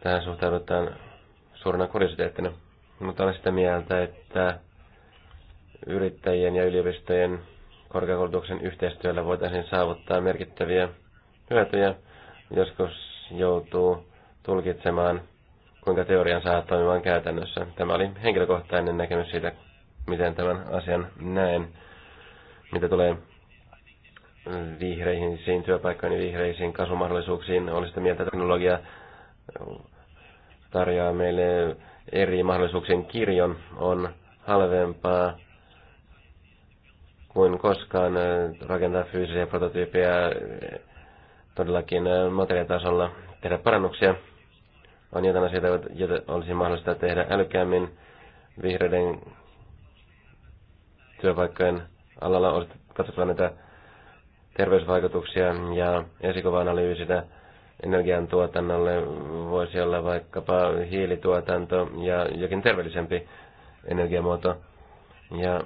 Tähän suhtaudutaan suurena kuriositeettina. Mutta olen sitä mieltä, että yrittäjien ja yliopistojen korkeakoulutuksen yhteistyöllä voitaisiin saavuttaa merkittäviä hyötyjä. Joskus joutuu tulkitsemaan, kuinka teorian saa toimimaan käytännössä. Tämä oli henkilökohtainen näkemys siitä, miten tämän asian näen, mitä tulee vihreisiin työpaikkoihin, vihreisiin kasvumahdollisuuksiin. Olen sitä mieltä, että teknologia tarjoaa meille eri mahdollisuuksien kirjon. On halvempaa kuin koskaan äh, rakentaa fyysisiä prototyyppejä äh, todellakin äh, materiaalitasolla, tehdä parannuksia. On jotain asioita, joita olisi mahdollista tehdä älykkäämmin vihreiden työpaikkojen alalla. Olisi katsottava näitä terveysvaikutuksia ja esikuva-analyysitä energiantuotannolle voisi olla vaikkapa hiilituotanto ja jokin terveellisempi energiamuoto. Ja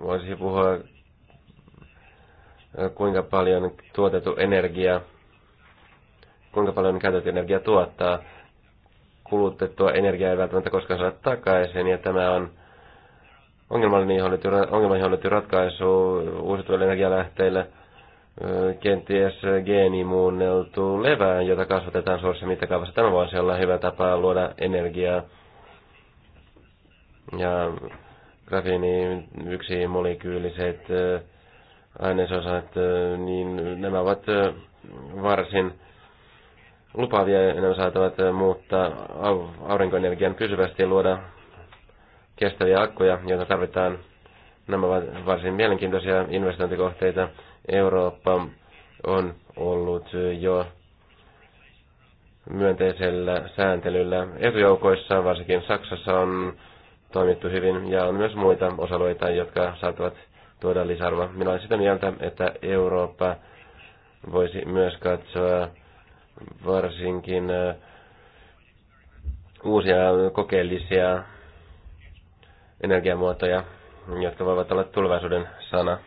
voisi puhua, äh, kuinka paljon tuotettu energia, kuinka paljon käytetty energia tuottaa. Kulutettua energiaa ei välttämättä koskaan saa takaisin, ja tämä on Ongelmaihin on löytyy, ongelmaihin on löytyy ratkaisu uusiutuville energialähteille, kenties geenimuunneltu levää, jota kasvatetaan suuressa mittakaavassa. Tämä voisi olla hyvä tapa luoda energiaa. Ja grafiini yksi molekyyliset ainesosat, niin nämä ovat varsin lupaavia ja nämä saattavat muuttaa aurinkoenergian pysyvästi ja luoda kestäviä akkuja, joita tarvitaan. Nämä ovat varsin mielenkiintoisia investointikohteita. Eurooppa on ollut jo myönteisellä sääntelyllä etujoukoissa, varsinkin Saksassa on toimittu hyvin ja on myös muita osaloita, jotka saattavat tuoda lisäarvoa. Minä olen sitä mieltä, että Eurooppa voisi myös katsoa varsinkin äh, uusia kokeellisia energiamuotoja, jotka voivat olla tulevaisuuden sana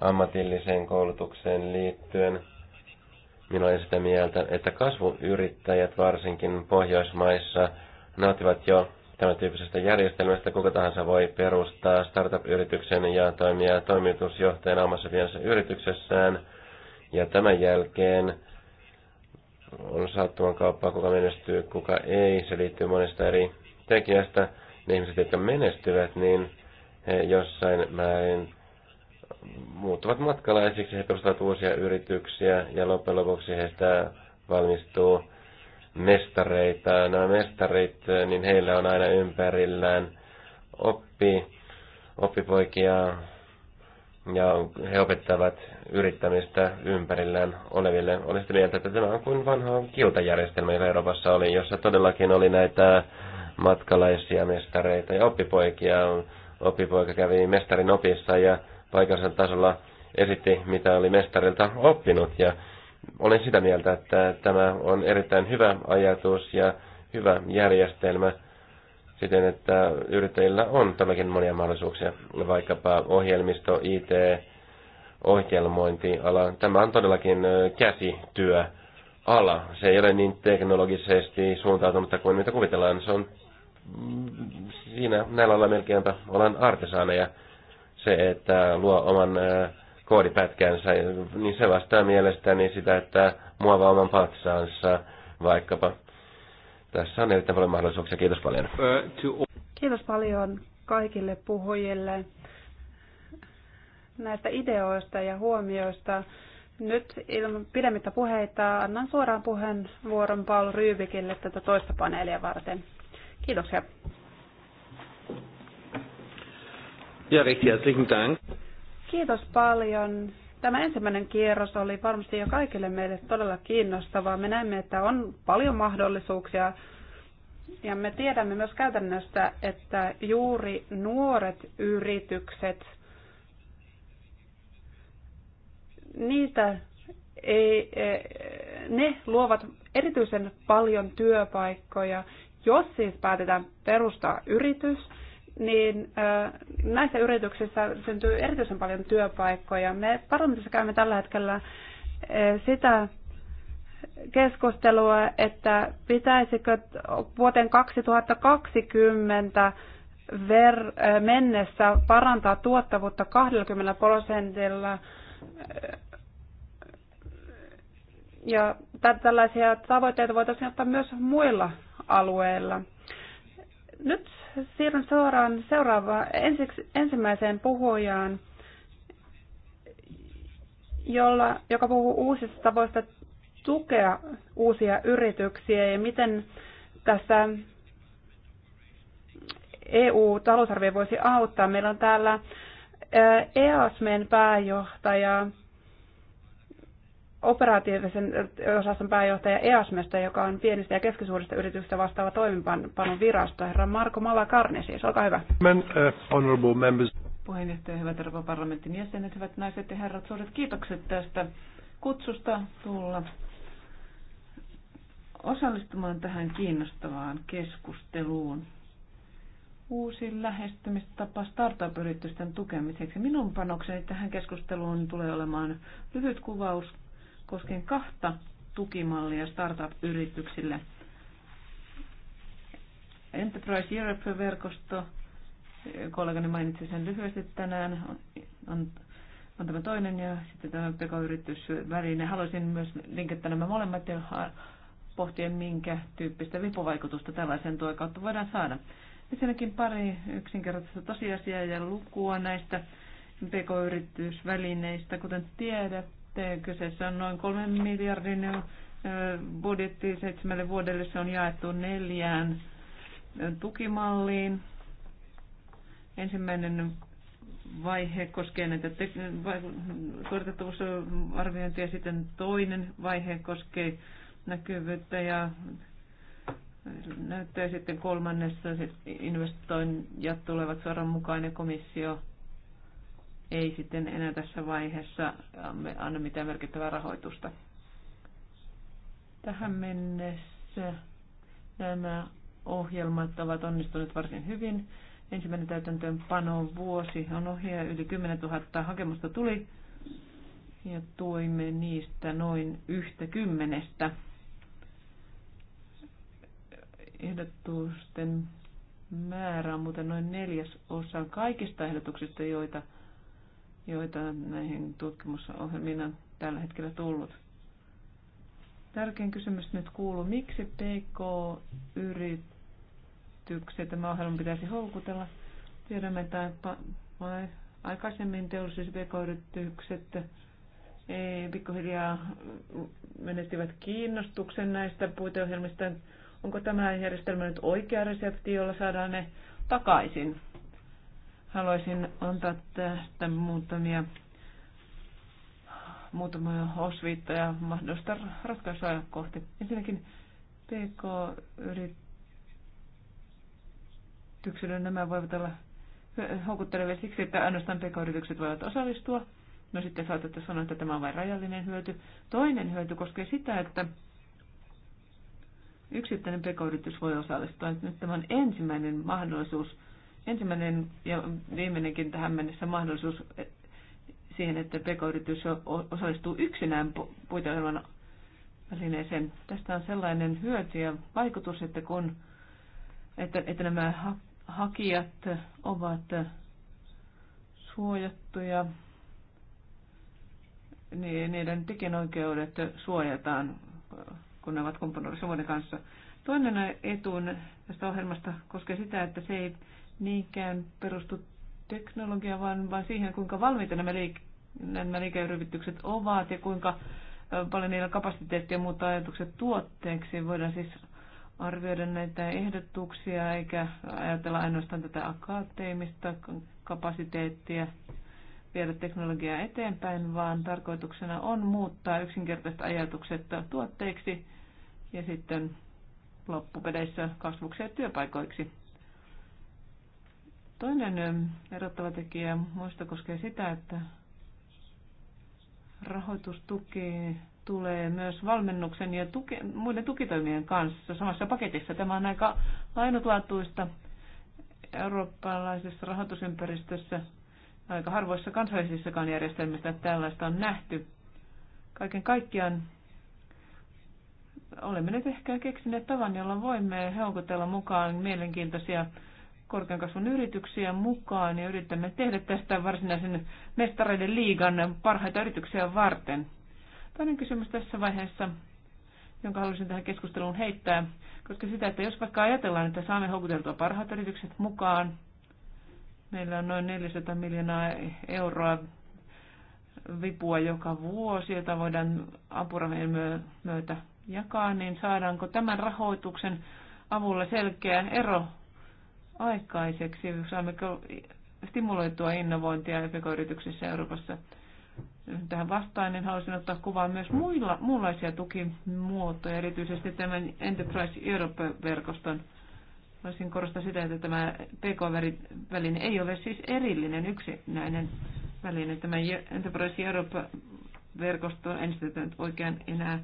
ammatilliseen koulutukseen liittyen. Minä olen sitä mieltä, että kasvuyrittäjät varsinkin Pohjoismaissa nauttivat jo tämän tyyppisestä järjestelmästä. Kuka tahansa voi perustaa startup-yrityksen ja toimia toimitusjohtajana omassa pienessä yrityksessään. Ja tämän jälkeen on sattuman kauppaa, kuka menestyy, kuka ei. Se liittyy monesta eri tekijästä ne ihmiset, jotka menestyvät, niin he jossain määrin muuttuvat matkalaisiksi, he perustavat uusia yrityksiä ja loppujen lopuksi heistä valmistuu mestareita. Nämä mestarit, niin heillä on aina ympärillään oppi, oppipoikia ja he opettavat yrittämistä ympärillään oleville. Olisitte mieltä, että tämä on kuin vanha kiltajärjestelmä, joka Euroopassa oli, jossa todellakin oli näitä matkalaisia mestareita ja oppipoikia. Oppipoika kävi mestarin opissa ja paikallisella tasolla esitti, mitä oli mestarilta oppinut. Ja olen sitä mieltä, että tämä on erittäin hyvä ajatus ja hyvä järjestelmä siten, että yrittäjillä on tämäkin monia mahdollisuuksia, vaikkapa ohjelmisto, IT, ohjelmointiala. Tämä on todellakin käsityö ala. Se ei ole niin teknologisesti suuntautunutta kuin mitä kuvitellaan. Se on siinä näillä ollaan melkeinpä artesaana ja Se, että luo oman koodipätkänsä, niin se vastaa mielestäni sitä, että muovaa oman patsaansa vaikkapa. Tässä on erittäin paljon mahdollisuuksia. Kiitos paljon. Kiitos paljon kaikille puhujille näistä ideoista ja huomioista. Nyt ilman pidemmittä puheita annan suoraan puheenvuoron Paul Ryybikille tätä toista paneelia varten. Kiitoksia. Ja recht herzlichen Dank. Kiitos paljon. Tämä ensimmäinen kierros oli varmasti jo kaikille meille todella kiinnostavaa. Me näemme, että on paljon mahdollisuuksia ja me tiedämme myös käytännöstä, että juuri nuoret yritykset, niitä ei, eh, ne luovat erityisen paljon työpaikkoja jos siis päätetään perustaa yritys, niin näissä yrityksissä syntyy erityisen paljon työpaikkoja. Me parlamentissa käymme tällä hetkellä sitä keskustelua, että pitäisikö vuoteen 2020 ver- mennessä parantaa tuottavuutta 20 prosentilla ja tällaisia tavoitteita voitaisiin ottaa myös muilla alueilla. Nyt siirryn suoraan seuraavaan ensimmäiseen puhujaan, jolla, joka puhuu uusista tavoista tukea uusia yrityksiä ja miten tässä EU-talousarvio voisi auttaa. Meillä on täällä EASMen pääjohtaja operatiivisen osaston pääjohtaja EASMesta, joka on pienistä ja keskisuurista yrityksistä vastaava toimenpanon virasto, herra Marko Malakarni siis. Olkaa hyvä. Men, uh, honorable members. Puheenjohtaja, hyvät Euroopan parlamentin jäsenet, hyvät naiset ja herrat, suuret kiitokset tästä kutsusta tulla osallistumaan tähän kiinnostavaan keskusteluun. Uusi lähestymistapa startup-yritysten tukemiseksi. Minun panokseni tähän keskusteluun tulee olemaan lyhyt kuvaus koskien kahta tukimallia startup-yrityksille. Enterprise Europe-verkosto, kollegani mainitsi sen lyhyesti tänään, on, on tämä toinen ja sitten tämä PK-yritysväline. Haluaisin myös linkittää nämä molemmat ja pohtia, minkä tyyppistä vipuvaikutusta tällaisen tuen kautta voidaan saada. Ensinnäkin pari yksinkertaista tosiasiaa ja lukua näistä PK-yritysvälineistä. Kuten tiedät, Kyseessä on noin 3 miljardin budjetti seitsemälle vuodelle. Se on jaettu neljään tukimalliin. Ensimmäinen vaihe koskee näitä te- suoritettavuusarviointia, sitten toinen vaihe koskee näkyvyyttä ja näyttöä sitten kolmannessa ja tulevat suoraan mukainen komissio ei sitten enää tässä vaiheessa anna mitään merkittävää rahoitusta. Tähän mennessä nämä ohjelmat ovat onnistuneet varsin hyvin. Ensimmäinen täytäntöönpano vuosi on ohi ja yli 10 000 hakemusta tuli ja tuimme niistä noin yhtä kymmenestä ehdotusten määrä on muuten noin neljäs osa kaikista ehdotuksista, joita joita näihin tutkimusohjelmiin on tällä hetkellä tullut. Tärkein kysymys nyt kuuluu, miksi PK-yrityksiä tämä ohjelma pitäisi houkutella? Tiedämme, että aikaisemmin teollisuus- ja PK-yritykset eh, pikkuhiljaa menettivät kiinnostuksen näistä puiteohjelmista. Onko tämä järjestelmä nyt oikea resepti, jolla saadaan ne takaisin? Haluaisin antaa tästä muutamia muutamia osviittoja mahdollista ratkaisua kohti. Ensinnäkin PK-yrityksille nämä voivat olla houkuttelevia siksi, että ainoastaan PK-yritykset voivat osallistua. No sitten saatatte sanoa, että tämä on vain rajallinen hyöty. Toinen hyöty koskee sitä, että yksittäinen pk voi osallistua. Nyt tämä on ensimmäinen mahdollisuus ensimmäinen ja viimeinenkin tähän mennessä mahdollisuus siihen, että pk-yritys osallistuu yksinään puiteohjelman välineeseen. Tästä on sellainen hyöty ja vaikutus, että, kun, että, että nämä ha, hakijat ovat suojattuja, niin niiden tekijänoikeudet suojataan, kun ne ovat kumppanuudessa muiden kanssa. Toinen etu tästä ohjelmasta koskee sitä, että se ei niinkään perustu teknologiaan, vaan, vaan siihen, kuinka valmiita nämä, liik- nämä liikeyritykset ovat ja kuinka paljon niillä kapasiteettia muuttaa ajatukset tuotteeksi. Voidaan siis arvioida näitä ehdotuksia eikä ajatella ainoastaan tätä akateemista kapasiteettia viedä teknologiaa eteenpäin, vaan tarkoituksena on muuttaa yksinkertaiset ajatukset tuotteiksi ja sitten loppupedeissä kasvuksi ja työpaikoiksi. Toinen erottava tekijä muista koskee sitä, että rahoitustuki tulee myös valmennuksen ja tuki, muiden tukitoimien kanssa samassa paketissa. Tämä on aika ainutlaatuista eurooppalaisessa rahoitusympäristössä. Aika harvoissa kansallisissakaan järjestelmissä tällaista on nähty. Kaiken kaikkiaan olemme nyt ehkä keksineet tavan, jolla voimme heukotella mukaan mielenkiintoisia korkean kasvun yrityksiä mukaan ja yritämme tehdä tästä varsinaisen mestareiden liigan parhaita yrityksiä varten. Toinen kysymys tässä vaiheessa, jonka haluaisin tähän keskusteluun heittää, koska sitä, että jos vaikka ajatellaan, että saamme houkuteltua parhaat yritykset mukaan, meillä on noin 400 miljoonaa euroa vipua joka vuosi, jota voidaan apurahojen myötä jakaa, niin saadaanko tämän rahoituksen avulla selkeä ero aikaiseksi? Saammeko stimuloitua innovointia pk-yrityksissä Euroopassa? Tähän vastaan niin haluaisin ottaa kuvaan myös muilla, muunlaisia tukimuotoja, erityisesti tämän Enterprise Europe-verkoston. Haluaisin korostaa sitä, että tämä PK-väline ei ole siis erillinen yksinäinen väline. Tämä Enterprise Europe-verkosto en sitä nyt oikein enää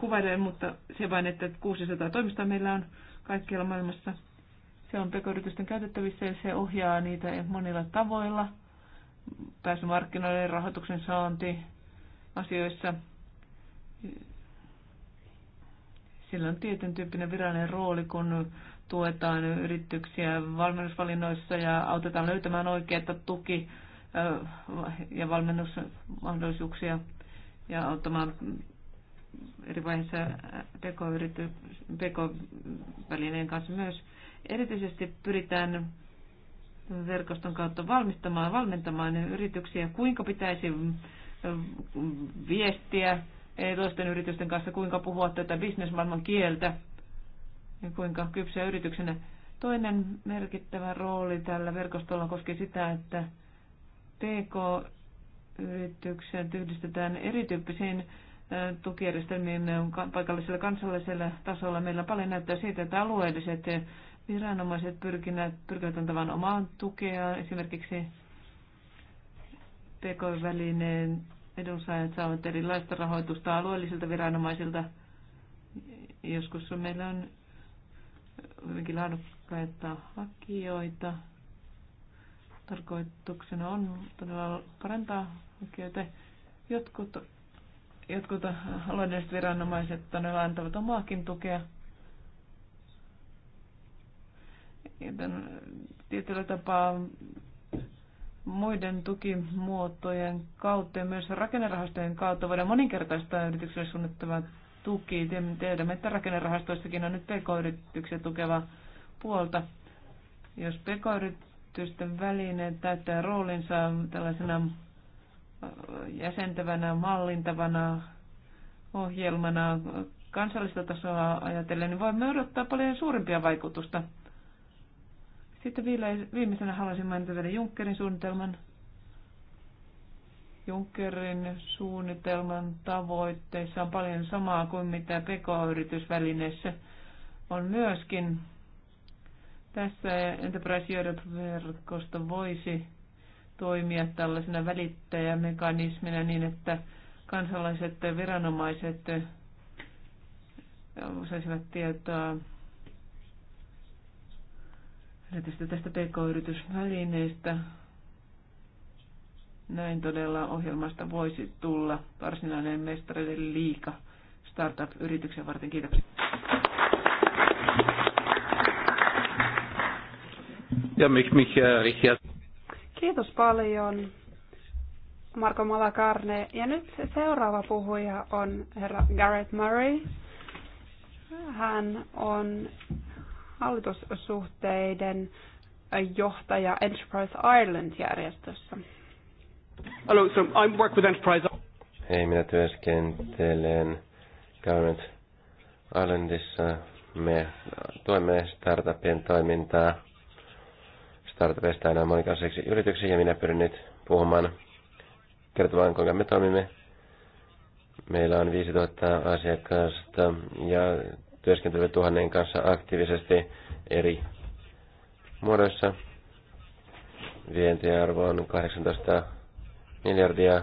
kuvaile, mutta se vain, että 600 toimistoa meillä on kaikkialla maailmassa – se on pk käytettävissä ja se ohjaa niitä monilla tavoilla. Pääsy markkinoille, rahoituksen saanti asioissa. Sillä on tietyn tyyppinen virallinen rooli, kun tuetaan yrityksiä valmennusvalinnoissa ja autetaan löytämään oikeita tuki- ja valmennusmahdollisuuksia ja auttamaan eri vaiheissa PK-välineen kanssa myös Erityisesti pyritään verkoston kautta valmistamaan, valmentamaan yrityksiä, kuinka pitäisi viestiä toisten yritysten kanssa, kuinka puhua tätä bisnesmaailman kieltä ja kuinka kypsyä yrityksenä. Toinen merkittävä rooli tällä verkostolla koski sitä, että PK-yritykset yhdistetään erityyppisiin tukijärjestelmiin paikallisella kansallisella tasolla. Meillä paljon näyttää siitä, että alueelliset viranomaiset pyrkivät pyrkivät antamaan omaa tukea. Esimerkiksi PK-välineen edunsaajat saavat erilaista rahoitusta alueellisilta viranomaisilta. Joskus meillä on hyvinkin laadukkaita hakijoita. Tarkoituksena on todella parantaa hakijoita. Jotkut, jotkut alueelliset viranomaiset todella antavat omaakin tukea joten tietyllä tapaa muiden tukimuotojen kautta ja myös rakennerahastojen kautta voidaan moninkertaistaa yritykselle suunnittava tuki. Tiedämme, että rakennerahastoissakin on nyt pk-yrityksiä tukeva puolta. Jos pk-yritysten väline täyttää roolinsa tällaisena äh, jäsentävänä, mallintavana ohjelmana kansallista tasoa ajatellen, niin voimme odottaa paljon suurimpia vaikutusta sitten viimeisenä haluaisin mainita vielä Junckerin suunnitelman. Junckerin suunnitelman tavoitteissa on paljon samaa kuin mitä PK-yritysvälineessä on myöskin. Tässä Enterprise Europe-verkosto voisi toimia tällaisena välittäjämekanismina niin, että kansalaiset ja viranomaiset saisivat tietoa erityisesti tästä PK-yritysvälineestä. Näin todella ohjelmasta voisi tulla varsinainen mestareiden liika startup-yrityksen varten. Kiitoksia. Ja mich, Mik, äh, Kiitos paljon. Marko Malakarne. Ja nyt seuraava puhuja on herra Garrett Murray. Hän on hallitussuhteiden johtaja Enterprise Ireland-järjestössä. Hello, so I work with Enterprise. Hei, minä työskentelen Government Islandissa. Me tuemme startupien toimintaa Startupista aina monikansallisiksi yrityksiin ja minä pyrin nyt puhumaan, kertomaan kuinka me toimimme. Meillä on 5000 asiakasta ja työskentelemme tuhannen kanssa aktiivisesti eri muodoissa. Vientiarvo on 18 miljardia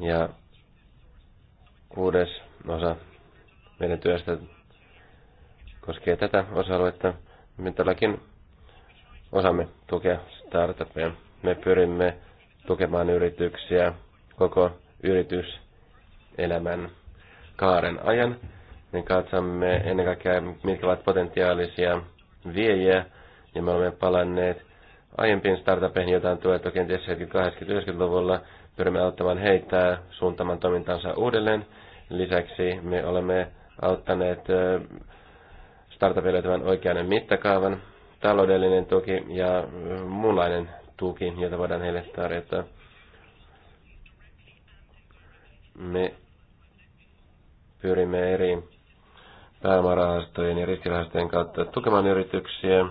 ja kuudes osa meidän työstä koskee tätä osa-aluetta. Me todellakin osaamme tukea startupeja. Me pyrimme tukemaan yrityksiä koko yrityselämän kaaren ajan niin katsomme ennen kaikkea, mitkä ovat potentiaalisia viejiä, ja me olemme palanneet aiempiin startupeihin, joita on tuettu kenties 70-80-90-luvulla, pyrimme auttamaan heitä suuntamaan toimintansa uudelleen. Lisäksi me olemme auttaneet startupille löytämään oikean mittakaavan, taloudellinen tuki ja muunlainen tuki, jota voidaan heille tarjota. Me pyrimme eri pääomarahastojen ja riskirahastojen kautta tukemaan yrityksiä.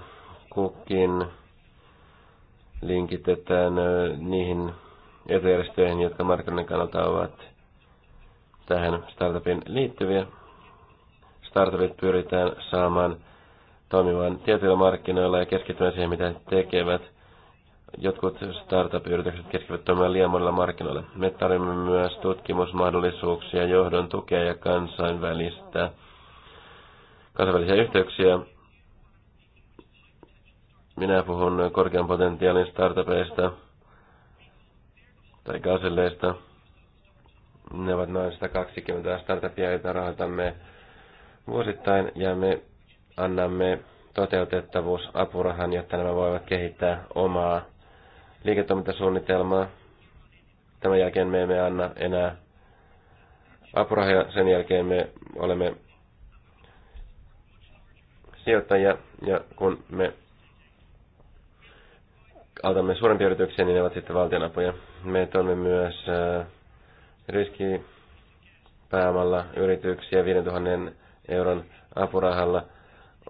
Kukin linkitetään niihin etujärjestöihin, jotka markkinoiden kannalta ovat tähän startupin liittyviä. Startupit pyritään saamaan toimimaan tietyillä markkinoilla ja keskittymään siihen, mitä tekevät. Jotkut startup-yritykset keskittyvät toimimaan liian monilla markkinoilla. Me tarvitsemme myös tutkimusmahdollisuuksia, johdon tukea ja kansainvälistä kansainvälisiä yhteyksiä. Minä puhun korkean potentiaalin startupeista tai gazelleista. Ne ovat noin 120 startupia, joita rahoitamme vuosittain ja me annamme toteutettavuusapurahan, jotta nämä voivat kehittää omaa liiketoimintasuunnitelmaa. Tämän jälkeen me emme anna enää apurahoja. Sen jälkeen me olemme sijoittajia, ja kun me autamme suurempia yrityksiä, niin ne ovat sitten valtionapuja. Me toimme myös äh, riskipääomalla yrityksiä 5000 euron apurahalla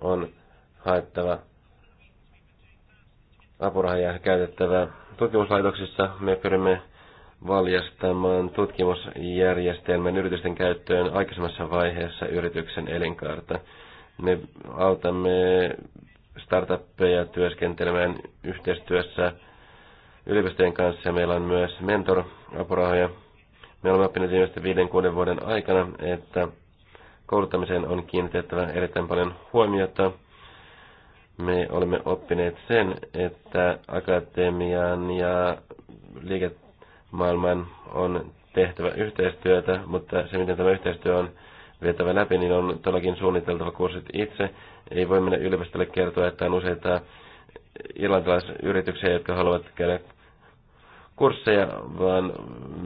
on haettava ja käytettävä tutkimuslaitoksissa. Me pyrimme valjastamaan tutkimusjärjestelmän yritysten käyttöön aikaisemmassa vaiheessa yrityksen elinkaarta. Me autamme startuppeja työskentelemään yhteistyössä yliopistojen kanssa ja meillä on myös mentor-apurahoja. Me olemme oppineet viimeisten viiden kuuden vuoden aikana, että kouluttamiseen on kiinnitettävä erittäin paljon huomiota. Me olemme oppineet sen, että akatemian ja liikemaailman on tehtävä yhteistyötä, mutta se miten tämä yhteistyö on vietävä läpi, niin on todellakin suunniteltava kurssit itse. Ei voi mennä yliopistolle kertoa, että on useita irlantilaisyrityksiä, jotka haluavat käydä kursseja, vaan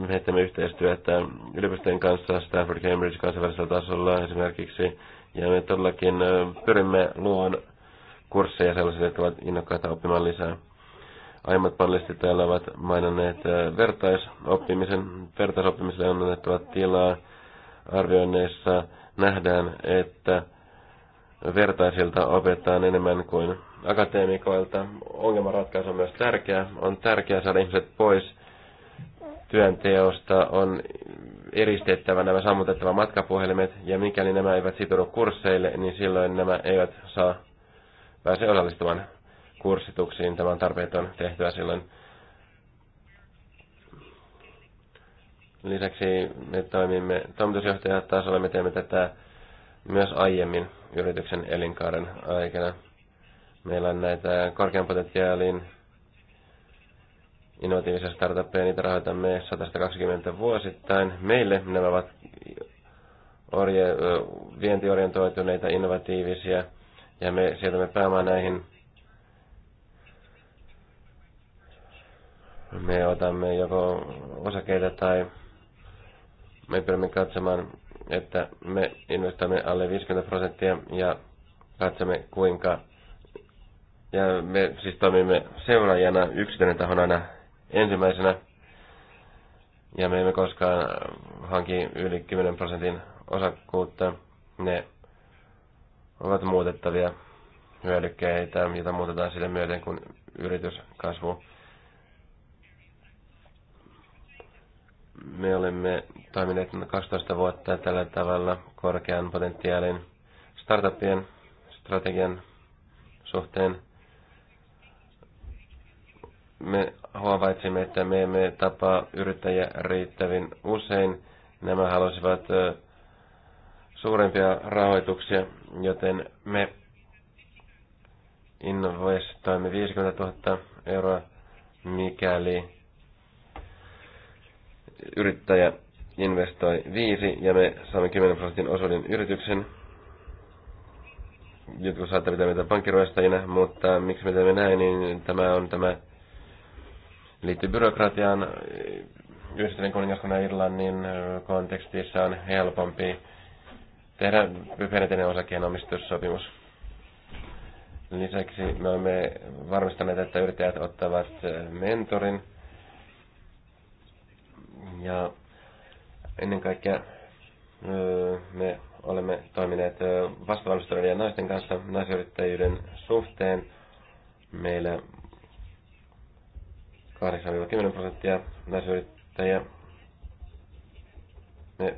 me teemme yhteistyötä yliopistojen kanssa, Stanford, Cambridge kansainvälisellä tasolla esimerkiksi, ja me todellakin pyrimme luon kursseja sellaisille, jotka ovat innokkaita oppimaan lisää. Aiemmat panelistit täällä ovat mainanneet vertaisoppimisen. Vertaisoppimiselle on annettava tilaa arvioinneissa nähdään, että vertaisilta opetetaan enemmän kuin akateemikoilta. Ongelmanratkaisu on myös tärkeä. On tärkeää saada ihmiset pois työnteosta, on eristettävä nämä sammutettava matkapuhelimet, ja mikäli nämä eivät sitoudu kursseille, niin silloin nämä eivät saa pääse osallistumaan kurssituksiin. Tämä on tarpeeton tehtyä silloin. Lisäksi me toimimme toimitusjohtajatasolla, me teemme tätä myös aiemmin yrityksen elinkaaren aikana. Meillä on näitä korkean potentiaalin innovatiivisia startuppeja, niitä rahoitamme 120 vuosittain. Meille nämä ovat orje, vientiorientoituneita, innovatiivisia, ja me sijoitamme pääomaa näihin. Me otamme joko osakeita tai me pyrimme katsomaan, että me investoimme alle 50 prosenttia ja katsomme kuinka. Ja me siis toimimme seuraajana, yksityinen tahona ensimmäisenä. Ja me emme koskaan hanki yli 10 prosentin osakkuutta. Ne ovat muutettavia hyödykkeitä, joita muutetaan sille myöten, kun yritys kasvuu. Me olemme toimineet 12 vuotta tällä tavalla korkean potentiaalin startupien strategian suhteen. Me huomaitsimme, että me emme tapaa yrittäjiä riittävin usein. Nämä halusivat suurempia rahoituksia, joten me investoimme 50 000 euroa, mikäli yrittäjä investoi 5 ja me saamme 10 prosentin osuuden yrityksen. Jotkut saattaa pitää meitä pankkiruestajina, mutta miksi me teemme näin, niin tämä on tämä liittyy byrokratiaan. Yhdistyneen kuningaskunnan Irlannin kontekstissa on helpompi tehdä perinteinen osakkeenomistussopimus. Lisäksi me olemme varmistaneet, että yrittäjät ottavat mentorin – ja ennen kaikkea me olemme toimineet vastavalmistuneiden naisten kanssa naisyrittäjyyden suhteen. Meillä 8-10 prosenttia naisyrittäjiä. Me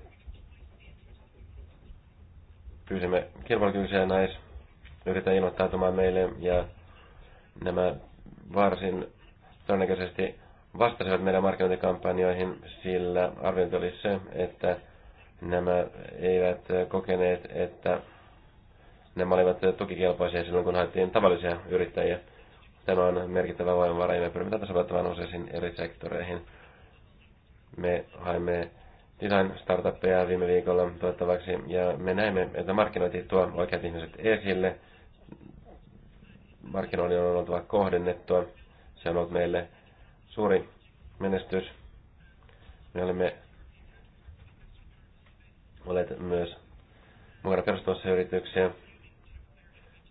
pyysimme kilpailukykyisiä naisyrittäjiä ilmoittautumaan meille ja nämä varsin todennäköisesti vastasivat meidän markkinointikampanjoihin, sillä arviointi oli se, että nämä eivät kokeneet, että nämä olivat tukikelpoisia silloin, kun haettiin tavallisia yrittäjiä. Tämä on merkittävä voimavara ja me pyrimme tasapaittamaan useisiin eri sektoreihin. Me haimme design startuppeja viime viikolla tuottavaksi ja me näemme, että markkinointi tuo oikeat ihmiset esille. Markkinoinnin on oltava kohdennettua. Se on ollut meille suuri menestys. Me olemme olleet myös mukana perustamassa yrityksiä.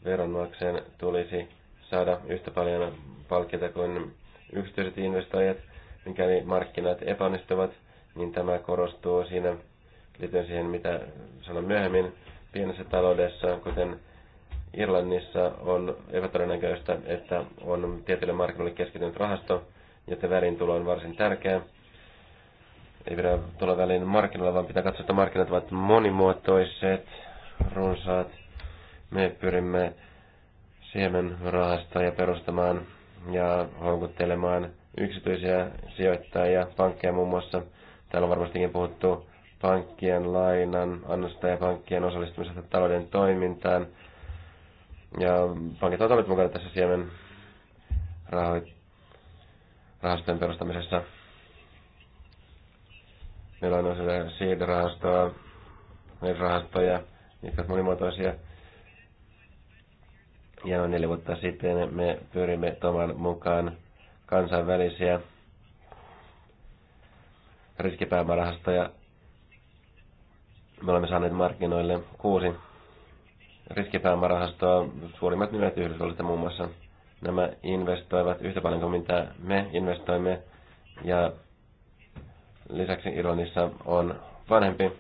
Veronmakseen tulisi saada yhtä paljon palkkeita kuin yksityiset investoijat. Mikäli markkinat epäonnistuvat, niin tämä korostuu siinä liittyen siihen, mitä sanon myöhemmin. Pienessä taloudessa, kuten Irlannissa, on epätodennäköistä, että on tietylle markkinoille keskittynyt rahasto, joten välintulo on varsin tärkeä. Ei pidä tulla väliin markkinoilla, vaan pitää katsoa, että markkinat ovat monimuotoiset, runsaat. Me pyrimme siemen ja perustamaan ja houkuttelemaan yksityisiä sijoittajia, pankkeja muun muassa. Täällä on varmastikin puhuttu pankkien lainan annosta ja pankkien osallistumisesta talouden toimintaan. Ja pankit ovat olleet mukana tässä siemen rahoittamisessa rahastojen perustamisessa. Meillä on osa seed-rahastoa, rahastoja, jotka ovat monimuotoisia. Ja noin neljä vuotta sitten me pyrimme Toman mukaan kansainvälisiä riskipääomarahastoja. Me olemme saaneet markkinoille kuusi riskipääomarahastoa, suurimmat nimet Yhdysvalloista muun muassa – nämä investoivat yhtä paljon kuin mitä me investoimme. Ja lisäksi Irlannissa on vanhempi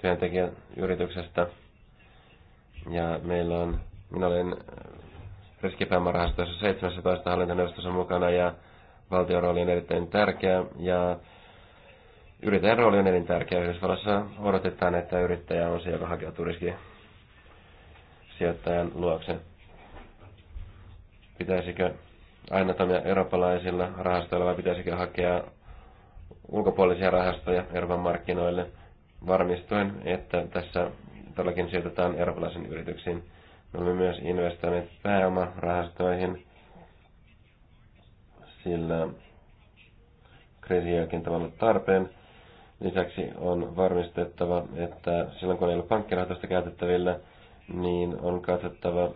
työntekijä yrityksestä. Ja meillä on, minä olen riskipääomarahastoissa 17 hallintoneuvostossa mukana ja valtion rooli on erittäin tärkeä ja yrittäjän rooli on erittäin tärkeä. Yhdysvallassa odotetaan, että yrittäjä on se, joka hakeutuu riski sijoittajan luokse. Pitäisikö aina toimia eurooppalaisilla rahastoilla vai pitäisikö hakea ulkopuolisia rahastoja Euroopan markkinoille varmistuen, että tässä todellakin sijoitetaan eurooppalaisiin yrityksiin. Me olemme myös investoineet pääomarahastoihin, sillä kriisin jälkeen tavalla tarpeen. Lisäksi on varmistettava, että silloin kun ei ole pankkirahoitusta käytettävillä, niin on katsottava,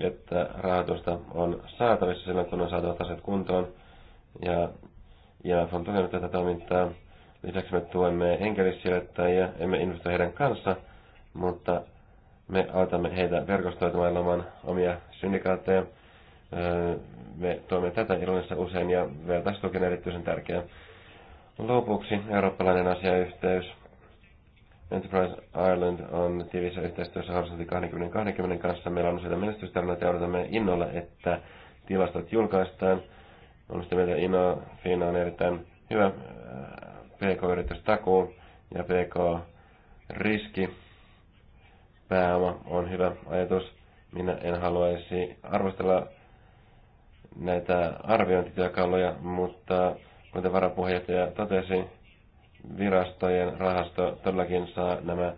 että rahoitusta on saatavissa silloin, kun on saatavat asiat kuntoon. Ja IMF on tukenut tätä toimintaa. Lisäksi me tuemme enkelisijoittajia, emme investoi heidän kanssa, mutta me autamme heitä verkostoitumaan ilman omia syndikaatteja. Öö, me tuemme tätä Irlannissa usein ja vertaistuki on erityisen tärkeää. Lopuksi eurooppalainen asiayhteys Enterprise Ireland on tiivissä yhteistyössä Horisontti 2020 kanssa. Meillä on useita menestystarinoita ja odotamme innolla, että tilastot julkaistaan. On sitä mieltä Ino, Fina on erittäin hyvä äh, pk yritys takuu ja PK-riski. Pääoma on hyvä ajatus. Minä en haluaisi arvostella näitä arviointityökaluja, mutta kuten varapuheenjohtaja totesi, virastojen rahasto todellakin saa nämä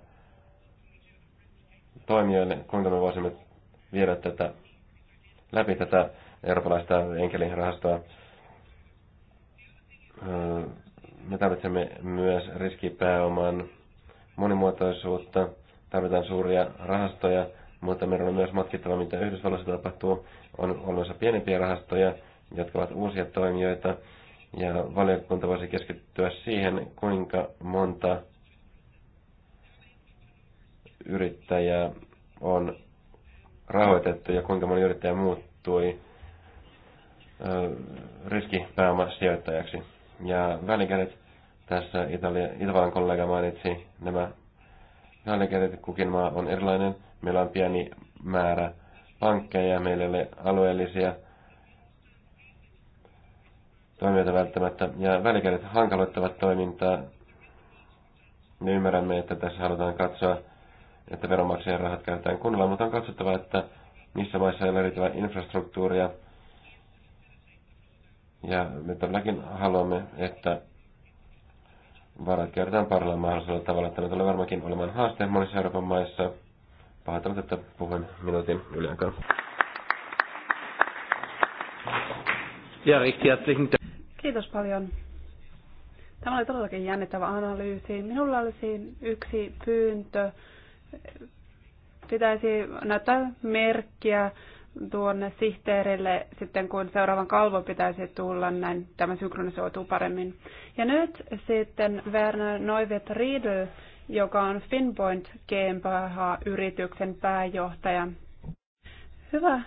toimijoille, kuinka me voisimme viedä tätä läpi tätä eurooppalaista enkelirahastoa. Me tarvitsemme myös riskipääoman monimuotoisuutta, tarvitaan suuria rahastoja, mutta meillä on myös matkittava, mitä Yhdysvalloissa tapahtuu. On olemassa pienempiä rahastoja, jotka ovat uusia toimijoita, ja valiokunta voisi keskittyä siihen, kuinka monta yrittäjää on rahoitettu ja kuinka moni yrittäjä muuttui riskipääomasijoittajaksi. Ja välikädet, tässä Italia, Itävallan kollega mainitsi nämä välikädet, kukin maa on erilainen. Meillä on pieni määrä pankkeja, meillä ei ole alueellisia toimijoita välttämättä, ja välikädet hankaloittavat toimintaa. Me ymmärrämme, että tässä halutaan katsoa, että veronmaksajien rahat käytetään kunnolla, mutta on katsottava, että missä maissa ei ole riittävää infrastruktuuria. Ja me todellakin haluamme, että varat käytetään parilla mahdollisella tavalla. Tämä tulee varmaankin olemaan haaste monissa Euroopan maissa. Pahoittelut, että puhuin minuutin yliankaan. Ja, recht herzlichen Kiitos paljon. Tämä oli todellakin jännittävä analyysi. Minulla olisi yksi pyyntö. Pitäisi näyttää merkkiä tuonne sihteerille sitten, kun seuraavan kalvon pitäisi tulla, näin tämä synkronisoituu paremmin. Ja nyt sitten Werner Neuvet Riedel, joka on Finpoint GmbH-yrityksen pääjohtaja. Hyvä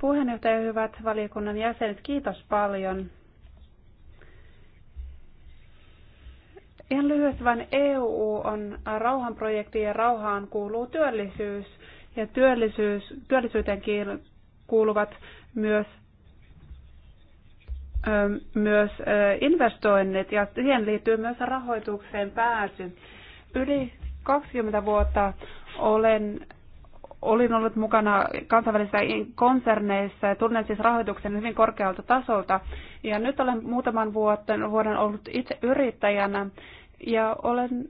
puheenjohtaja, hyvät valiokunnan jäsenet, kiitos paljon Ihan lyhyesti vain EU on rauhanprojekti ja rauhaan kuuluu työllisyys ja työllisyys, työllisyyteen kuuluvat myös myös investoinnit ja siihen liittyy myös rahoitukseen pääsy. Yli 20 vuotta olen olin ollut mukana kansainvälisissä konserneissa ja tunnen siis rahoituksen hyvin korkealta tasolta. Ja nyt olen muutaman vuoden, vuoden ollut itse yrittäjänä ja olen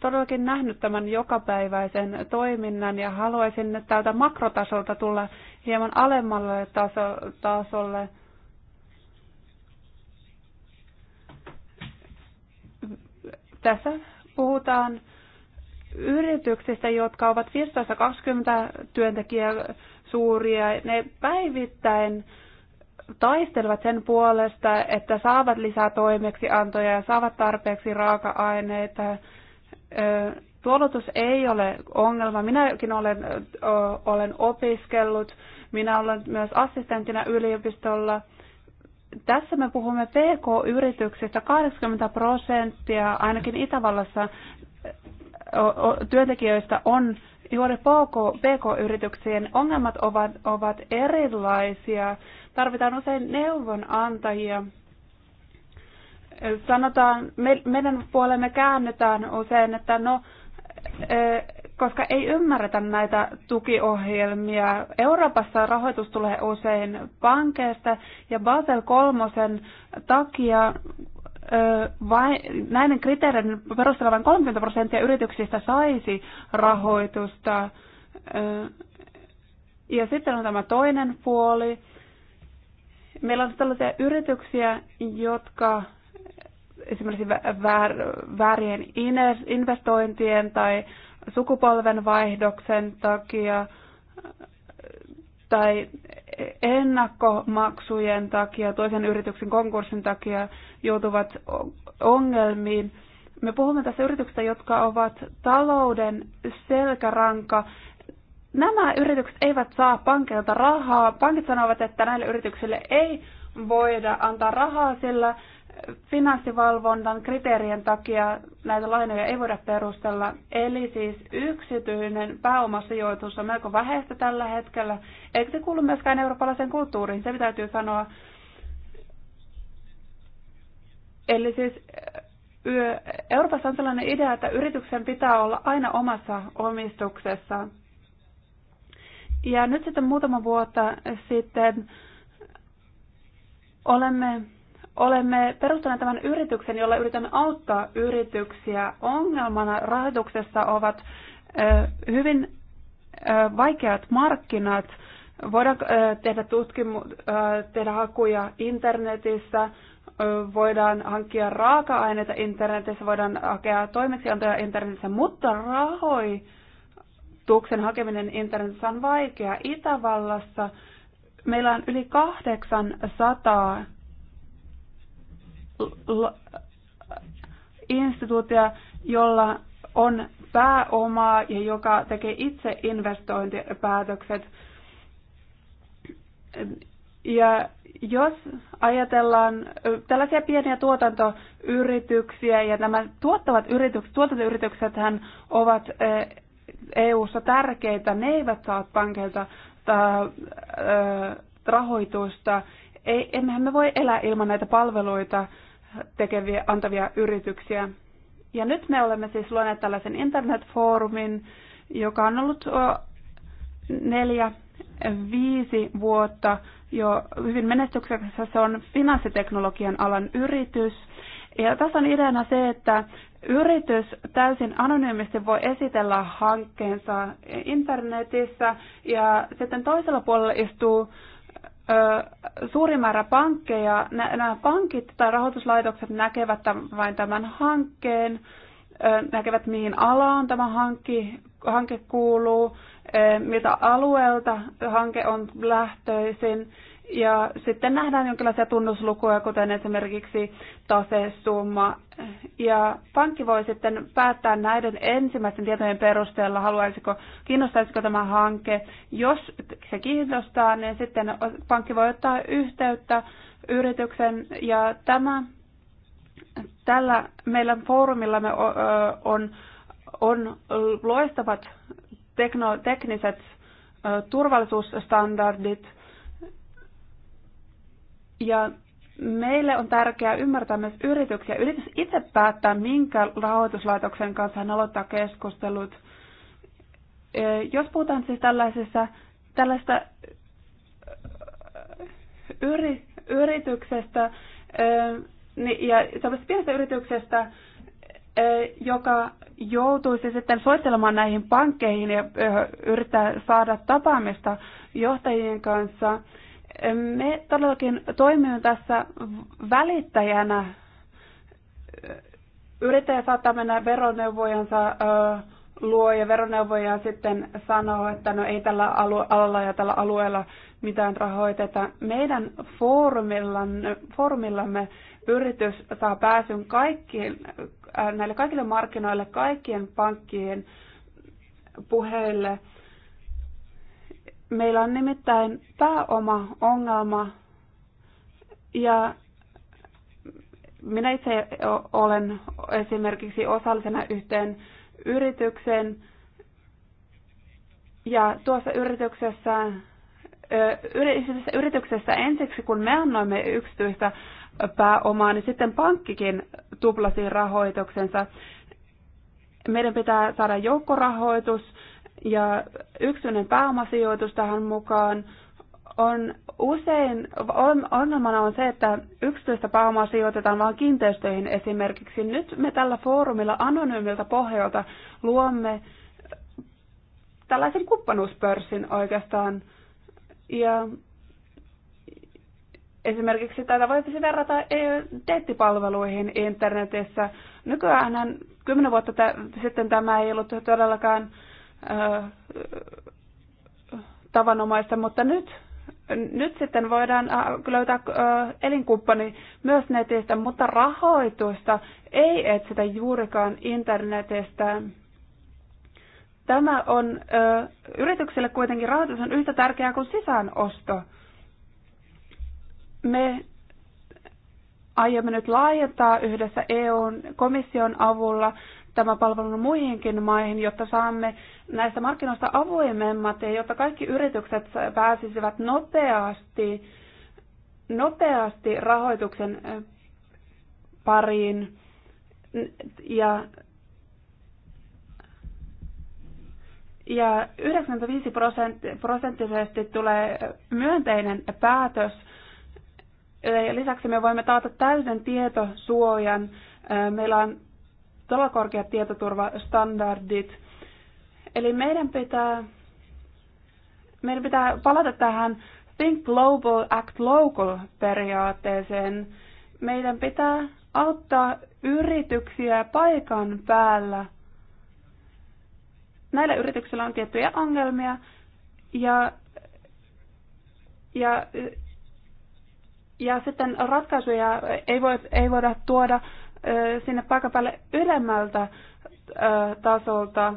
todellakin nähnyt tämän jokapäiväisen toiminnan ja haluaisin nyt tältä makrotasolta tulla hieman alemmalle taso, tasolle. Tässä puhutaan yrityksistä, jotka ovat 520 työntekijää suuria, ne päivittäin taistelevat sen puolesta, että saavat lisää toimeksiantoja ja saavat tarpeeksi raaka-aineita. Tuolotus ei ole ongelma. Minäkin olen, olen opiskellut. Minä olen myös assistenttina yliopistolla. Tässä me puhumme PK-yrityksistä. 80 prosenttia ainakin Itävallassa työntekijöistä on juuri PK-yrityksien ongelmat ovat, ovat erilaisia. Tarvitaan usein neuvonantajia. Sanotaan, me, meidän puolemme käännetään usein, että no, e, koska ei ymmärretä näitä tukiohjelmia. Euroopassa rahoitus tulee usein pankeista ja Basel kolmosen takia vain, näiden kriteereiden perusteella vain 30 prosenttia yrityksistä saisi rahoitusta. Ja sitten on tämä toinen puoli. Meillä on tällaisia yrityksiä, jotka esimerkiksi väärien investointien tai sukupolvenvaihdoksen takia tai ennakkomaksujen takia, toisen yrityksen konkurssin takia joutuvat ongelmiin. Me puhumme tässä yrityksistä, jotka ovat talouden selkäranka. Nämä yritykset eivät saa pankilta rahaa. Pankit sanovat, että näille yrityksille ei voida antaa rahaa, sillä finanssivalvonnan kriteerien takia näitä lainoja ei voida perustella. Eli siis yksityinen pääomasijoitus on melko vähäistä tällä hetkellä, Eikö se kuulu myöskään eurooppalaiseen kulttuuriin, se täytyy sanoa. Eli siis Euroopassa on sellainen idea, että yrityksen pitää olla aina omassa omistuksessa. Ja nyt sitten muutama vuotta sitten olemme Olemme perustaneet tämän yrityksen, jolla yritämme auttaa yrityksiä. Ongelmana rahoituksessa ovat hyvin vaikeat markkinat. Voidaan tehdä, tutkimu- tehdä hakuja internetissä, voidaan hankkia raaka-aineita internetissä, voidaan hakea toimeksiantoja internetissä, mutta rahoituksen hakeminen internetissä on vaikea. Itävallassa meillä on yli 800 instituutia, jolla on pääomaa ja joka tekee itse investointipäätökset. Ja jos ajatellaan tällaisia pieniä tuotantoyrityksiä, ja nämä tuottavat yritykset, tuotantoyritykset ovat EU-ssa tärkeitä, ne eivät saa pankeilta rahoitusta. Ei, emmehän me voi elää ilman näitä palveluita tekeviä, antavia yrityksiä. Ja nyt me olemme siis luoneet tällaisen internetfoorumin, joka on ollut neljä, viisi vuotta jo hyvin menestyksessä. Se on finanssiteknologian alan yritys. Ja tässä on ideana se, että yritys täysin anonyymisti voi esitellä hankkeensa internetissä ja sitten toisella puolella istuu suuri määrä pankkeja, nämä pankit tai rahoituslaitokset näkevät tämän, vain tämän hankkeen, näkevät mihin alaan tämä hankki, hanke kuuluu, miltä alueelta hanke on lähtöisin ja sitten nähdään jonkinlaisia tunnuslukuja, kuten esimerkiksi tasesumma. Ja pankki voi sitten päättää näiden ensimmäisten tietojen perusteella, haluaisiko, kiinnostaisiko tämä hanke. Jos se kiinnostaa, niin sitten pankki voi ottaa yhteyttä yrityksen ja tämä, tällä meidän foorumilla me on, on loistavat tekno, tekniset turvallisuusstandardit – ja meille on tärkeää ymmärtää myös yrityksiä. Yritys itse päättää, minkä rahoituslaitoksen kanssa hän aloittaa keskustelut. E, jos puhutaan siis tällaisessa, tällaista yri, yrityksestä e, niin, ja tällaisesta pienestä yrityksestä, e, joka joutuisi sitten soittelemaan näihin pankkeihin ja yrittää saada tapaamista johtajien kanssa, me todellakin toimimme tässä välittäjänä. Yrittäjä saattaa mennä veroneuvojansa luo ja veroneuvoja sitten sanoo, että no ei tällä alalla ja tällä alueella mitään rahoiteta. Meidän foorumillamme yritys saa pääsyn kaikkiin, äh, näille kaikille markkinoille, kaikkien pankkien puheille – Meillä on nimittäin pääoma-ongelma ja minä itse olen esimerkiksi osallisena yhteen yritykseen ja tuossa yrityksessä yrityksessä ensiksi, kun me annoimme yksityistä pääomaa, niin sitten pankkikin tuplasi rahoituksensa. Meidän pitää saada joukkorahoitus ja yksityinen pääomasijoitus tähän mukaan on usein, on, ongelmana on se, että yksityistä pääomaa sijoitetaan vain kiinteistöihin esimerkiksi. Nyt me tällä foorumilla anonyymilta pohjalta luomme tällaisen kumppanuuspörssin oikeastaan. Ja esimerkiksi tätä voisi verrata deittipalveluihin internetissä. Nykyään kymmenen vuotta sitten tämä ei ollut todellakaan tavanomaista, mutta nyt, nyt sitten voidaan löytää elinkumppani myös netistä, mutta rahoitusta ei etsitä juurikaan internetistä. Tämä on yritykselle kuitenkin rahoitus on yhtä tärkeää kuin sisäänosto. Me aiomme nyt laajentaa yhdessä EUn komission avulla Tämä palvelun muihinkin maihin, jotta saamme näistä markkinoista avoimemmat ja jotta kaikki yritykset pääsisivät nopeasti, nopeasti rahoituksen pariin. Ja, ja 95 prosenttisesti tulee myönteinen päätös. Lisäksi me voimme taata täyden tietosuojan. Meillä on todella korkeat tietoturvastandardit. Eli meidän pitää, meidän pitää palata tähän Think Global, Act Local periaatteeseen. Meidän pitää auttaa yrityksiä paikan päällä. Näillä yrityksillä on tiettyjä ongelmia ja, ja, ja sitten ratkaisuja ei, voi, ei voida tuoda sinne paikan päälle ylemmältä tasolta.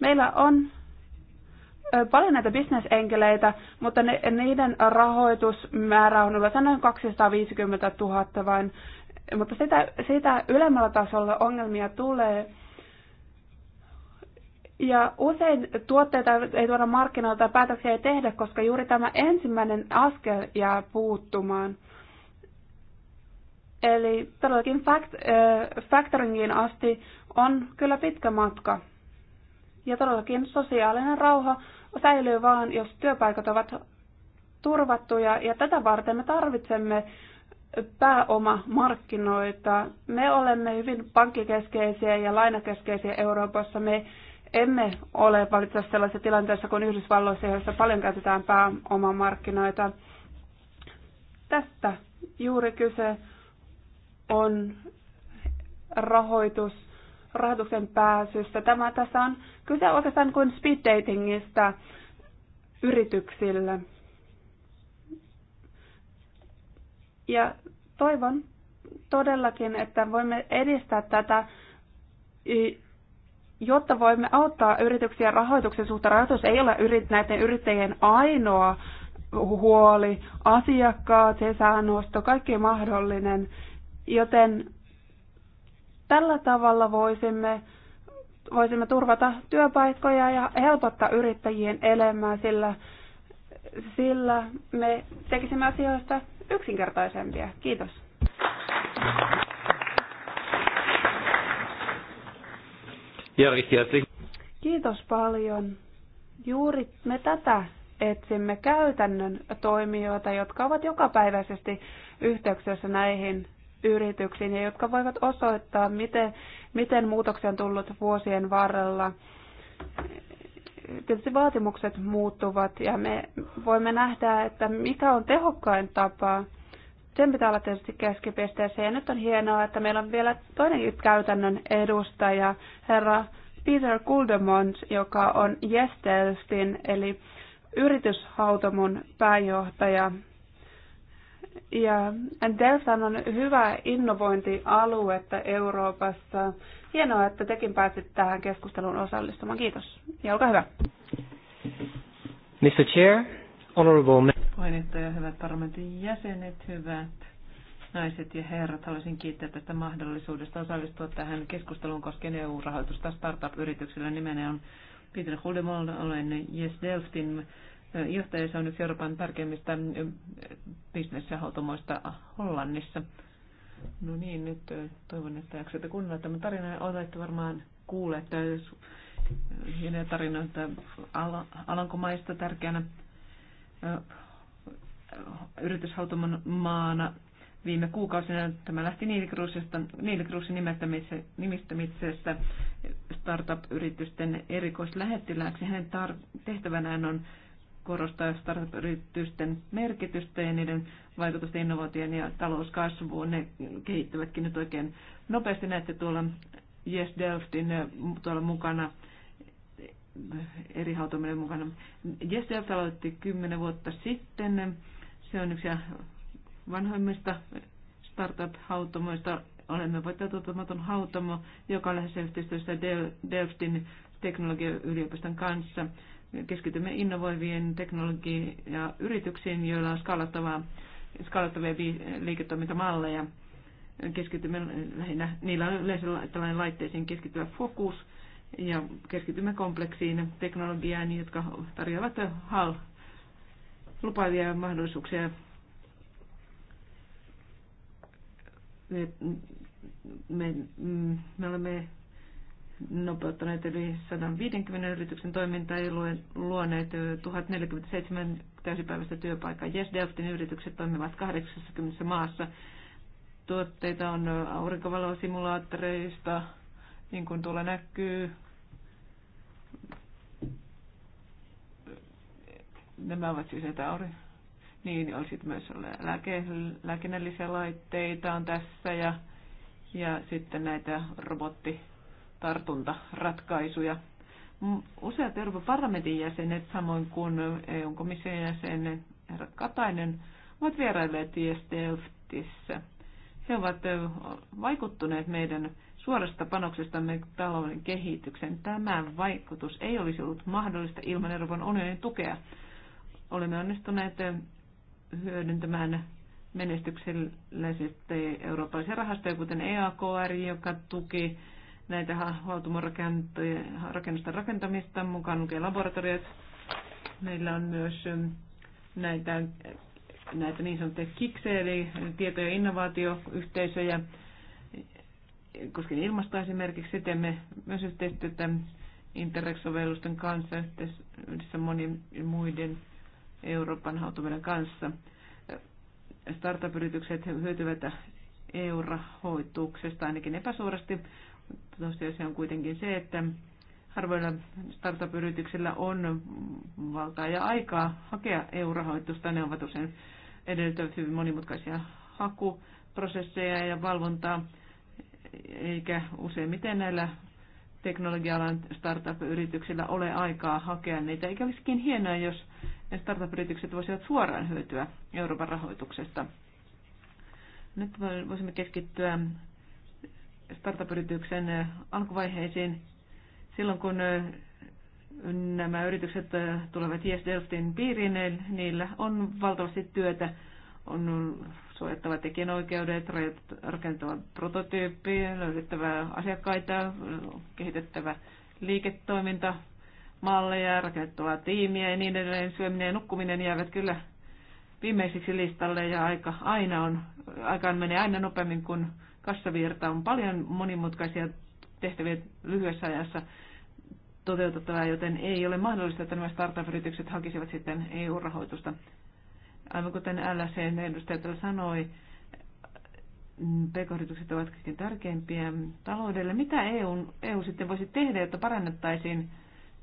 Meillä on paljon näitä bisnesenkeleitä, mutta ne, niiden rahoitusmäärä on yleensä noin 250 000 vain. Mutta sitä, sitä ylemmällä tasolla ongelmia tulee. Ja usein tuotteita ei tuoda markkinoilta ja päätöksiä ei tehdä, koska juuri tämä ensimmäinen askel jää puuttumaan. Eli todellakin fact, äh, factoringiin asti on kyllä pitkä matka. Ja todellakin sosiaalinen rauha säilyy vaan, jos työpaikat ovat turvattuja. Ja tätä varten me tarvitsemme pääomamarkkinoita. Me olemme hyvin pankkikeskeisiä ja lainakeskeisiä Euroopassa. Me emme ole valitettavasti sellaisessa tilanteessa kuin Yhdysvalloissa, joissa paljon käytetään pääomamarkkinoita. Tästä juuri kyse on rahoitus, rahoituksen pääsystä. Tämä tässä on kyse oikeastaan kuin speed datingista yrityksille. Ja toivon todellakin, että voimme edistää tätä, jotta voimme auttaa yrityksiä rahoituksen suhteen. Rahoitus ei ole näiden yrittäjien ainoa huoli. Asiakkaat, sisäänosto, kaikki mahdollinen. Joten tällä tavalla voisimme, voisimme turvata työpaikkoja ja helpottaa yrittäjien elämää, sillä, sillä me tekisimme asioista yksinkertaisempia. Kiitos. Kiitos paljon. Juuri me tätä etsimme käytännön toimijoita, jotka ovat jokapäiväisesti yhteyksissä näihin yrityksiin ja jotka voivat osoittaa, miten, miten muutoksia on tullut vuosien varrella. Tietysti vaatimukset muuttuvat ja me voimme nähdä, että mikä on tehokkain tapa. Sen pitää olla tietysti keskipisteessä ja nyt on hienoa, että meillä on vielä toinen käytännön edustaja, herra Peter Guldemont, joka on Jestelstin eli yrityshautomon pääjohtaja ja Delta on hyvä innovointialue Euroopassa. Hienoa, että tekin pääsit tähän keskusteluun osallistumaan. Kiitos ja olkaa hyvä. Mr. Chair, honorable... Puheenjohtaja, hyvät parlamentin jäsenet, hyvät naiset ja herrat, haluaisin kiittää tästä mahdollisuudesta osallistua tähän keskusteluun koskien EU-rahoitusta startup-yrityksillä. Nimeni on Peter Huldemol, olen Yes Delftin johtaja. on yksi Euroopan tärkeimmistä bisnes- ja hautomoista Hollannissa. No niin, nyt toivon, että jaksatte kuunnella tämän tarinan. Olette varmaan kuulleet hienoja tarinoita Alankomaista tärkeänä yrityshautomon maana viime kuukausina tämä lähti Niilikruusin nimistämisestä startup-yritysten erikoislähettilääksi. Hänen tar- tehtävänään on korostaa startup-yritysten merkitystä ja niiden vaikutusta innovaatioon ja talouskasvuun. Ne kehittyvätkin nyt oikein nopeasti. Näette tuolla Yes Delftin eh, tuolla mukana eri hautominen mukana. Yes Delft aloitti kymmenen vuotta sitten. Se on yksi vanhoimmista startup-hautomoista. Olemme voittautumaton hautamo, joka on lähes yhteistyössä Delftin teknologiayliopiston kanssa keskitymme innovoivien teknologiin ja yrityksiin, joilla on skaalattavaa, skaalattavia liiketoimintamalleja. Keskitymme lähinnä, niillä on yleensä tällainen laitteisiin keskittyvä fokus ja keskitymme kompleksiin teknologiaan, jotka tarjoavat hal lupaavia mahdollisuuksia me, me, me olemme nopeuttaneet yli 150 yrityksen toimintaa ja luoneet 1047 täysipäiväistä työpaikkaa. Yes Delftin yritykset toimivat 80 maassa. Tuotteita on aurinkovalosimulaattoreista, niin kuin tuolla näkyy. Nämä ovat siis etäauri. Niin, on sitten myös lääke, lääkinnällisiä laitteita on tässä ja, ja sitten näitä robotti tartuntaratkaisuja. Useat Euroopan parlamentin jäsenet, samoin kuin EU-komission jäsen herra Katainen, ovat vierailleet ISTFTissä. He ovat vaikuttuneet meidän suorasta panoksestamme talouden kehityksen. Tämä vaikutus ei olisi ollut mahdollista ilman Euroopan unionin tukea. Olemme onnistuneet hyödyntämään menestyksellisesti eurooppalaisia rahastoja, kuten EAKR, joka tuki näitä huoltumorakennusten rakentamista, mukaan lukee laboratoriot. Meillä on myös näitä, näitä niin sanottuja kiksejä, eli tieto- ja innovaatioyhteisöjä, koskien ilmastoa esimerkiksi, teemme myös yhteistyötä Interreg-sovellusten kanssa yhdessä monien muiden Euroopan hautuminen kanssa. Startup-yritykset hyötyvät EU-rahoituksesta ainakin epäsuorasti tosiasia on kuitenkin se, että harvoilla startup-yrityksillä on valtaa ja aikaa hakea EU-rahoitusta. Ne ovat usein edellyttävät hyvin monimutkaisia hakuprosesseja ja valvontaa, eikä useimmiten näillä teknologialan startup-yrityksillä ole aikaa hakea niitä, eikä olisikin hienoa, jos startup-yritykset voisivat suoraan hyötyä Euroopan rahoituksesta. Nyt voisimme keskittyä startup-yrityksen äh, alkuvaiheisiin. Silloin kun äh, nämä yritykset äh, tulevat Yes Delftin piiriin, niin niillä on valtavasti työtä. On suojattava tekijänoikeudet, rakentava prototyyppi, löydettävä asiakkaita, kehitettävä liiketoiminta, malleja, rakennettavaa tiimiä ja niin edelleen. Syöminen ja nukkuminen jäävät kyllä viimeisiksi listalle ja aika aina on, aikaan menee aina nopeammin kuin kassavirta on paljon monimutkaisia tehtäviä lyhyessä ajassa toteutettavaa, joten ei ole mahdollista, että nämä startup-yritykset hakisivat sitten EU-rahoitusta. Aivan kuten LSEn edustaja sanoi, pk-yritykset ovat kaikkein tärkeimpiä taloudelle. Mitä EU, EU sitten voisi tehdä, jotta parannettaisiin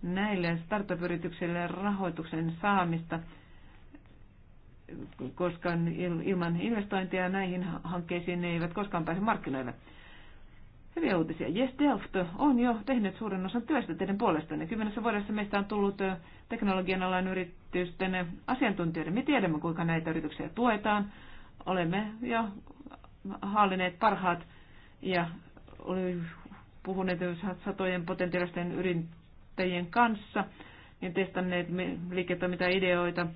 näille startup-yrityksille rahoituksen saamista? koska ilman investointeja näihin hankkeisiin ne eivät koskaan pääse markkinoille. Hyviä uutisia. Yes Delft on jo tehnyt suurin osan työstä teidän puolestanne. Kymmenessä vuodessa meistä on tullut teknologian alan yritysten asiantuntijoiden. Me tiedämme, kuinka näitä yrityksiä tuetaan. Olemme jo hallineet parhaat ja oli puhuneet satojen potentiaalisten yrittäjien kanssa ja testanneet liiketoimintaideoita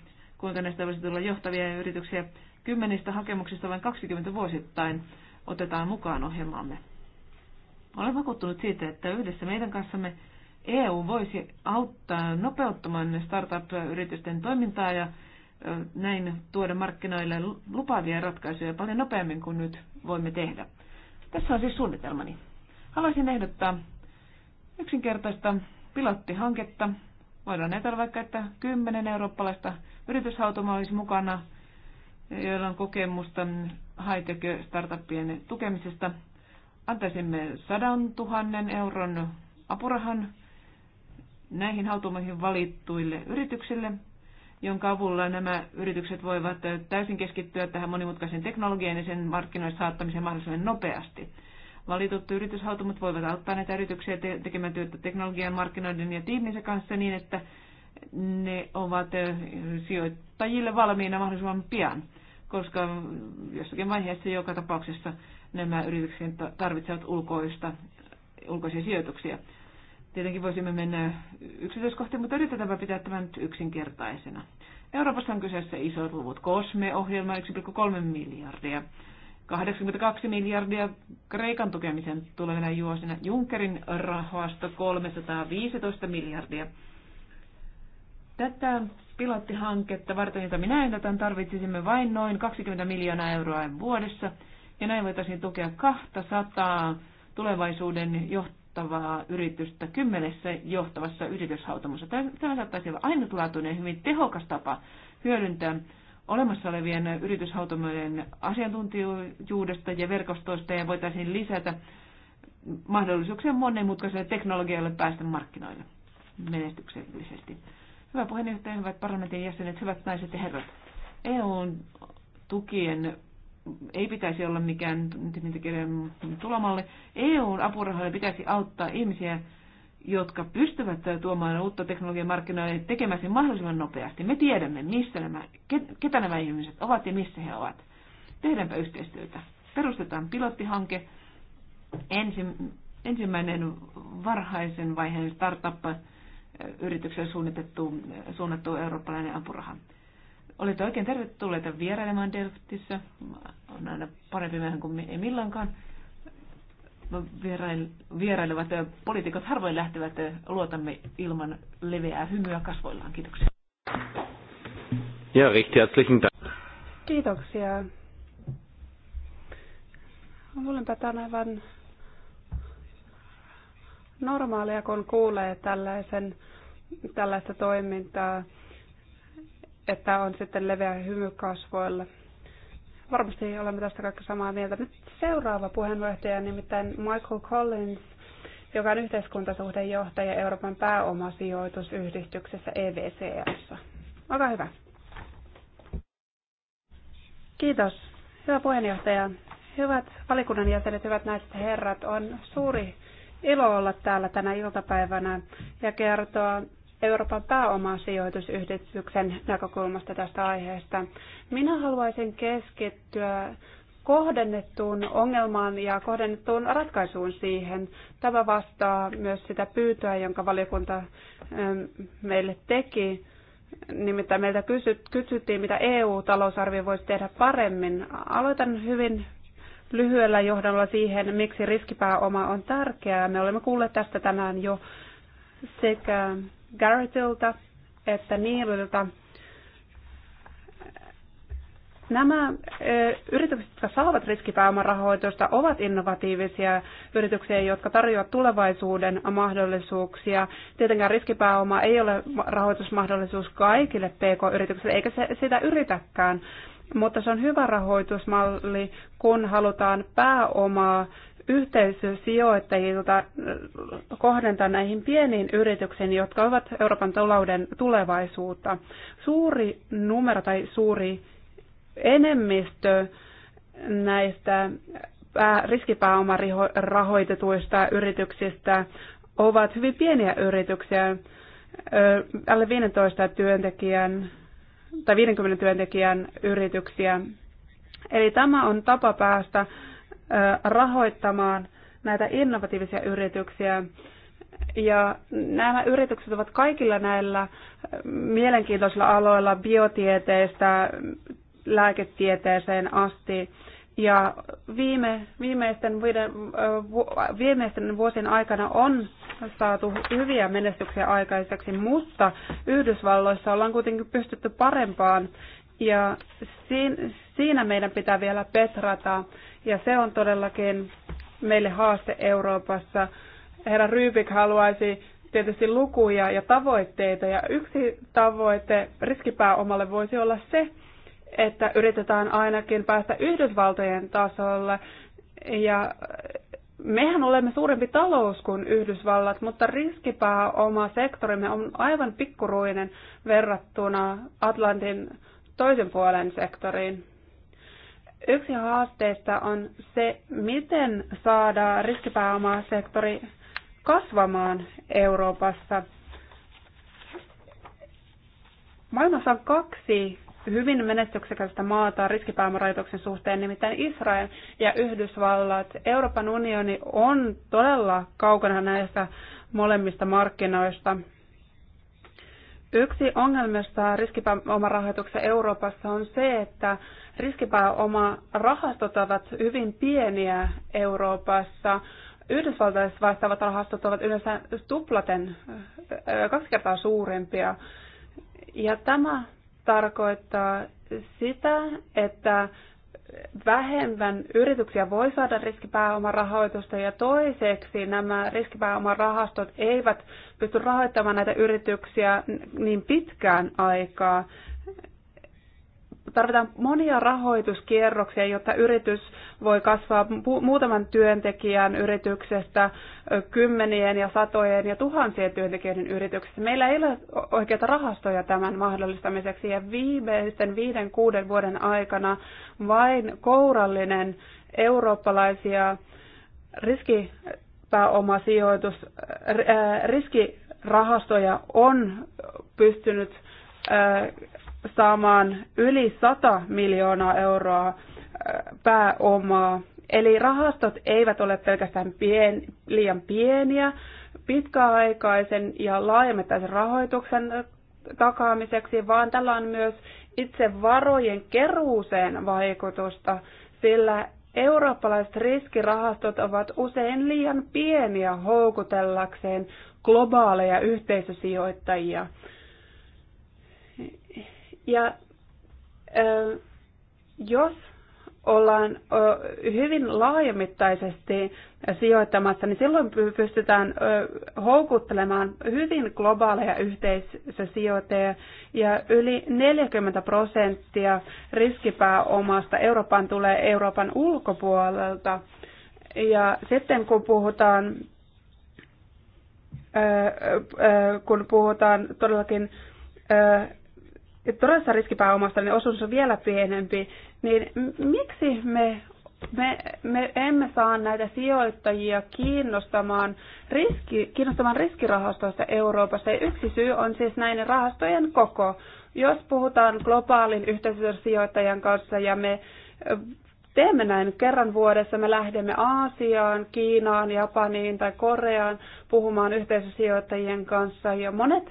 kuinka näistä voisi tulla johtavia yrityksiä. Kymmenistä hakemuksista vain 20 vuosittain otetaan mukaan ohjelmaamme. Olen vakuuttunut siitä, että yhdessä meidän kanssamme EU voisi auttaa nopeuttamaan startup-yritysten toimintaa ja näin tuoda markkinoille lupaavia ratkaisuja paljon nopeammin kuin nyt voimme tehdä. Tässä on siis suunnitelmani. Haluaisin ehdottaa yksinkertaista pilottihanketta. Voidaan ajatella vaikka, että kymmenen eurooppalaista yrityshautoma olisi mukana, joilla on kokemusta high-tech-startuppien tukemisesta. Antaisimme 100 000 euron apurahan näihin hautumoihin valittuille yrityksille, jonka avulla nämä yritykset voivat täysin keskittyä tähän monimutkaisen teknologian ja sen markkinoille saattamiseen mahdollisimman nopeasti. Valitut yrityshautumat voivat auttaa näitä yrityksiä tekemään työtä teknologian, markkinoiden ja tiiminsä kanssa niin, että ne ovat eh, sijoittajille valmiina mahdollisimman pian, koska jossakin vaiheessa joka tapauksessa nämä yritykset tarvitsevat ulkoista, ulkoisia sijoituksia. Tietenkin voisimme mennä yksityiskohtiin, mutta yritetäänpä pitää tämän nyt yksinkertaisena. Euroopassa on kyseessä isot luvut. kosme ohjelma 1,3 miljardia. 82 miljardia Kreikan tukemisen tulevina juosina. Junckerin rahasto 315 miljardia. Tätä pilottihanketta varten, jota minä ehdotan, tarvitsisimme vain noin 20 miljoonaa euroa vuodessa, ja näin voitaisiin tukea 200 tulevaisuuden johtavaa yritystä kymmenessä johtavassa yrityshautomossa. Tämä saattaisi olla ainutlaatuinen hyvin tehokas tapa hyödyntää olemassa olevien yrityshautomojen asiantuntijuudesta ja verkostoista ja voitaisiin lisätä mahdollisuuksia monenmutkaiselle teknologialle päästä markkinoille menestyksellisesti. Hyvä puheenjohtaja, hyvät parlamentin jäsenet, hyvät naiset ja herrat. EUn tukien ei pitäisi olla mikään tulomalle. EUn apurahoilla pitäisi auttaa ihmisiä, jotka pystyvät tuomaan uutta teknologian markkinoille tekemään sen mahdollisimman nopeasti. Me tiedämme, missä nämä, ketä nämä ihmiset ovat ja missä he ovat. Tehdäänpä yhteistyötä. Perustetaan pilottihanke. ensimmäinen varhaisen vaiheen startup Yritykseen suunnitettu, suunnattu eurooppalainen apuraha. Olette oikein tervetulleita vierailemaan Delftissä. On aina parempi mehän kuin ei milloinkaan. Vierail, vierailevat poliitikot harvoin lähtevät. Eh, luotamme ilman leveää hymyä kasvoillaan. Kiitoksia. Ja recht herzlichen Dank. Kiitoksia. Luulenpa, tämän aivan normaalia, kun kuulee tällaisen, tällaista toimintaa, että on sitten leveä hymy kasvoilla. Varmasti olemme tästä kaikki samaa mieltä. Nyt seuraava puheenjohtaja, nimittäin Michael Collins, joka on yhteiskuntasuhdejohtaja Euroopan pääomasijoitusyhdistyksessä EVCS. Olkaa hyvä. Kiitos. Hyvä puheenjohtaja. Hyvät valikunnan jäsenet, hyvät naiset ja herrat, on suuri ilo olla täällä tänä iltapäivänä ja kertoa Euroopan pääomasijoitusyhdistyksen näkökulmasta tästä aiheesta. Minä haluaisin keskittyä kohdennettuun ongelmaan ja kohdennettuun ratkaisuun siihen. Tämä vastaa myös sitä pyytöä, jonka valiokunta ähm, meille teki. Nimittäin meiltä kysyttiin, mitä EU-talousarvio voisi tehdä paremmin. Aloitan hyvin lyhyellä johdolla siihen, miksi riskipääoma on tärkeää. Me olemme kuulleet tästä tänään jo sekä Garrettilta että Neililta. Nämä yritykset, jotka saavat riskipääomarahoitusta, ovat innovatiivisia yrityksiä, jotka tarjoavat tulevaisuuden mahdollisuuksia. Tietenkään riskipääoma ei ole rahoitusmahdollisuus kaikille pk-yrityksille, eikä se sitä yritäkään mutta se on hyvä rahoitusmalli, kun halutaan pääomaa yhteisösijoittajilta äh, kohdentaa näihin pieniin yrityksiin, jotka ovat Euroopan talouden tulevaisuutta. Suuri numero tai suuri enemmistö näistä riskipääomarahoitetuista yrityksistä ovat hyvin pieniä yrityksiä, äh, alle 15 työntekijän tai 50 työntekijän yrityksiä. Eli tämä on tapa päästä rahoittamaan näitä innovatiivisia yrityksiä. Ja nämä yritykset ovat kaikilla näillä mielenkiintoisilla aloilla biotieteestä lääketieteeseen asti. Ja viime, viimeisten, viiden, viimeisten vuosien aikana on saatu hyviä menestyksiä aikaiseksi, mutta Yhdysvalloissa ollaan kuitenkin pystytty parempaan ja siinä meidän pitää vielä petrata ja se on todellakin meille haaste Euroopassa. Herra Rybik haluaisi tietysti lukuja ja tavoitteita ja yksi tavoite riskipääomalle voisi olla se, että yritetään ainakin päästä Yhdysvaltojen tasolle. Ja mehän olemme suurempi talous kuin Yhdysvallat, mutta riskipääoma sektorimme on aivan pikkuruinen verrattuna Atlantin toisen puolen sektoriin. Yksi haasteista on se, miten saada riskipääomasektori kasvamaan Euroopassa. Maailmassa on kaksi hyvin menestyksekästä maata riskipääomarajoituksen suhteen, nimittäin Israel ja Yhdysvallat. Euroopan unioni on todella kaukana näistä molemmista markkinoista. Yksi ongelmista riskipääomarahoituksessa Euroopassa on se, että riskipääomarahastot ovat hyvin pieniä Euroopassa. Yhdysvaltaiset vastaavat rahastot ovat yleensä tuplaten, kaksi kertaa suurempia. Ja tämä tarkoittaa sitä, että vähemmän yrityksiä voi saada riskipääomarahoitusta ja toiseksi nämä riskipääomarahastot eivät pysty rahoittamaan näitä yrityksiä niin pitkään aikaa tarvitaan monia rahoituskierroksia, jotta yritys voi kasvaa muutaman työntekijän yrityksestä kymmenien ja satojen ja tuhansien työntekijöiden yrityksestä. Meillä ei ole oikeita rahastoja tämän mahdollistamiseksi ja viimeisten viiden, kuuden vuoden aikana vain kourallinen eurooppalaisia riskipääomasijoitus, riskirahastoja on pystynyt saamaan yli 100 miljoonaa euroa pääomaa. Eli rahastot eivät ole pelkästään pien, liian pieniä pitkäaikaisen ja laajemmittaisen rahoituksen takaamiseksi, vaan tällä on myös itse varojen keruuseen vaikutusta, sillä eurooppalaiset riskirahastot ovat usein liian pieniä houkutellakseen globaaleja yhteisösijoittajia. Ja jos ollaan hyvin laajamittaisesti sijoittamassa, niin silloin pystytään houkuttelemaan hyvin globaaleja yhteisösijoittajia ja yli 40 prosenttia riskipääomasta Euroopan tulee Euroopan ulkopuolelta. Ja sitten kun puhutaan, kun puhutaan todellakin todellisessa riskipääomassa niin osuus on vielä pienempi, niin miksi me, me, me emme saa näitä sijoittajia kiinnostamaan, riski, kiinnostamaan riskirahastoista Euroopassa? Ja yksi syy on siis näiden rahastojen koko. Jos puhutaan globaalin yhteisösijoittajan kanssa ja me teemme näin kerran vuodessa. Me lähdemme Aasiaan, Kiinaan, Japaniin tai Koreaan puhumaan yhteisösijoittajien kanssa. Ja monet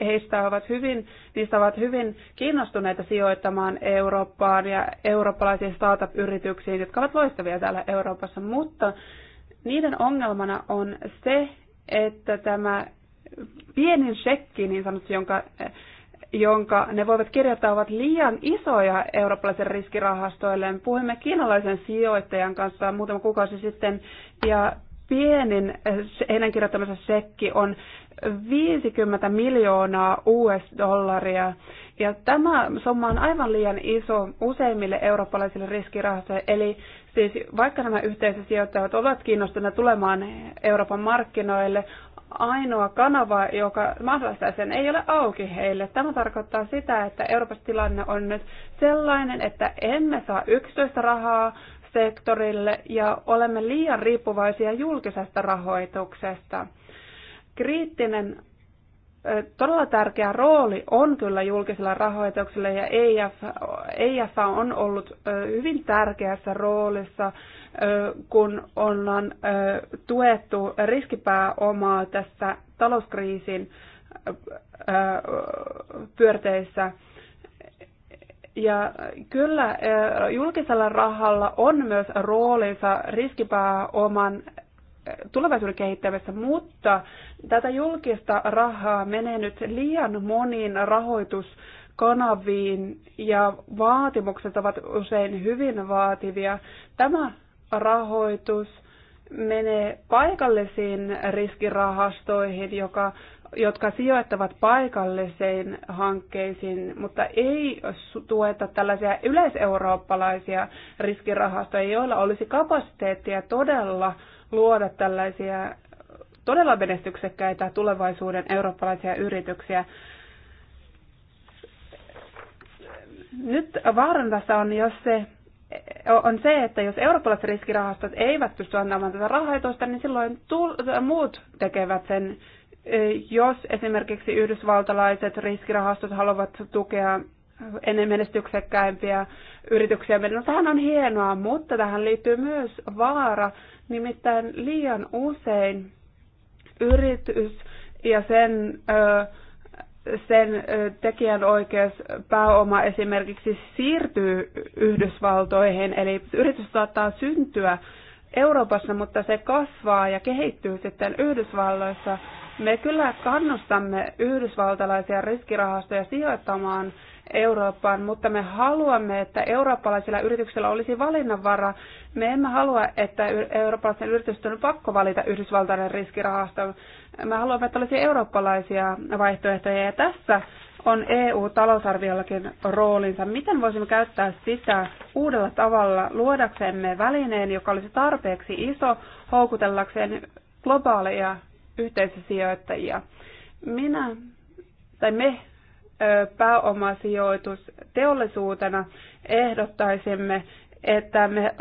heistä ovat hyvin, niistä ovat hyvin kiinnostuneita sijoittamaan Eurooppaan ja eurooppalaisiin startup-yrityksiin, jotka ovat loistavia täällä Euroopassa. Mutta niiden ongelmana on se, että tämä pienin shekki, niin sanottu, jonka jonka ne voivat kirjata, ovat liian isoja eurooppalaisille riskirahastoille. Puhuimme kiinalaisen sijoittajan kanssa muutama kuukausi sitten, ja pienin heidän kirjoittamansa sekki on 50 miljoonaa US-dollaria. Ja tämä summa on aivan liian iso useimmille eurooppalaisille riskirahastoille. Eli siis vaikka nämä yhteisösijoittajat ovat kiinnostuneet tulemaan Euroopan markkinoille, ainoa kanava, joka mahdollistaa sen, ei ole auki heille. Tämä tarkoittaa sitä, että Euroopassa tilanne on nyt sellainen, että emme saa yksityistä rahaa sektorille ja olemme liian riippuvaisia julkisesta rahoituksesta. Kriittinen todella tärkeä rooli on kyllä julkisella rahoituksella ja EIF, EIF on ollut hyvin tärkeässä roolissa kun ollaan tuettu riskipääomaa tässä talouskriisin pyörteissä. Ja kyllä julkisella rahalla on myös roolinsa riskipääoman tulevaisuuden kehittämisessä, mutta tätä julkista rahaa menee nyt liian moniin rahoituskanaviin ja vaatimukset ovat usein hyvin vaativia. Tämä rahoitus menee paikallisiin riskirahastoihin, joka, jotka sijoittavat paikallisiin hankkeisiin, mutta ei tueta tällaisia yleiseurooppalaisia riskirahastoja, joilla olisi kapasiteettia todella luoda tällaisia todella menestyksekkäitä tulevaisuuden eurooppalaisia yrityksiä. Nyt vaaran tässä on, jos se on se, että jos eurooppalaiset riskirahastot eivät pysty antamaan tätä rahoitusta, niin silloin muut tekevät sen. Jos esimerkiksi yhdysvaltalaiset riskirahastot haluavat tukea menestyksekkäimpiä yrityksiä, niin tähän on hienoa, mutta tähän liittyy myös vaara. Nimittäin liian usein yritys ja sen ö, sen tekijänoikeus pääoma esimerkiksi siirtyy Yhdysvaltoihin, eli yritys saattaa syntyä Euroopassa, mutta se kasvaa ja kehittyy sitten Yhdysvalloissa. Me kyllä kannustamme yhdysvaltalaisia riskirahastoja sijoittamaan Eurooppaan, mutta me haluamme, että eurooppalaisilla yrityksillä olisi valinnanvara. Me emme halua, että eurooppalaisen yritysten on pakko valita Yhdysvaltain riskirahasto. Me haluamme, että olisi eurooppalaisia vaihtoehtoja ja tässä on EU-talousarviollakin roolinsa. Miten voisimme käyttää sitä uudella tavalla luodaksemme välineen, joka olisi tarpeeksi iso houkutellakseen globaaleja yhteisösijoittajia? Minä tai me pääomasijoitus teollisuutena, ehdottaisimme, että me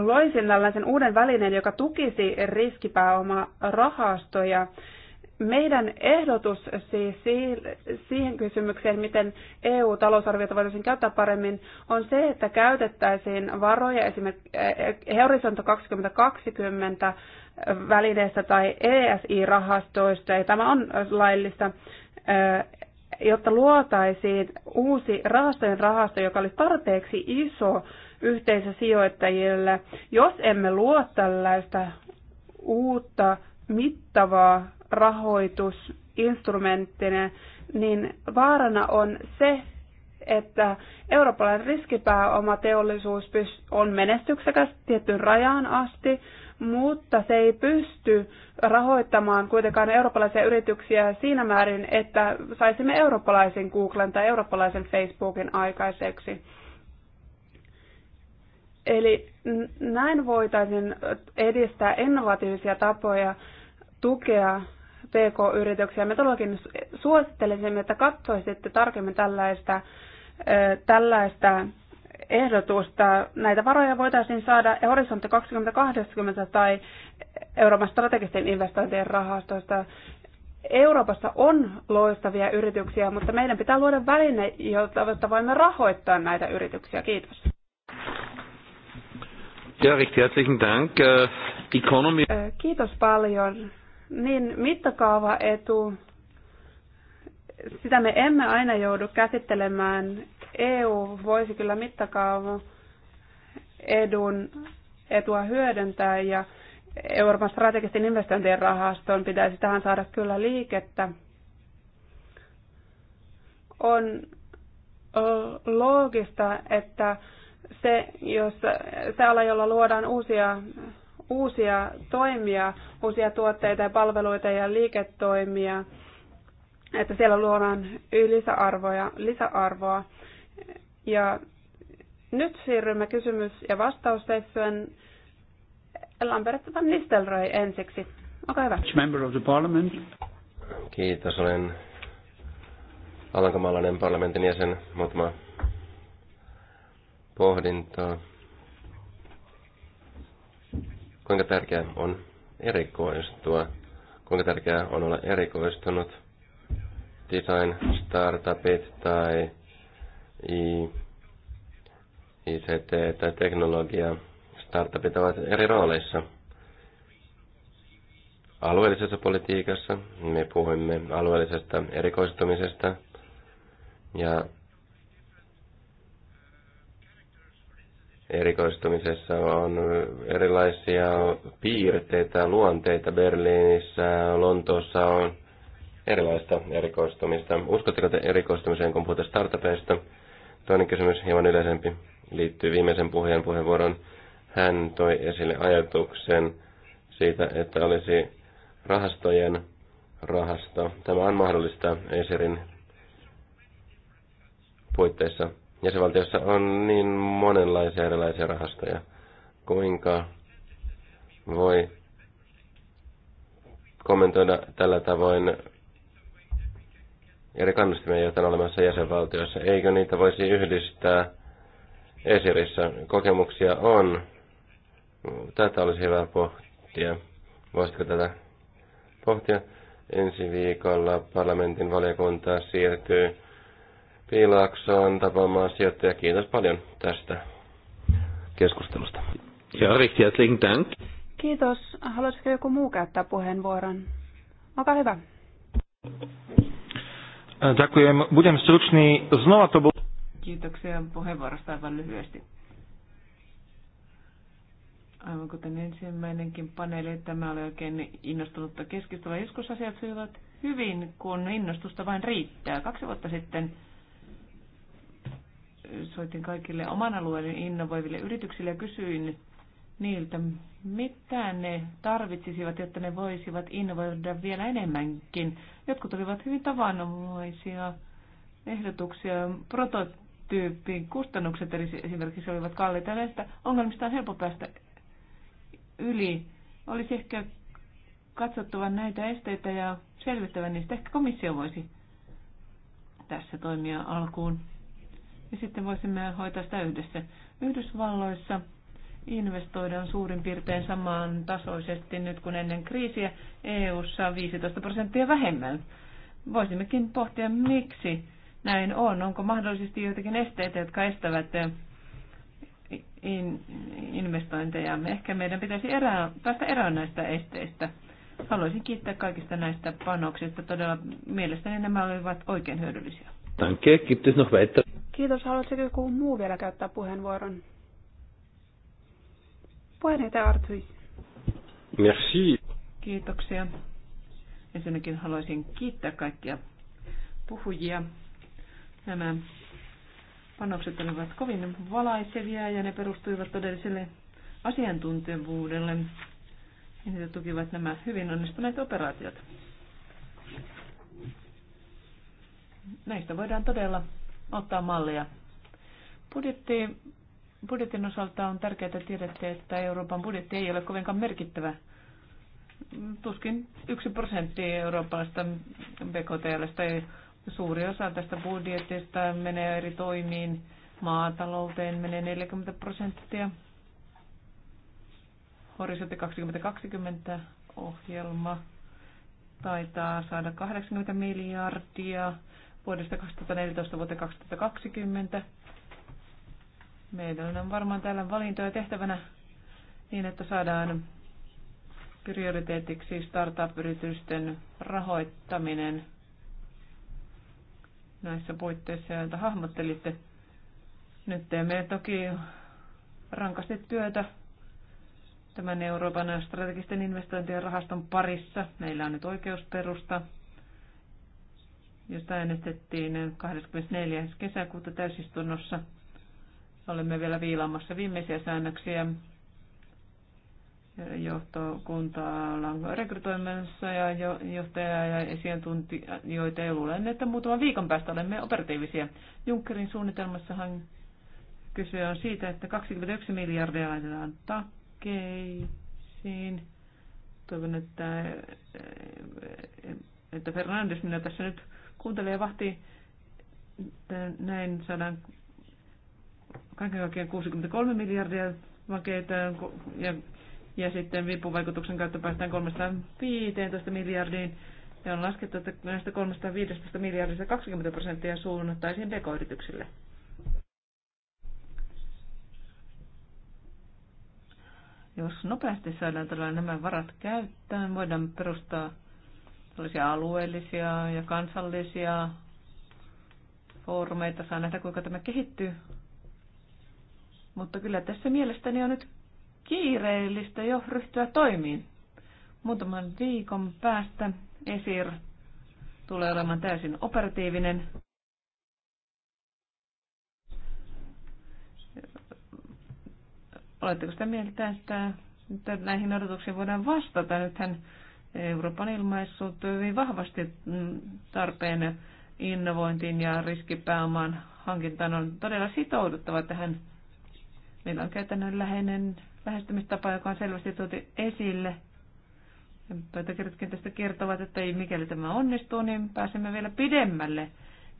loisin tällaisen uuden välineen, joka tukisi riskipääomarahastoja. Meidän ehdotus siis siihen kysymykseen, miten EU-talousarviota voitaisiin käyttää paremmin, on se, että käytettäisiin varoja esimerkiksi e, Horisonto 2020 välineestä tai ESI-rahastoista, ja tämä on laillista jotta luotaisiin uusi rahastojen rahasto, joka olisi tarpeeksi iso yhteisösijoittajille, jos emme luo tällaista uutta mittavaa rahoitusinstrumenttina, niin vaarana on se, että eurooppalainen riskipääomateollisuus on menestyksekäs tiettyyn rajaan asti, mutta se ei pysty rahoittamaan kuitenkaan eurooppalaisia yrityksiä siinä määrin, että saisimme eurooppalaisen Googlen tai eurooppalaisen Facebookin aikaiseksi. Eli näin voitaisiin edistää innovatiivisia tapoja tukea PK-yrityksiä. Me todellakin suosittelisimme, että katsoisitte tarkemmin tällaista, tällaista ehdotusta. Näitä varoja voitaisiin saada Horisontti 2020 tai Euroopan strategisten investointien rahastosta. Euroopassa on loistavia yrityksiä, mutta meidän pitää luoda väline, jotta voimme rahoittaa näitä yrityksiä. Kiitos. Ja, recht herzlichen Dank. Äh, Economy. Äh, kiitos paljon. Niin, etu, sitä me emme aina joudu käsittelemään EU voisi kyllä mittakaavan edun etua hyödyntää ja Euroopan strategisten investointien rahastoon pitäisi tähän saada kyllä liikettä. On loogista, että se, jos, se ala, jolla luodaan uusia, uusia toimia, uusia tuotteita ja palveluita ja liiketoimia, että siellä luodaan lisäarvoja, lisäarvoa. Ja nyt siirrymme kysymys- ja vastaustessyön. Lambert van Nistelrooy ensiksi. Olkaa hyvä. Member of the parliament. Kiitos, olen alankomaalainen parlamentin jäsen. Muutama pohdinta, Kuinka tärkeää on erikoistua? Kuinka tärkeää on olla erikoistunut? Design, startupit tai i ICT tai teknologia startupit ovat eri rooleissa. Alueellisessa politiikassa me puhumme alueellisesta erikoistumisesta ja erikoistumisessa on erilaisia piirteitä, luonteita Berliinissä, Lontoossa on erilaista erikoistumista. Uskotteko te erikoistumiseen, kun puhutaan startupeista? Toinen kysymys, hieman yleisempi, liittyy viimeisen puheen puheenvuoron. Hän toi esille ajatuksen siitä, että olisi rahastojen rahasto. Tämä on mahdollista Eserin puitteissa. Jäsenvaltiossa on niin monenlaisia erilaisia rahastoja. Kuinka voi kommentoida tällä tavoin eri kannustimia, joita on olemassa jäsenvaltioissa. Eikö niitä voisi yhdistää esirissä? Kokemuksia on. Tätä olisi hyvä pohtia. Voisitko tätä pohtia? Ensi viikolla parlamentin valiokunta siirtyy Piilaaksoon tapaamaan sijoittajia. Kiitos paljon tästä keskustelusta. Ja rikki herzlichen Dank. Kiitos. Haluaisiko joku muu käyttää puheenvuoron? Olkaa hyvä. Ďakujem. Budem stručný. Znova to bol... Kiitoksia puheenvuorosta aivan lyhyesti. Aivan kuten ensimmäinenkin paneeli, tämä oli oikein innostunutta keskustelua. Joskus asiat sujuvat hyvin, kun innostusta vain riittää. Kaksi vuotta sitten soitin kaikille oman alueen innovoiville yrityksille ja kysyin, niiltä, mitä ne tarvitsisivat, jotta ne voisivat innovoida vielä enemmänkin. Jotkut olivat hyvin tavanomaisia ehdotuksia. prototyyppiin kustannukset esimerkiksi olivat kalliita. Näistä ongelmista on helppo päästä yli. Olisi ehkä katsottava näitä esteitä ja selvittävä niistä. Ehkä komissio voisi tässä toimia alkuun. Ja sitten voisimme hoitaa sitä yhdessä. Yhdysvalloissa investoidaan suurin piirtein samaan tasoisesti nyt kuin ennen kriisiä, EU-ssa 15 prosenttia vähemmän. Voisimmekin pohtia, miksi näin on. Onko mahdollisesti joitakin esteitä, jotka estävät eh, in, investointeja. Ehkä meidän pitäisi erää, päästä eroon näistä esteistä. Haluaisin kiittää kaikista näistä panoksista. Todella mielestäni nämä olivat oikein hyödyllisiä. Danke, gibt es noch weiter? Kiitos. Haluaisitko joku muu vielä käyttää puheenvuoron? Puheenjohtaja Artuis. Merci. Kiitoksia. Ensinnäkin haluaisin kiittää kaikkia puhujia. Nämä panokset olivat kovin valaisevia ja ne perustuivat todelliselle asiantuntevuudelle. Ja niitä tukivat nämä hyvin onnistuneet operaatiot. Näistä voidaan todella ottaa mallia. Budjetti budjetin osalta on tärkeää, että tiedätte, että Euroopan budjetti ei ole kovinkaan merkittävä. Tuskin yksi prosentti eurooppalaista BKTLstä ei suuri osa tästä budjetista menee eri toimiin. Maatalouteen menee 40 prosenttia. Horisontti 2020 ohjelma taitaa saada 80 miljardia vuodesta 2014 vuoteen 2020. Meillä on varmaan täällä valintoja tehtävänä niin, että saadaan prioriteetiksi startup-yritysten rahoittaminen näissä puitteissa, joita hahmottelitte. Nyt teemme toki rankasti työtä tämän Euroopan strategisten investointien rahaston parissa. Meillä on nyt oikeusperusta, josta äänestettiin 24. kesäkuuta täysistunnossa – Olemme vielä viilaamassa viimeisiä säännöksiä johtokuntaa ollaan rekrytoimassa ja johtajaa ja asiantuntijoita ja luulen, että muutaman viikon päästä olemme operatiivisia. Junckerin suunnitelmassahan kyse on siitä, että 21 miljardia laitetaan takkeisiin. Toivon, että, että Fernandes minä tässä nyt kuuntelee ja vahtii, että näin saadaan kaiken kaikkiaan 63 miljardia vakeita ja, ja sitten vipuvaikutuksen kautta päästään 315 miljardiin. Ja on laskettu, että näistä 315 miljardista 20 prosenttia suunnattaisiin dekoyrityksille. Jos nopeasti saadaan tällainen nämä varat käyttöön, voidaan perustaa tällaisia alueellisia ja kansallisia foorumeita. Saa nähdä, kuinka tämä kehittyy. Mutta kyllä tässä mielestäni on nyt kiireellistä jo ryhtyä toimiin. Muutaman viikon päästä ESIR tulee olemaan täysin operatiivinen. Oletteko sitä mieltä, että, näihin odotuksiin voidaan vastata? Nythän Euroopan ilmaissut hyvin vahvasti tarpeen innovointiin ja riskipääoman hankintaan on todella sitouduttava tähän Meillä on käytännönläheinen lähestymistapa, joka on selvästi tuotu esille. Pöytäkirjatkin tästä kertovat, että ei, mikäli tämä onnistuu, niin pääsemme vielä pidemmälle.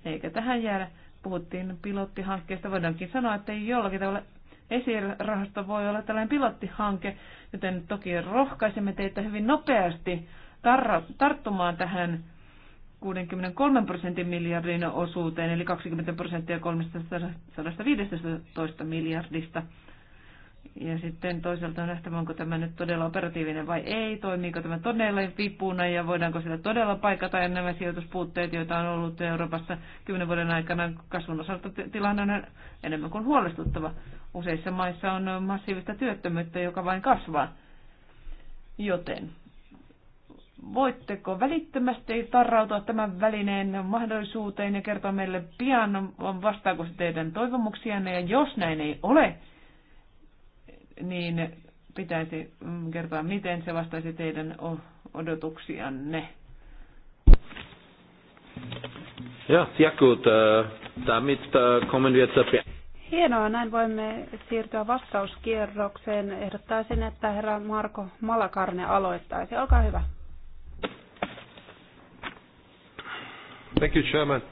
Eikä tähän jää. Puhuttiin pilottihankkeesta. Voidaankin sanoa, että jollakin tavalla esirahasto voi olla tällainen pilottihanke, joten toki rohkaisemme teitä hyvin nopeasti tarttumaan tähän 63 prosentin miljardin osuuteen, eli 20 prosenttia 315 miljardista. Ja sitten toisaalta on nähtävä, onko tämä nyt todella operatiivinen vai ei, toimiiko tämä todella vipuna ja voidaanko sitä todella paikata ja nämä sijoituspuutteet, joita on ollut Euroopassa kymmenen vuoden aikana kasvun osalta tilanne on enemmän kuin huolestuttava. Useissa maissa on massiivista työttömyyttä, joka vain kasvaa. Joten voitteko välittömästi tarrautua tämän välineen mahdollisuuteen ja kertoa meille pian, vastaako se teidän toivomuksianne, ja jos näin ei ole, niin pitäisi mm, kertoa, miten se vastaisi teidän odotuksianne. Ja, ja gut. Äh, damit äh, kommen wir zur Hienoa, näin voimme siirtyä vastauskierrokseen. Ehdottaisin, että herra Marko Malakarne aloittaisi. Olkaa hyvä. Thank you, Chairman.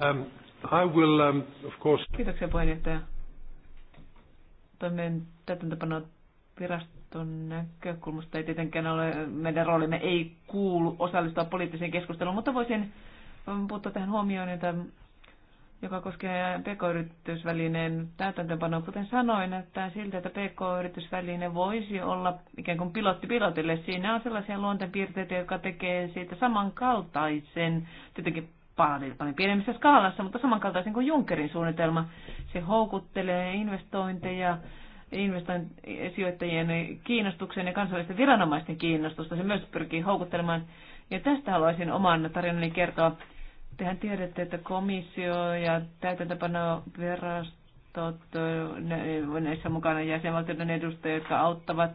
Um, I will, um, of course... Kiitoksia puheenjohtaja. Toimen täytäntöpano viraston näkökulmasta ei tietenkään ole, meidän roolimme ei kuulu osallistua poliittiseen keskusteluun, mutta voisin puuttua tähän huomioon, että joka koskee pk-yritysvälineen täytäntöpanoa. Kuten sanoin, että siltä, että pk-yritysväline voisi olla ikään kuin pilotti pilotille. Siinä on sellaisia luonteenpiirteitä, jotka tekee siitä samankaltaisen. Tietenkin paljon pienemmissä skaalassa, mutta samankaltaisen kuin Junckerin suunnitelma. Se houkuttelee investointeja, investointisijoittajien kiinnostuksen ja kansallisten viranomaisten kiinnostusta. Se myös pyrkii houkuttelemaan. Ja tästä haluaisin oman tarinani kertoa. Tehän tiedätte, että komissio ja täytäntöpanovirastot, näissä mukana jäsenvaltioiden edustajat, jotka auttavat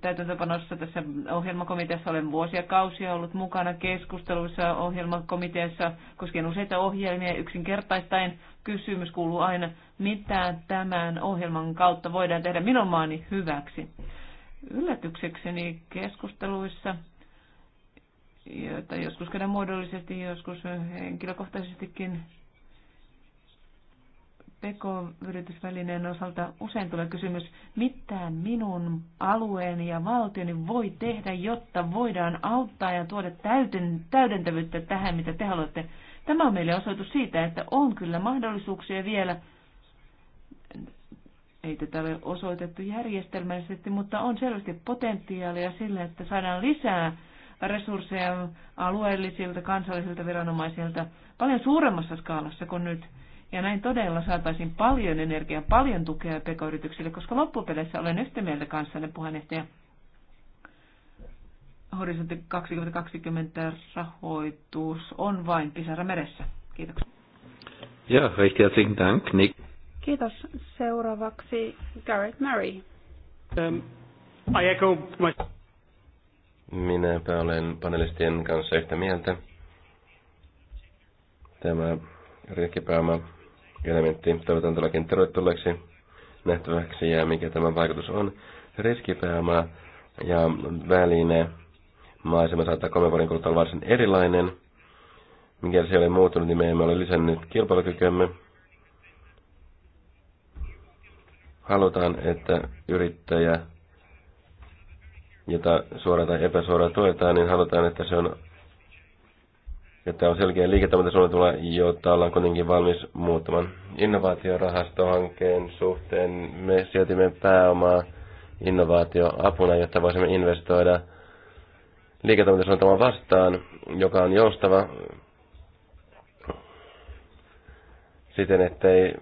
täytäntöpanossa tässä ohjelmakomiteassa. Olen vuosia kausia ollut mukana keskusteluissa ohjelmakomiteassa koskien useita ohjelmia yksinkertaistaen. Kysymys kuuluu aina, mitä tämän ohjelman kautta voidaan tehdä minun maani hyväksi. Yllätyksekseni keskusteluissa, joita joskus käydään muodollisesti, joskus henkilökohtaisestikin PK-yritysvälineen osalta usein tulee kysymys, mitä minun alueeni ja valtioni voi tehdä, jotta voidaan auttaa ja tuoda täyden, täydentävyyttä tähän, mitä te haluatte. Tämä on meille osoitus siitä, että on kyllä mahdollisuuksia vielä. Ei tätä ole osoitettu järjestelmällisesti, mutta on selvästi potentiaalia sillä, että saadaan lisää resursseja alueellisilta, kansallisilta viranomaisilta paljon suuremmassa skaalassa kuin nyt – ja näin todella saataisiin paljon energiaa, paljon tukea pk-yrityksille, koska loppupeleissä olen yhtä mieltä kanssanne puheenjohtaja. Horisontti 2020 rahoitus on vain pisara meressä. Kiitoksia. Ja, recht herzlichen Dank, Nick. Kiitos. Seuraavaksi Garrett Murray. Um, I echo my... Minäpä olen panelistien kanssa yhtä mieltä. Tämä rikkipääoma elementti. Toivotan todellakin tervetulleeksi nähtäväksi ja mikä tämä vaikutus on. Riskipääoma ja väline maisema saattaa kolmen vuoden kuluttua olla varsin erilainen. Mikäli se ei ole muuttunut, niin me emme ole lisännyt kilpailukykyämme. Halutaan, että yrittäjä, jota suoraan tai epäsuoraan tuetaan, niin halutaan, että se on että on selkeä liiketoimintasuunnitelma, jota ollaan kuitenkin valmis muuttamaan. Innovaatiorahastohankkeen suhteen me sijoitimme pääomaa innovaatioapuna, jotta voisimme investoida liiketoimintasuunnitelman vastaan, joka on joustava siten, ettei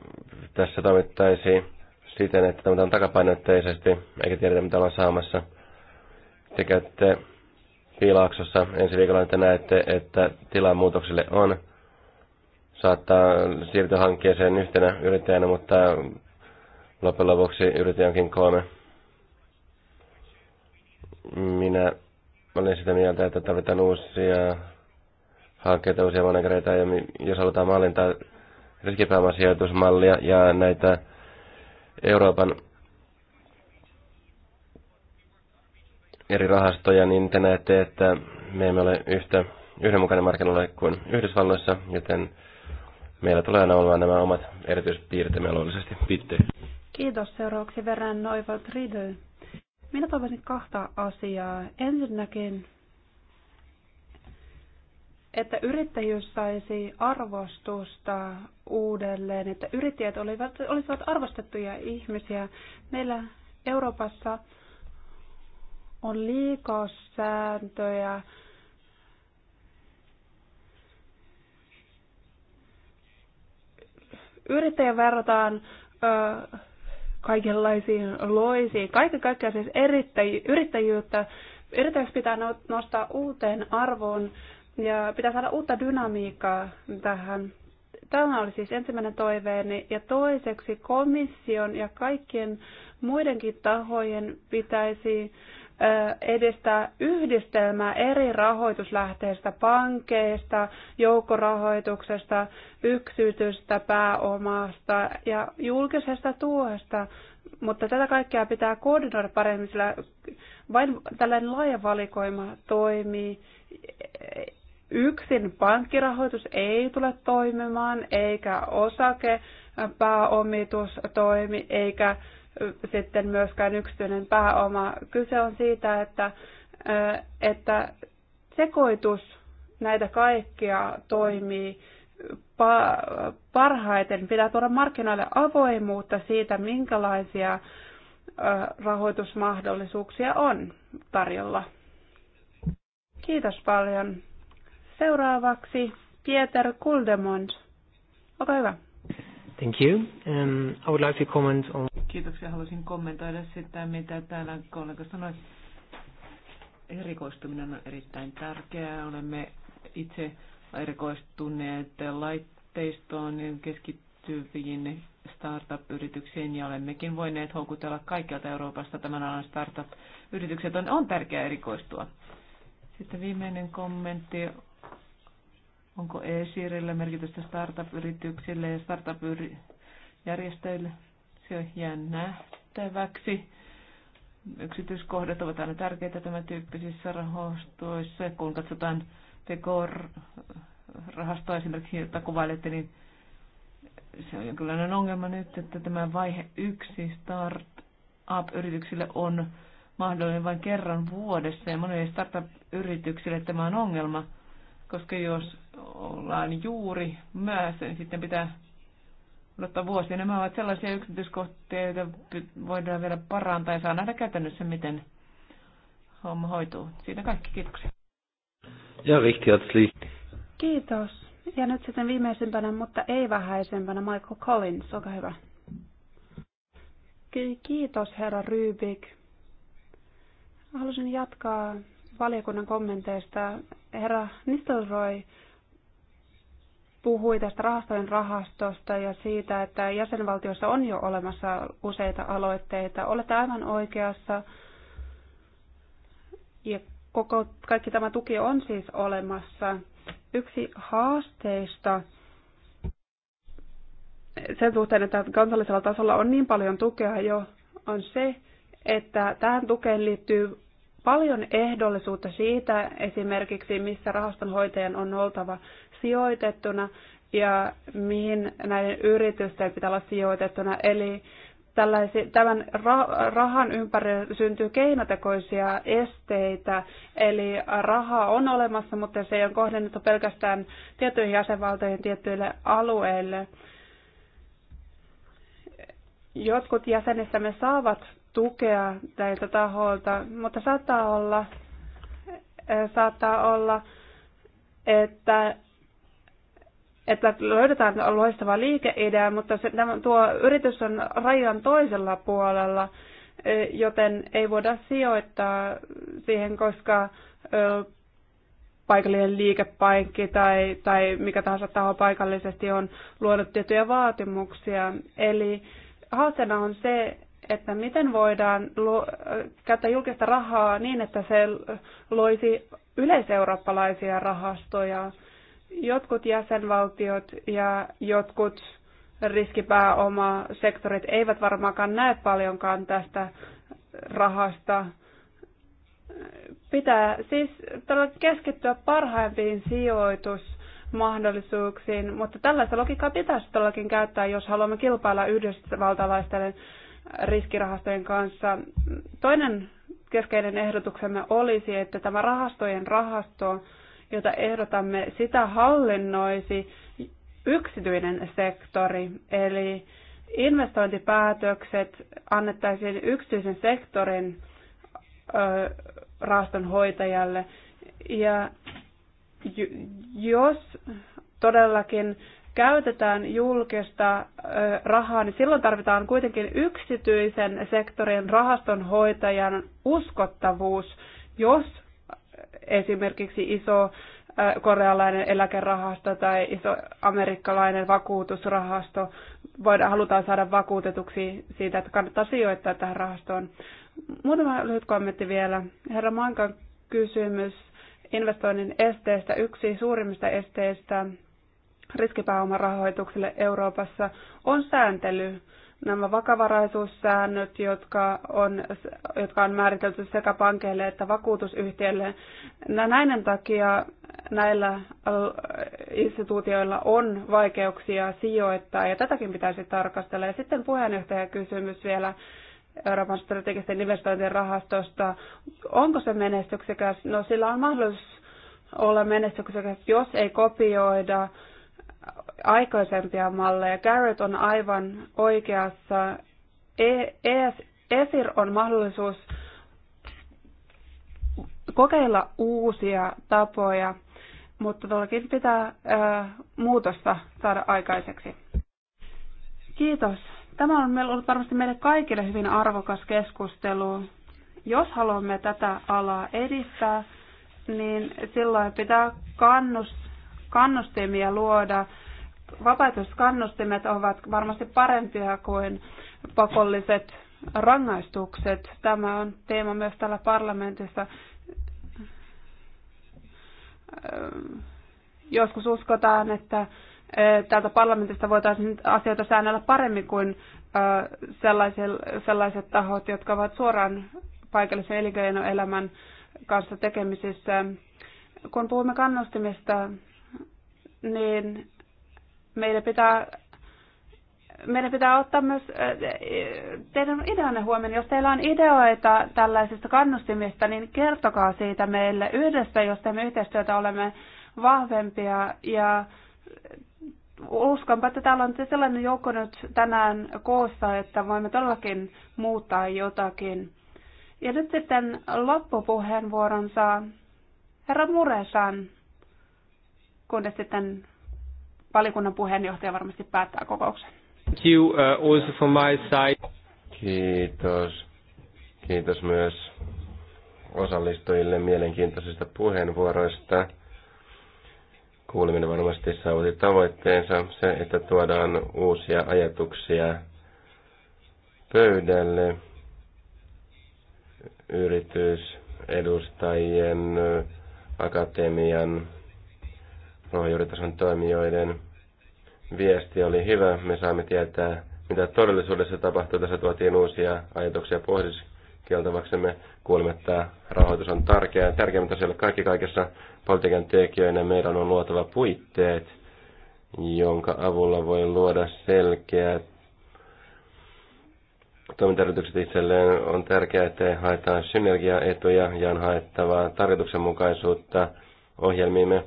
tässä toimittaisi siten, että toimitaan takapainotteisesti, eikä tiedetä mitä ollaan saamassa. Te käytte Piilaaksossa ensi viikolla että näette, että tilan muutoksille on. Saattaa siirtyä hankkeeseen yhtenä yrittäjänä, mutta loppujen lopuksi yritin onkin kolme. Minä olen sitä mieltä, että tarvitaan uusia hankkeita, uusia managereita, ja jos halutaan mallintaa riskipääomasijoitusmallia ja näitä Euroopan eri rahastoja, niin te näette, että me emme ole yhtä yhdenmukainen markkinoille kuin Yhdysvalloissa, joten meillä tulee aina olemaan nämä omat erityispiirteemme luonnollisesti. Pitte. Kiitos. Seuraavaksi verran Noivat Ridö. Minä toivoisin kahta asiaa. Ensinnäkin, että yrittäjyys saisi arvostusta uudelleen, että yrittäjät olivat, olisivat arvostettuja ihmisiä. Meillä Euroopassa on liikaa sääntöjä. Yrittäjä verrataan ö, kaikenlaisiin loisiin. Kaiken kaikkiaan siis erittäj- yrittäjyyttä, Yrittäjäksi pitää no-, nostaa uuteen arvoon ja pitää saada uutta dynamiikkaa tähän tämä oli siis ensimmäinen toiveeni. Ja toiseksi komission ja kaikkien muidenkin tahojen pitäisi edistää yhdistelmää eri rahoituslähteistä, pankeista, joukkorahoituksesta, yksityisestä pääomasta ja julkisesta tuosta. Mutta tätä kaikkea pitää koordinoida paremmin, sillä vain tällainen laaja valikoima toimii. Yksin pankkirahoitus ei tule toimimaan, eikä osake pääomitus toimi, eikä sitten myöskään yksityinen pääoma. Kyse on siitä, että, että sekoitus näitä kaikkia toimii parhaiten. Pitää tuoda markkinoille avoimuutta siitä, minkälaisia rahoitusmahdollisuuksia on tarjolla. Kiitos paljon. Seuraavaksi Pieter Kuldemond. Olkaa hyvä. Thank you. Um, I would like to comment on... Kiitoksia. Haluaisin kommentoida sitä, mitä täällä kollega sanoi. Erikoistuminen on erittäin tärkeää. Olemme itse erikoistuneet laitteistoon keskittyviin startup-yrityksiin ja olemmekin voineet houkutella kaikkialta Euroopasta tämän alan startup-yritykset. On, on tärkeää erikoistua. Sitten viimeinen kommentti Onko e-siirillä merkitystä startup-yrityksille ja startup-järjestöille? Se jää nähtäväksi. Yksityiskohdat ovat aina tärkeitä tämän tyyppisissä rahoituissa. Kun katsotaan PK-rahastoa esimerkiksi, jota kuvailette, niin se on jonkinlainen ongelma nyt, että tämä vaihe yksi startup-yrityksille on mahdollinen vain kerran vuodessa ja monille startup-yrityksille tämä on ongelma, koska jos ollaan juuri myöhässä, niin sitten pitää odottaa vuosia. Nämä ovat sellaisia yksityiskohtia, joita voidaan vielä parantaa ja saa nähdä käytännössä, miten homma hoituu. Siitä kaikki, kiitoksia. Ja recht Kiitos. Ja nyt sitten viimeisimpänä, mutta ei vähäisempänä, Michael Collins, olkaa hyvä. Kiitos, herra Rybik. Haluaisin jatkaa valiokunnan kommenteista. Herra Nistelrooy puhui tästä rahastojen rahastosta ja siitä, että jäsenvaltiossa on jo olemassa useita aloitteita. Olette aivan oikeassa. Ja koko, kaikki tämä tuki on siis olemassa. Yksi haasteista sen suhteen, että kansallisella tasolla on niin paljon tukea jo, on se, että tähän tukeen liittyy paljon ehdollisuutta siitä esimerkiksi, missä rahastonhoitajan on oltava sijoitettuna ja mihin näiden yritysten pitää olla sijoitettuna. Eli tällaisi, tämän rahan ympärille syntyy keinotekoisia esteitä, eli rahaa on olemassa, mutta se on kohdennettu pelkästään tiettyihin jäsenvaltoihin tiettyille alueille. Jotkut me saavat tukea näiltä taholta mutta saattaa olla, saattaa olla että että löydetään loistava liikeidea, mutta se, tämä, tuo yritys on rajan toisella puolella, e, joten ei voida sijoittaa siihen, koska ö, e, paikallinen liikepaikki tai, tai mikä tahansa taho paikallisesti on luonut tiettyjä vaatimuksia. Eli haasteena on se, että miten voidaan luo, e, käyttää julkista rahaa niin, että se loisi yleiseurooppalaisia rahastoja jotkut jäsenvaltiot ja jotkut riskipääomasektorit eivät varmaankaan näe paljonkaan tästä rahasta. Pitää siis keskittyä parhaimpiin sijoitusmahdollisuuksiin, mutta tällaista logiikkaa pitäisi todellakin käyttää, jos haluamme kilpailla yhdysvaltalaisten riskirahastojen kanssa. Toinen keskeinen ehdotuksemme olisi, että tämä rahastojen rahasto jota ehdotamme, sitä hallinnoisi yksityinen sektori, eli investointipäätökset annettaisiin yksityisen sektorin rahastonhoitajalle. Ja jos todellakin käytetään julkista rahaa, niin silloin tarvitaan kuitenkin yksityisen sektorin rahastonhoitajan uskottavuus, jos esimerkiksi iso korealainen eläkerahasto tai iso amerikkalainen vakuutusrahasto. Voidaan, halutaan saada vakuutetuksi siitä, että kannattaa sijoittaa tähän rahastoon. Muutama lyhyt kommentti vielä. Herra Mankan kysymys investoinnin esteestä Yksi suurimmista esteistä riskipääomarahoitukselle Euroopassa on sääntely nämä vakavaraisuussäännöt, jotka on, jotka on määritelty sekä pankeille että vakuutusyhtiölle Näiden takia näillä äh, instituutioilla on vaikeuksia sijoittaa, ja tätäkin pitäisi tarkastella. Ja sitten kysymys vielä Euroopan strategisten investointien rahastosta. Onko se menestyksekäs? No sillä on mahdollisuus olla menestyksekäs, jos ei kopioida aikaisempia malleja. Garrett on aivan oikeassa. E, e ESIR on mahdollisuus kokeilla uusia tapoja, mutta tuollakin pitää ää, muutosta saada aikaiseksi. Kiitos. Tämä on ollut varmasti meille kaikille hyvin arvokas keskustelu. Jos haluamme tätä alaa edistää, niin silloin pitää kannustaa kannustimia luoda. Vapaaehtoiskannustimet ovat varmasti parempia kuin pakolliset rangaistukset. Tämä on teema myös täällä parlamentissa. Öö, joskus uskotaan, että täältä parlamentista voitaisiin asioita säännellä paremmin kuin sellaiset tahot, jotka ovat suoraan paikallisen elinkeinoelämän kanssa tekemisissä. Kun puhumme kannustimista, niin meidän pitää meidän pitää ottaa myös äh, teidän ideanne huomioon. Jos teillä on ideoita tällaisista kannustimista, niin kertokaa siitä meille yhdessä, jos teemme yhteistyötä, olemme vahvempia. Ja uskonpa, että täällä on sellainen joukko nyt tänään koossa, että voimme todellakin muuttaa jotakin. Ja nyt sitten loppupuheenvuoronsa herra Muresan kunnes sitten valikunnan puheenjohtaja varmasti päättää kokouksen. Thank you uh, also from my side. Kiitos. Kiitos myös osallistujille mielenkiintoisista puheenvuoroista. Kuuleminen varmasti saavutti tavoitteensa se, että tuodaan uusia ajatuksia pöydälle yritysedustajien, akatemian ruohonjuuritason toimijoiden viesti oli hyvä. Me saamme tietää, mitä todellisuudessa tapahtuu. Tässä tuotiin uusia ajatuksia pohdiskeltavaksemme. Kuulimme, että rahoitus on tärkeää. Tärkeä, mutta siellä kaikki kaikessa. Politiikan tekijöinä meidän on luotava puitteet, jonka avulla voi luoda selkeät toimintaedellytykset itselleen. On tärkeää, että haetaan synergiaetuja ja on haettavaa tarkoituksenmukaisuutta ohjelmiimme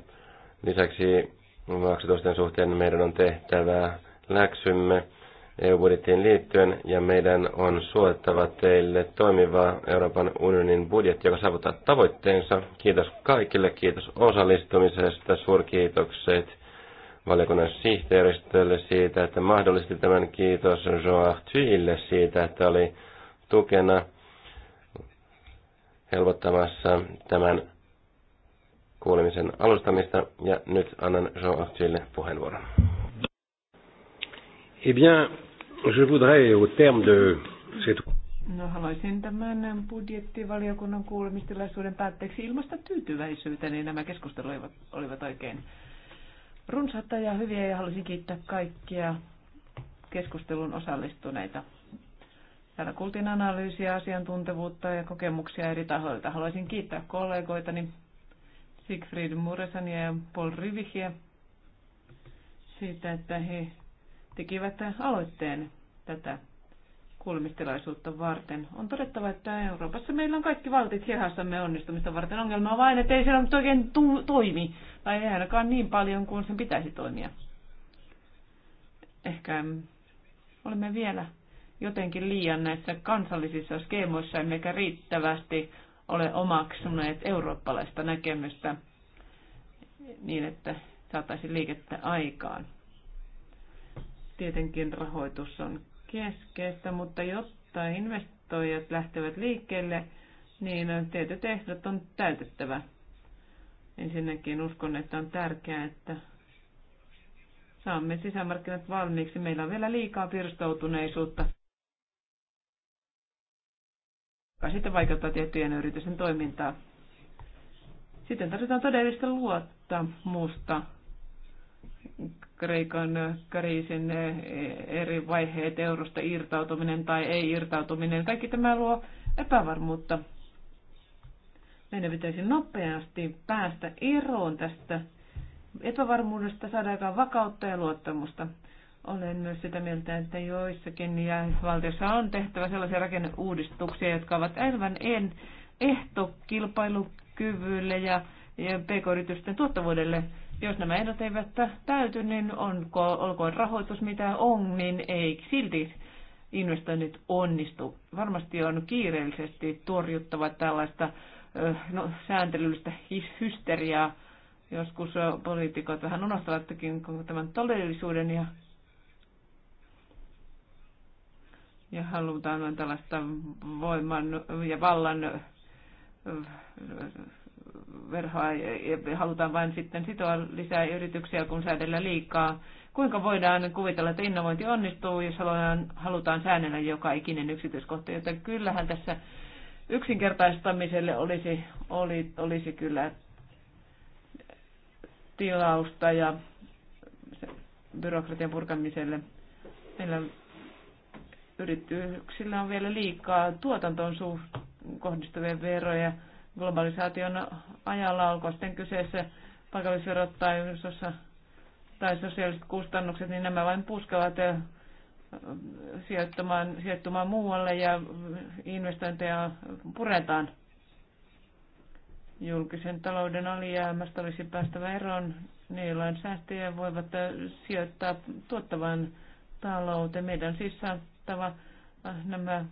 Lisäksi maksatusten suhteen meidän on tehtävää läksymme EU-budjettiin liittyen ja meidän on suottava teille toimiva Euroopan unionin budjetti, joka saavuttaa tavoitteensa. Kiitos kaikille, kiitos osallistumisesta, suurkiitokset valiokunnan sihteeristölle siitä, että mahdollisti tämän kiitos Joa Tyille siitä, että oli tukena helpottamassa tämän kuulemisen alustamista ja nyt annan Jean Arthurille puheenvuoron. Eh bien, je voudrais au terme de cette... No haluaisin tämän budjettivaliokunnan kuulemistilaisuuden päätteeksi ilmasta tyytyväisyyteni. Niin nämä keskustelut olivat, olivat oikein runsaita ja hyviä ja haluaisin kiittää kaikkia keskustelun osallistuneita. Täällä kuultiin analyysiä, asiantuntevuutta ja kokemuksia eri tahoilta. Haluaisin kiittää kollegoitani Siegfried Muresania ja Paul Rivihiä siitä, että he tekivät aloitteen tätä kuulemistilaisuutta varten. On todettava, että Euroopassa meillä on kaikki valtit hihassamme onnistumista varten. Ongelma on vain, että ei siellä nyt oikein toimi, tai ei ainakaan niin paljon kuin sen pitäisi toimia. Ehkä olemme vielä jotenkin liian näissä kansallisissa skeemoissa, emmekä riittävästi ole omaksuneet eurooppalaista näkemystä niin, että saataisiin liikettä aikaan. Tietenkin rahoitus on keskeistä, mutta jotta investoijat lähtevät liikkeelle, niin tietyt ehdot on täytettävä. Ensinnäkin uskon, että on tärkeää, että saamme sisämarkkinat valmiiksi. Meillä on vielä liikaa pirstoutuneisuutta joka sitten vaikuttaa tiettyjen yritysten toimintaa. Sitten tarvitaan todellista luottamusta Kreikan kriisin eri vaiheet, eurosta irtautuminen tai ei irtautuminen, kaikki tämä luo epävarmuutta. Meidän pitäisi nopeasti päästä eroon tästä epävarmuudesta, saada aikaan vakautta ja luottamusta. Olen myös sitä mieltä, että joissakin valtiossa on tehtävä sellaisia rakenneuudistuksia, jotka ovat aivan en ehto kilpailukyvylle ja, ja pk-yritysten tuottavuudelle. Jos nämä ehdot eivät täyty, niin onko, olkoon rahoitus mitä on, niin ei silti investoinnit onnistu. Varmasti on kiireellisesti torjuttava tällaista no, sääntelyllistä hysteriaa. Joskus poliitikot vähän unohtavatkin tämän todellisuuden ja ja halutaan tällaista voiman ja vallan verhoa ja halutaan vain sitten sitoa lisää yrityksiä, kun säädellä liikaa. Kuinka voidaan kuvitella, että innovointi onnistuu, jos halutaan, halutaan säännellä joka ikinen yksityiskohta, joten kyllähän tässä yksinkertaistamiselle olisi, oli, olisi kyllä tilausta ja byrokratian purkamiselle. Meillä Yrityksillä on vielä liikaa tuotantoon kohdistuvia veroja globalisaation ajalla, olkoon sitten kyseessä paikallisverot tai, tai sosiaaliset kustannukset, niin nämä vain puskevat sijoittamaan, sijoittumaan muualle ja investointeja puretaan. Julkisen talouden alijäämästä olisi päästävä eroon, niillä säästöjä voivat sijoittaa tuottavaan talouteen. Meidän siis saatettava äh, nämä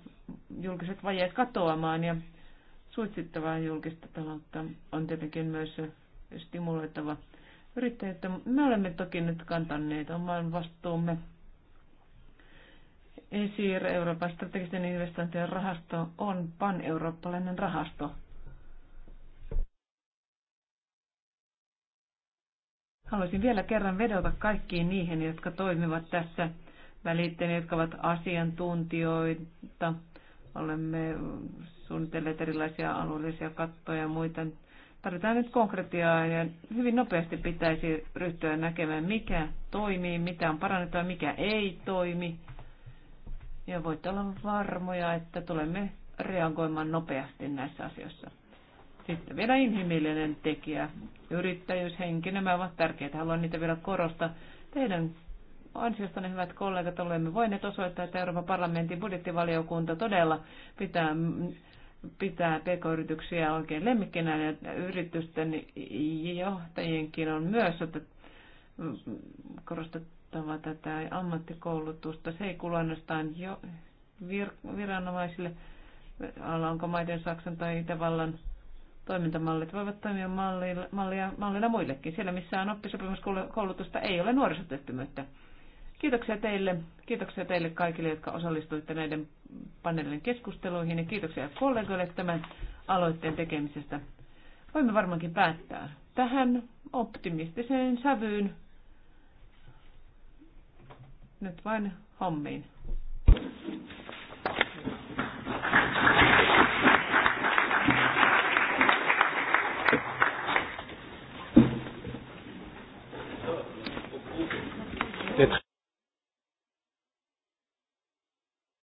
julkiset vajeet katoamaan ja suitsittava julkista taloutta on tietenkin myös stimuloitava yrittäjyyttä. Me olemme toki nyt kantanneet oman vastuumme. ESIR, Euroopan strategisten investointien rahasto, on pan-eurooppalainen rahasto. Haluaisin vielä kerran vedota kaikkiin niihin, jotka toimivat tässä välitteen, jotka ovat asiantuntijoita. Olemme suunnitelleet erilaisia alueellisia kattoja ja muita. Tarvitaan nyt konkretiaa ja hyvin nopeasti pitäisi ryhtyä näkemään, mikä toimii, mitä on parannettava, mikä ei toimi. Ja voitte olla varmoja, että tulemme reagoimaan nopeasti näissä asioissa. Sitten vielä inhimillinen tekijä, yrittäjyyshenki, nämä ovat tärkeitä, haluan niitä vielä korostaa. Teidän ansiostanne, hyvät kollegat, olemme voineet osoittaa, että Euroopan parlamentin budjettivaliokunta todella pitää pitää pk-yrityksiä oikein lemmikkinä ja yritysten johtajienkin on myös että korostettava tätä ammattikoulutusta. Se ei kuulu ainoastaan jo vir- viranomaisille, maiden Saksan tai Itävallan toimintamallit voivat toimia mallilla, mallia, mallina muillekin. Siellä, missä on oppisopimuskoulutusta, ei ole nuorisotyöttömyyttä. Kiitoksia teille. Kiitoksia teille kaikille, jotka osallistuitte näiden paneelin keskusteluihin ja kiitoksia kollegoille tämän aloitteen tekemisestä. Voimme varmaankin päättää tähän optimistiseen sävyyn. Nyt vain hommiin.